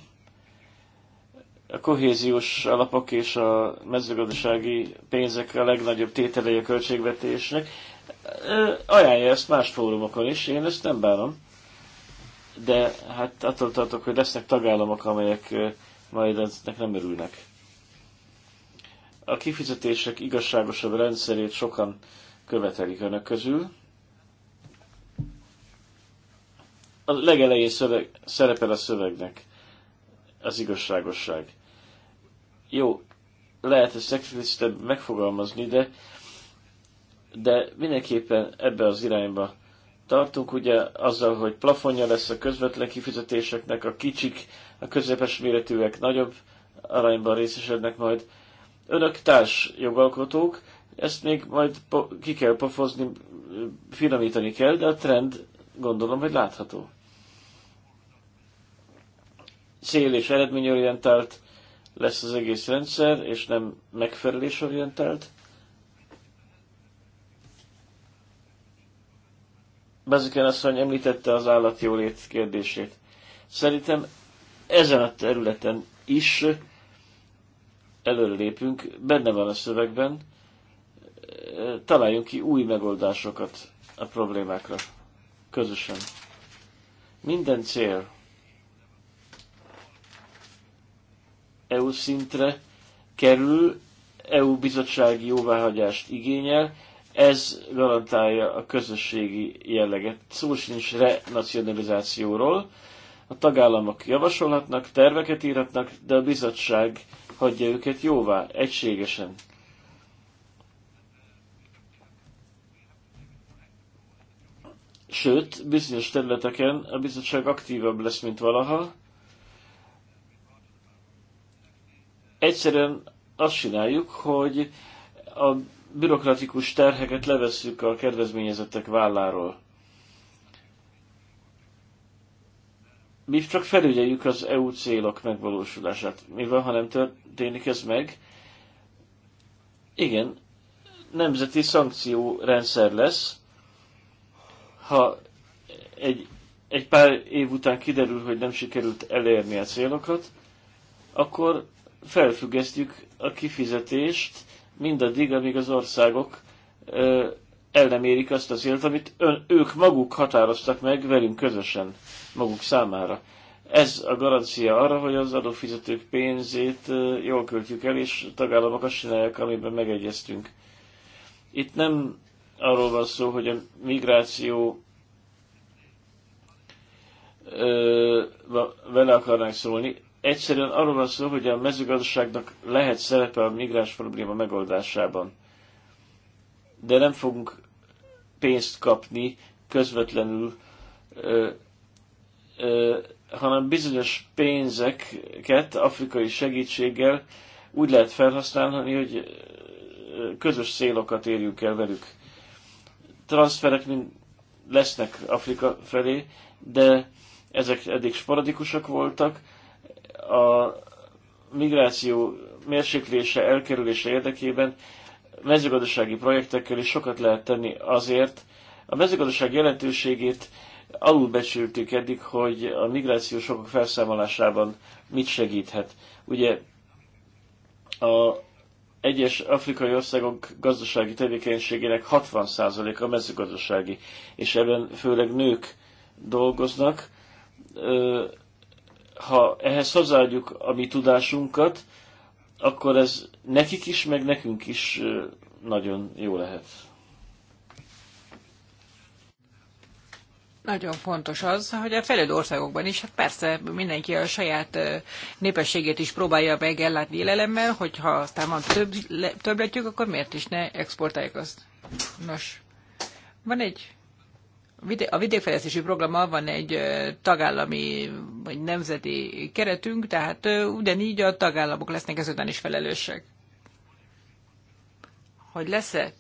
A kohéziós alapok és a mezőgazdasági pénzek a legnagyobb tételei a költségvetésnek. Ajánlja ezt más fórumokon is, én ezt nem bánom. De hát attól tartok, hogy lesznek tagállamok, amelyek majd ennek nem örülnek. A kifizetések igazságosabb rendszerét sokan követelik önök közül. A legelején szöveg, szerepel a szövegnek az igazságosság. Jó, lehet ezt explicitebb megfogalmazni, de, de mindenképpen ebbe az irányba tartunk, ugye azzal, hogy plafonja lesz a közvetlen kifizetéseknek, a kicsik, a közepes méretűek nagyobb arányban részesednek majd. Önök társ jogalkotók, ezt még majd ki kell pofozni, finomítani kell, de a trend gondolom, hogy látható. Cél és eredményorientált lesz az egész rendszer, és nem megfelelésorientált. Beziken asszony említette az állatjólét kérdését. Szerintem ezen a területen is előrelépünk, benne van a szövegben, találjunk ki új megoldásokat a problémákra közösen. Minden cél EU szintre kerül, EU bizottsági jóváhagyást igényel, ez garantálja a közösségi jelleget. Szó sincs renacionalizációról. A tagállamok javasolhatnak, terveket írhatnak, de a bizottság hagyja őket jóvá, egységesen. Sőt, bizonyos területeken a bizottság aktívabb lesz, mint valaha. Egyszerűen azt csináljuk, hogy a bürokratikus terheket levesszük a kedvezményezettek válláról. Mi csak felügyeljük az EU célok megvalósulását. Mi van, ha nem történik ez meg? Igen, nemzeti szankciórendszer lesz, ha egy, egy pár év után kiderül, hogy nem sikerült elérni a célokat, akkor felfüggesztjük a kifizetést mindaddig, amíg az országok ö, el nem érik azt az élet, amit ön, ők maguk határoztak meg velünk közösen, maguk számára. Ez a garancia arra, hogy az adófizetők pénzét jól költjük el, és tagállamok azt csinálják, amiben megegyeztünk. Itt nem arról van szó, hogy a migráció vele akarnánk szólni. Egyszerűen arról van szó, hogy a mezőgazdaságnak lehet szerepe a migráns probléma megoldásában. De nem fogunk pénzt kapni közvetlenül, ö, ö, hanem bizonyos pénzeket afrikai segítséggel úgy lehet felhasználni, hogy közös célokat érjünk el velük. Transferek lesznek Afrika felé, de ezek eddig sporadikusak voltak. A migráció mérséklése, elkerülése érdekében mezőgazdasági projektekkel is sokat lehet tenni azért. A mezőgazdaság jelentőségét alulbecsültük eddig, hogy a migrációs sokak felszámolásában mit segíthet. Ugye a egyes afrikai országok gazdasági tevékenységének 60% a mezőgazdasági, és ebben főleg nők dolgoznak. Ha ehhez hozzáadjuk a mi tudásunkat, akkor ez nekik is, meg nekünk is nagyon jó lehet. nagyon fontos az, hogy a fejlődő országokban is, hát persze mindenki a saját népességét is próbálja meg ellátni élelemmel, hogyha aztán van több, többletjük, akkor miért is ne exportálják azt? Nos, van egy a vidékfejlesztési programmal van egy tagállami vagy nemzeti keretünk, tehát ugyanígy a tagállamok lesznek ezután is felelősek. Hogy lesz-e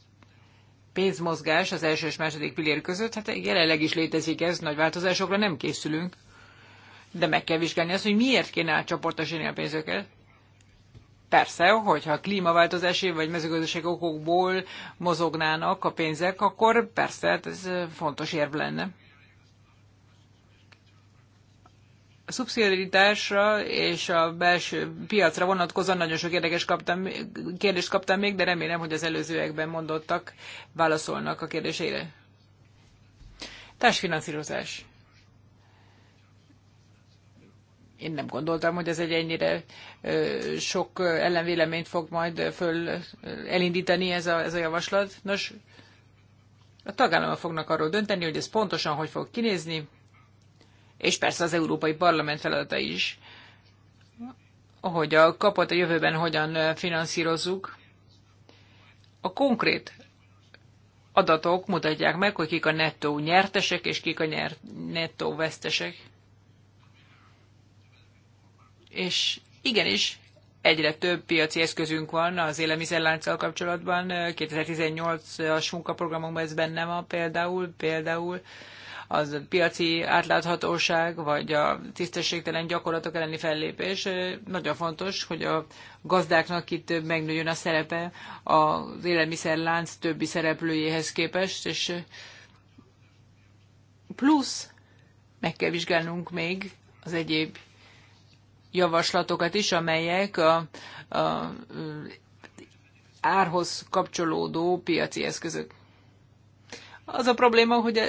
pénzmozgás az első és második pillér között, hát jelenleg is létezik ez, nagy változásokra nem készülünk, de meg kell vizsgálni azt, hogy miért kéne átcsoportosítani a pénzöket. Persze, hogyha klímaváltozási vagy mezőgazdasági okokból mozognának a pénzek, akkor persze hát ez fontos érv lenne. a szubszidiaritásra és a belső piacra vonatkozóan nagyon sok érdekes kaptam, kérdést kaptam még, de remélem, hogy az előzőekben mondottak válaszolnak a kérdésére. Társfinanszírozás. Én nem gondoltam, hogy ez egy ennyire sok ellenvéleményt fog majd föl elindítani ez a, ez a javaslat. Nos, a tagállamok fognak arról dönteni, hogy ez pontosan hogy fog kinézni, és persze az Európai Parlament feladata is, hogy a kapot a jövőben hogyan finanszírozzuk. A konkrét adatok mutatják meg, hogy kik a nettó nyertesek és kik a nyert, nettó vesztesek. És igenis, egyre több piaci eszközünk van az élelmiszerlánccal kapcsolatban. 2018-as munkaprogramunkban ez benne van például, például az piaci átláthatóság, vagy a tisztességtelen gyakorlatok elleni fellépés. Nagyon fontos, hogy a gazdáknak itt megnőjön a szerepe az élelmiszerlánc többi szereplőjéhez képest, és plusz meg kell vizsgálnunk még az egyéb javaslatokat is, amelyek a, a árhoz kapcsolódó piaci eszközök. Az a probléma, hogy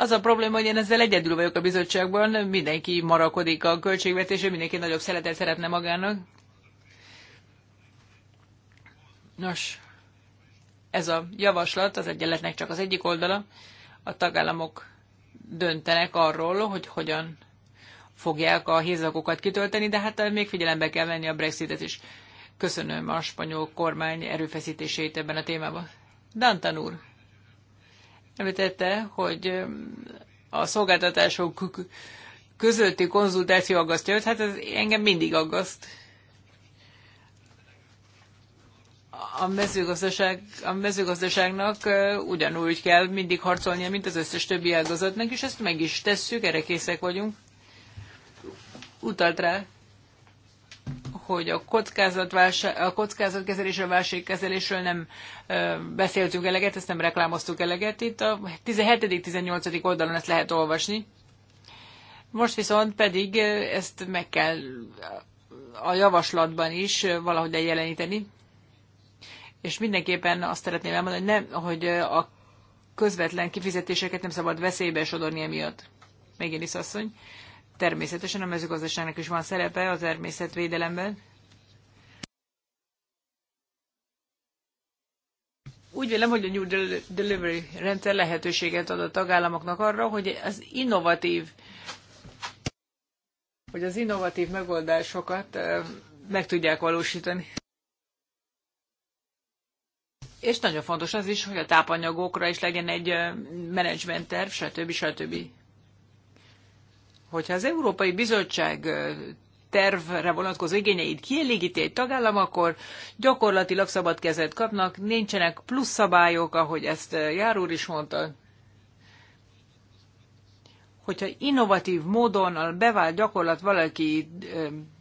az a probléma, hogy én ezzel egyedül vagyok a bizottságban, mindenki marakodik a költségvetésre, mindenki nagyobb szeretet szeretne magának. Nos, ez a javaslat az egyenletnek csak az egyik oldala. A tagállamok döntenek arról, hogy hogyan fogják a hézakokat kitölteni, de hát még figyelembe kell venni a Brexitet is. Köszönöm a spanyol kormány erőfeszítéseit ebben a témában. Dantan úr, Említette, hogy a szolgáltatások közötti konzultáció aggasztja őt, hát ez engem mindig aggaszt. A, mezőgazdaság, a mezőgazdaságnak ugyanúgy kell mindig harcolnia, mint az összes többi ágazatnak, és ezt meg is tesszük, erre készek vagyunk. Utalt rá hogy a, a kockázatkezelésről, a válságkezelésről nem beszéltünk eleget, ezt nem reklámoztuk eleget. Itt a 17.-18. oldalon ezt lehet olvasni. Most viszont pedig ezt meg kell a javaslatban is valahogy eljeleníteni. És mindenképpen azt szeretném elmondani, hogy, nem, hogy a közvetlen kifizetéseket nem szabad veszélybe sodorni emiatt. Megint is asszony. Természetesen a mezőgazdaságnak is van szerepe a természetvédelemben. Úgy vélem, hogy a New Delivery rendszer lehetőséget ad a tagállamoknak arra, hogy az innovatív hogy az innovatív megoldásokat meg tudják valósítani. És nagyon fontos az is, hogy a tápanyagokra is legyen egy menedzsment terv, stb. stb hogyha az Európai Bizottság tervre vonatkozó igényeit kielégíti egy tagállam, akkor gyakorlatilag szabad kezet kapnak, nincsenek plusz szabályok, ahogy ezt Jár úr is mondta. Hogyha innovatív módon a bevált gyakorlat valaki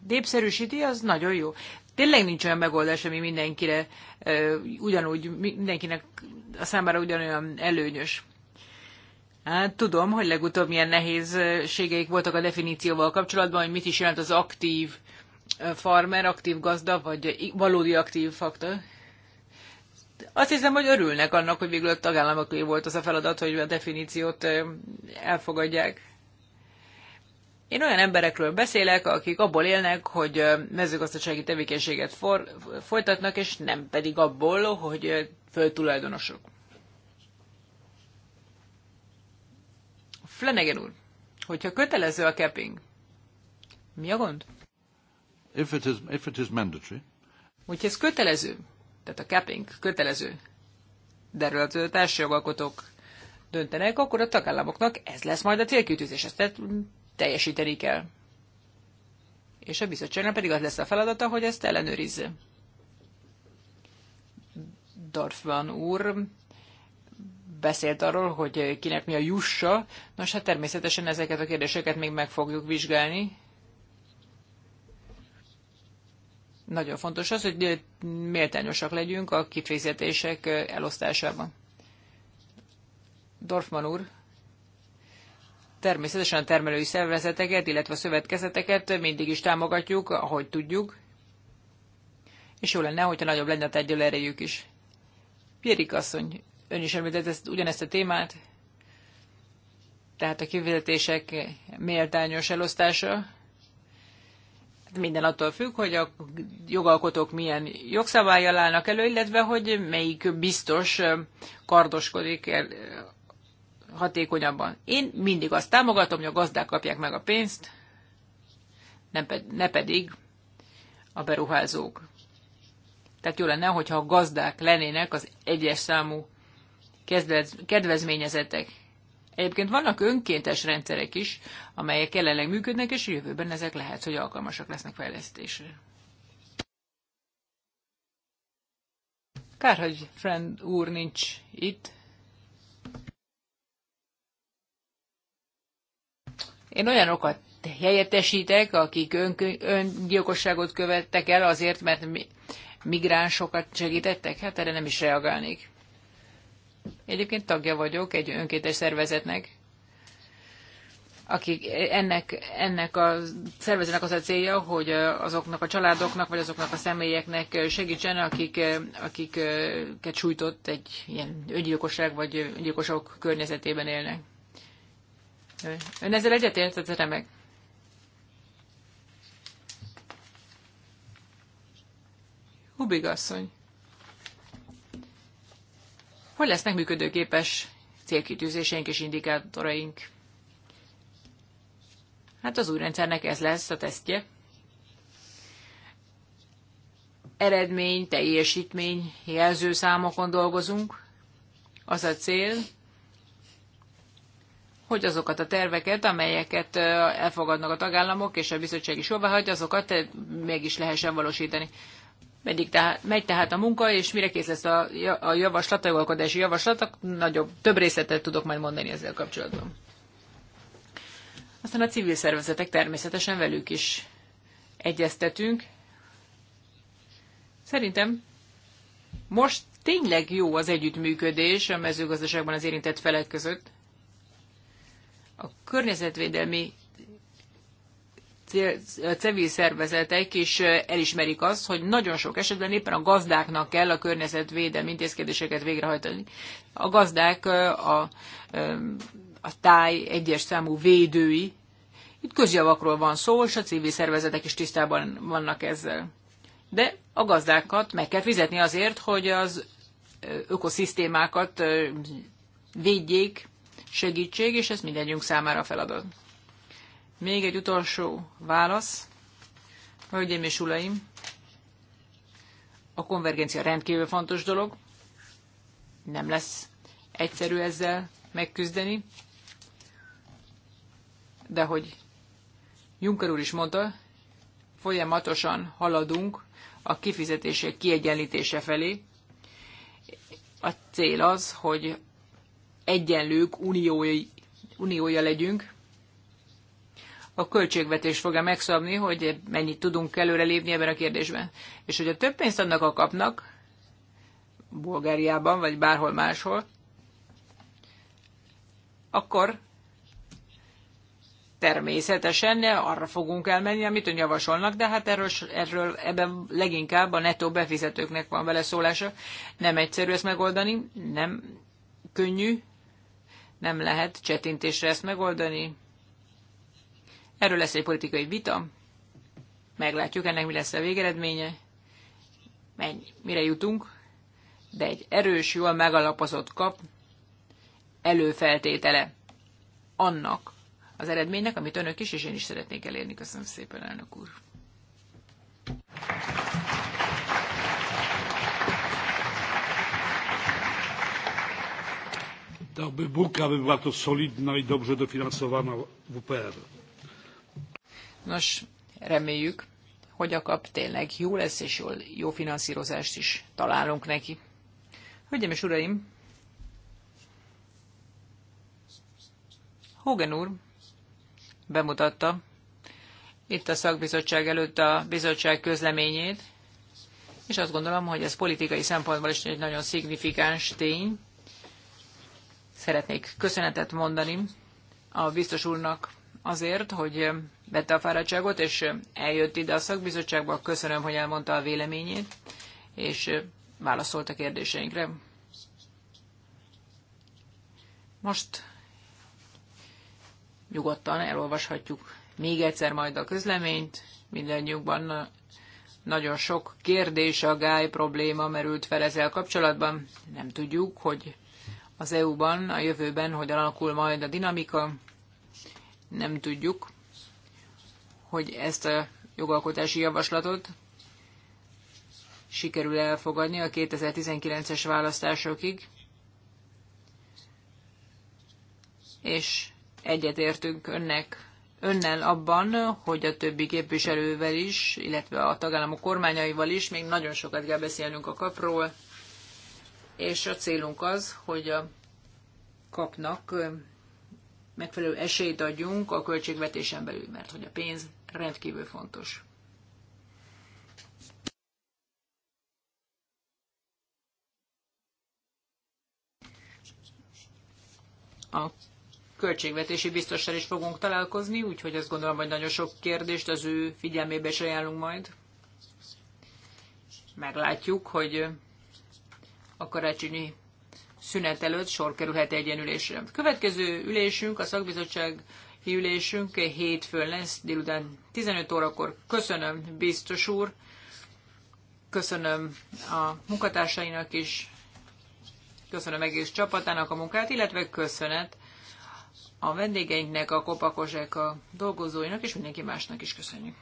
népszerűsíti, az nagyon jó. Tényleg nincs olyan megoldás, ami mindenkire ugyanúgy, mindenkinek a számára ugyanolyan előnyös. Hát, tudom, hogy legutóbb milyen nehézségeik voltak a definícióval kapcsolatban, hogy mit is jelent az aktív farmer, aktív gazda, vagy valódi aktív faktor. Azt hiszem, hogy örülnek annak, hogy végül a tagállamoké volt az a feladat, hogy a definíciót elfogadják. Én olyan emberekről beszélek, akik abból élnek, hogy mezőgazdasági tevékenységet for, folytatnak, és nem pedig abból, hogy föltulajdonosok. Flanagan úr, hogyha kötelező a capping, mi a gond? If it is, if it is mandatory. Hogyha ez kötelező, tehát a capping kötelező, de erről a társjogalkotók döntenek, akkor a tagállamoknak ez lesz majd a célkütőzés, ezt teljesíteni kell. És a bizottságnak pedig az lesz a feladata, hogy ezt ellenőrizze. Dorfman úr beszélt arról, hogy kinek mi a jussa. Nos, hát természetesen ezeket a kérdéseket még meg fogjuk vizsgálni. Nagyon fontos az, hogy méltányosak legyünk a kifizetések elosztásában. Dorfman úr, természetesen a termelői szervezeteket, illetve a szövetkezeteket mindig is támogatjuk, ahogy tudjuk, és jó lenne, hogyha nagyobb lenne a tárgyaló is. Pierik asszony, ön is említett ezt, ugyanezt a témát, tehát a kifizetések méltányos elosztása. Hát minden attól függ, hogy a jogalkotók milyen jogszabályjal állnak elő, illetve hogy melyik biztos kardoskodik el hatékonyabban. Én mindig azt támogatom, hogy a gazdák kapják meg a pénzt, nem ped- ne pedig a beruházók. Tehát jó lenne, hogyha a gazdák lennének az egyes számú kedvezményezettek. Egyébként vannak önkéntes rendszerek is, amelyek jelenleg működnek, és jövőben ezek lehet, hogy alkalmasak lesznek fejlesztésre. Kár, hogy Friend úr nincs itt. Én olyanokat helyettesítek, akik ön, öngyilkosságot követtek el azért, mert mi, migránsokat segítettek? Hát erre nem is reagálnék. Egyébként tagja vagyok egy önkéntes szervezetnek, akik ennek, ennek a szervezetnek az a célja, hogy azoknak a családoknak, vagy azoknak a személyeknek segítsen, akik, akiket sújtott egy ilyen öngyilkosság, vagy öngyilkosok környezetében élnek. Ön ezzel egyetért, ez remek. Hubig asszony hogy lesznek működőképes célkitűzéseink és indikátoraink. Hát az új rendszernek ez lesz a tesztje. Eredmény, teljesítmény, jelzőszámokon dolgozunk. Az a cél, hogy azokat a terveket, amelyeket elfogadnak a tagállamok és a bizottság is jóvá hagy, azokat mégis lehessen valósítani meddig tehát, megy tehát a munka, és mire kész lesz a, a javaslat, a jogalkodási javaslat, nagyobb, több részletet tudok majd mondani ezzel kapcsolatban. Aztán a civil szervezetek természetesen velük is egyeztetünk. Szerintem most tényleg jó az együttműködés a mezőgazdaságban az érintett felek között. A környezetvédelmi civil szervezetek is elismerik azt, hogy nagyon sok esetben éppen a gazdáknak kell a környezetvédelmi intézkedéseket végrehajtani. A gazdák a, a táj egyes számú védői. Itt közjavakról van szó, és a civil szervezetek is tisztában vannak ezzel. De a gazdákat meg kell fizetni azért, hogy az ökoszisztémákat védjék, segítség, és ez mindegyünk számára feladat. Még egy utolsó válasz. Hölgyeim és uraim, a konvergencia rendkívül fontos dolog. Nem lesz egyszerű ezzel megküzdeni. De hogy Juncker úr is mondta, folyamatosan haladunk a kifizetések kiegyenlítése felé. A cél az, hogy egyenlők uniói, uniója legyünk, a költségvetés fogja megszabni, hogy mennyit tudunk előrelépni ebben a kérdésben. És hogyha több pénzt adnak a kapnak, Bulgáriában, vagy bárhol máshol, akkor természetesen arra fogunk elmenni, amit ön javasolnak, de hát erről, erről ebben leginkább a netó befizetőknek van vele szólása. Nem egyszerű ezt megoldani, nem könnyű, nem lehet csetintésre ezt megoldani, Erről lesz egy politikai vita, meglátjuk ennek mi lesz a végeredménye, menj, mire jutunk, de egy erős, jól megalapozott kap előfeltétele annak az eredménynek, amit önök is és én is szeretnék elérni. Köszönöm szépen, elnök úr. Była to solidna i dobrze dofinansowana WPR. Nos, reméljük, hogy a kap tényleg jó lesz, és jól, jó finanszírozást is találunk neki. Hölgyeim és uraim! Hogan úr bemutatta itt a szakbizottság előtt a bizottság közleményét, és azt gondolom, hogy ez politikai szempontból is egy nagyon szignifikáns tény. Szeretnék köszönetet mondani a biztos úrnak azért, hogy vette a fáradtságot, és eljött ide a szakbizottságba. Köszönöm, hogy elmondta a véleményét, és válaszolt a kérdéseinkre. Most nyugodtan elolvashatjuk még egyszer majd a közleményt. Mindennyiukban nagyon sok kérdés a gály probléma merült fel ezzel kapcsolatban. Nem tudjuk, hogy az EU-ban a jövőben hogyan alakul majd a dinamika nem tudjuk, hogy ezt a jogalkotási javaslatot sikerül elfogadni a 2019-es választásokig, és egyetértünk önnek, önnel abban, hogy a többi képviselővel is, illetve a tagállamok kormányaival is még nagyon sokat kell beszélnünk a kapról, és a célunk az, hogy a kapnak megfelelő esélyt adjunk a költségvetésen belül, mert hogy a pénz rendkívül fontos. A költségvetési biztossal is fogunk találkozni, úgyhogy azt gondolom, hogy nagyon sok kérdést az ő figyelmébe is ajánlunk majd. Meglátjuk, hogy a karácsonyi szünet előtt sor kerülhet egy ilyen ülésre. Következő ülésünk, a szakbizottság ülésünk hétfőn lesz, délután 15 órakor. Köszönöm, biztos úr, köszönöm a munkatársainak is, köszönöm egész csapatának a munkát, illetve köszönet a vendégeinknek, a kopakosek, a dolgozóinak és mindenki másnak is köszönjük.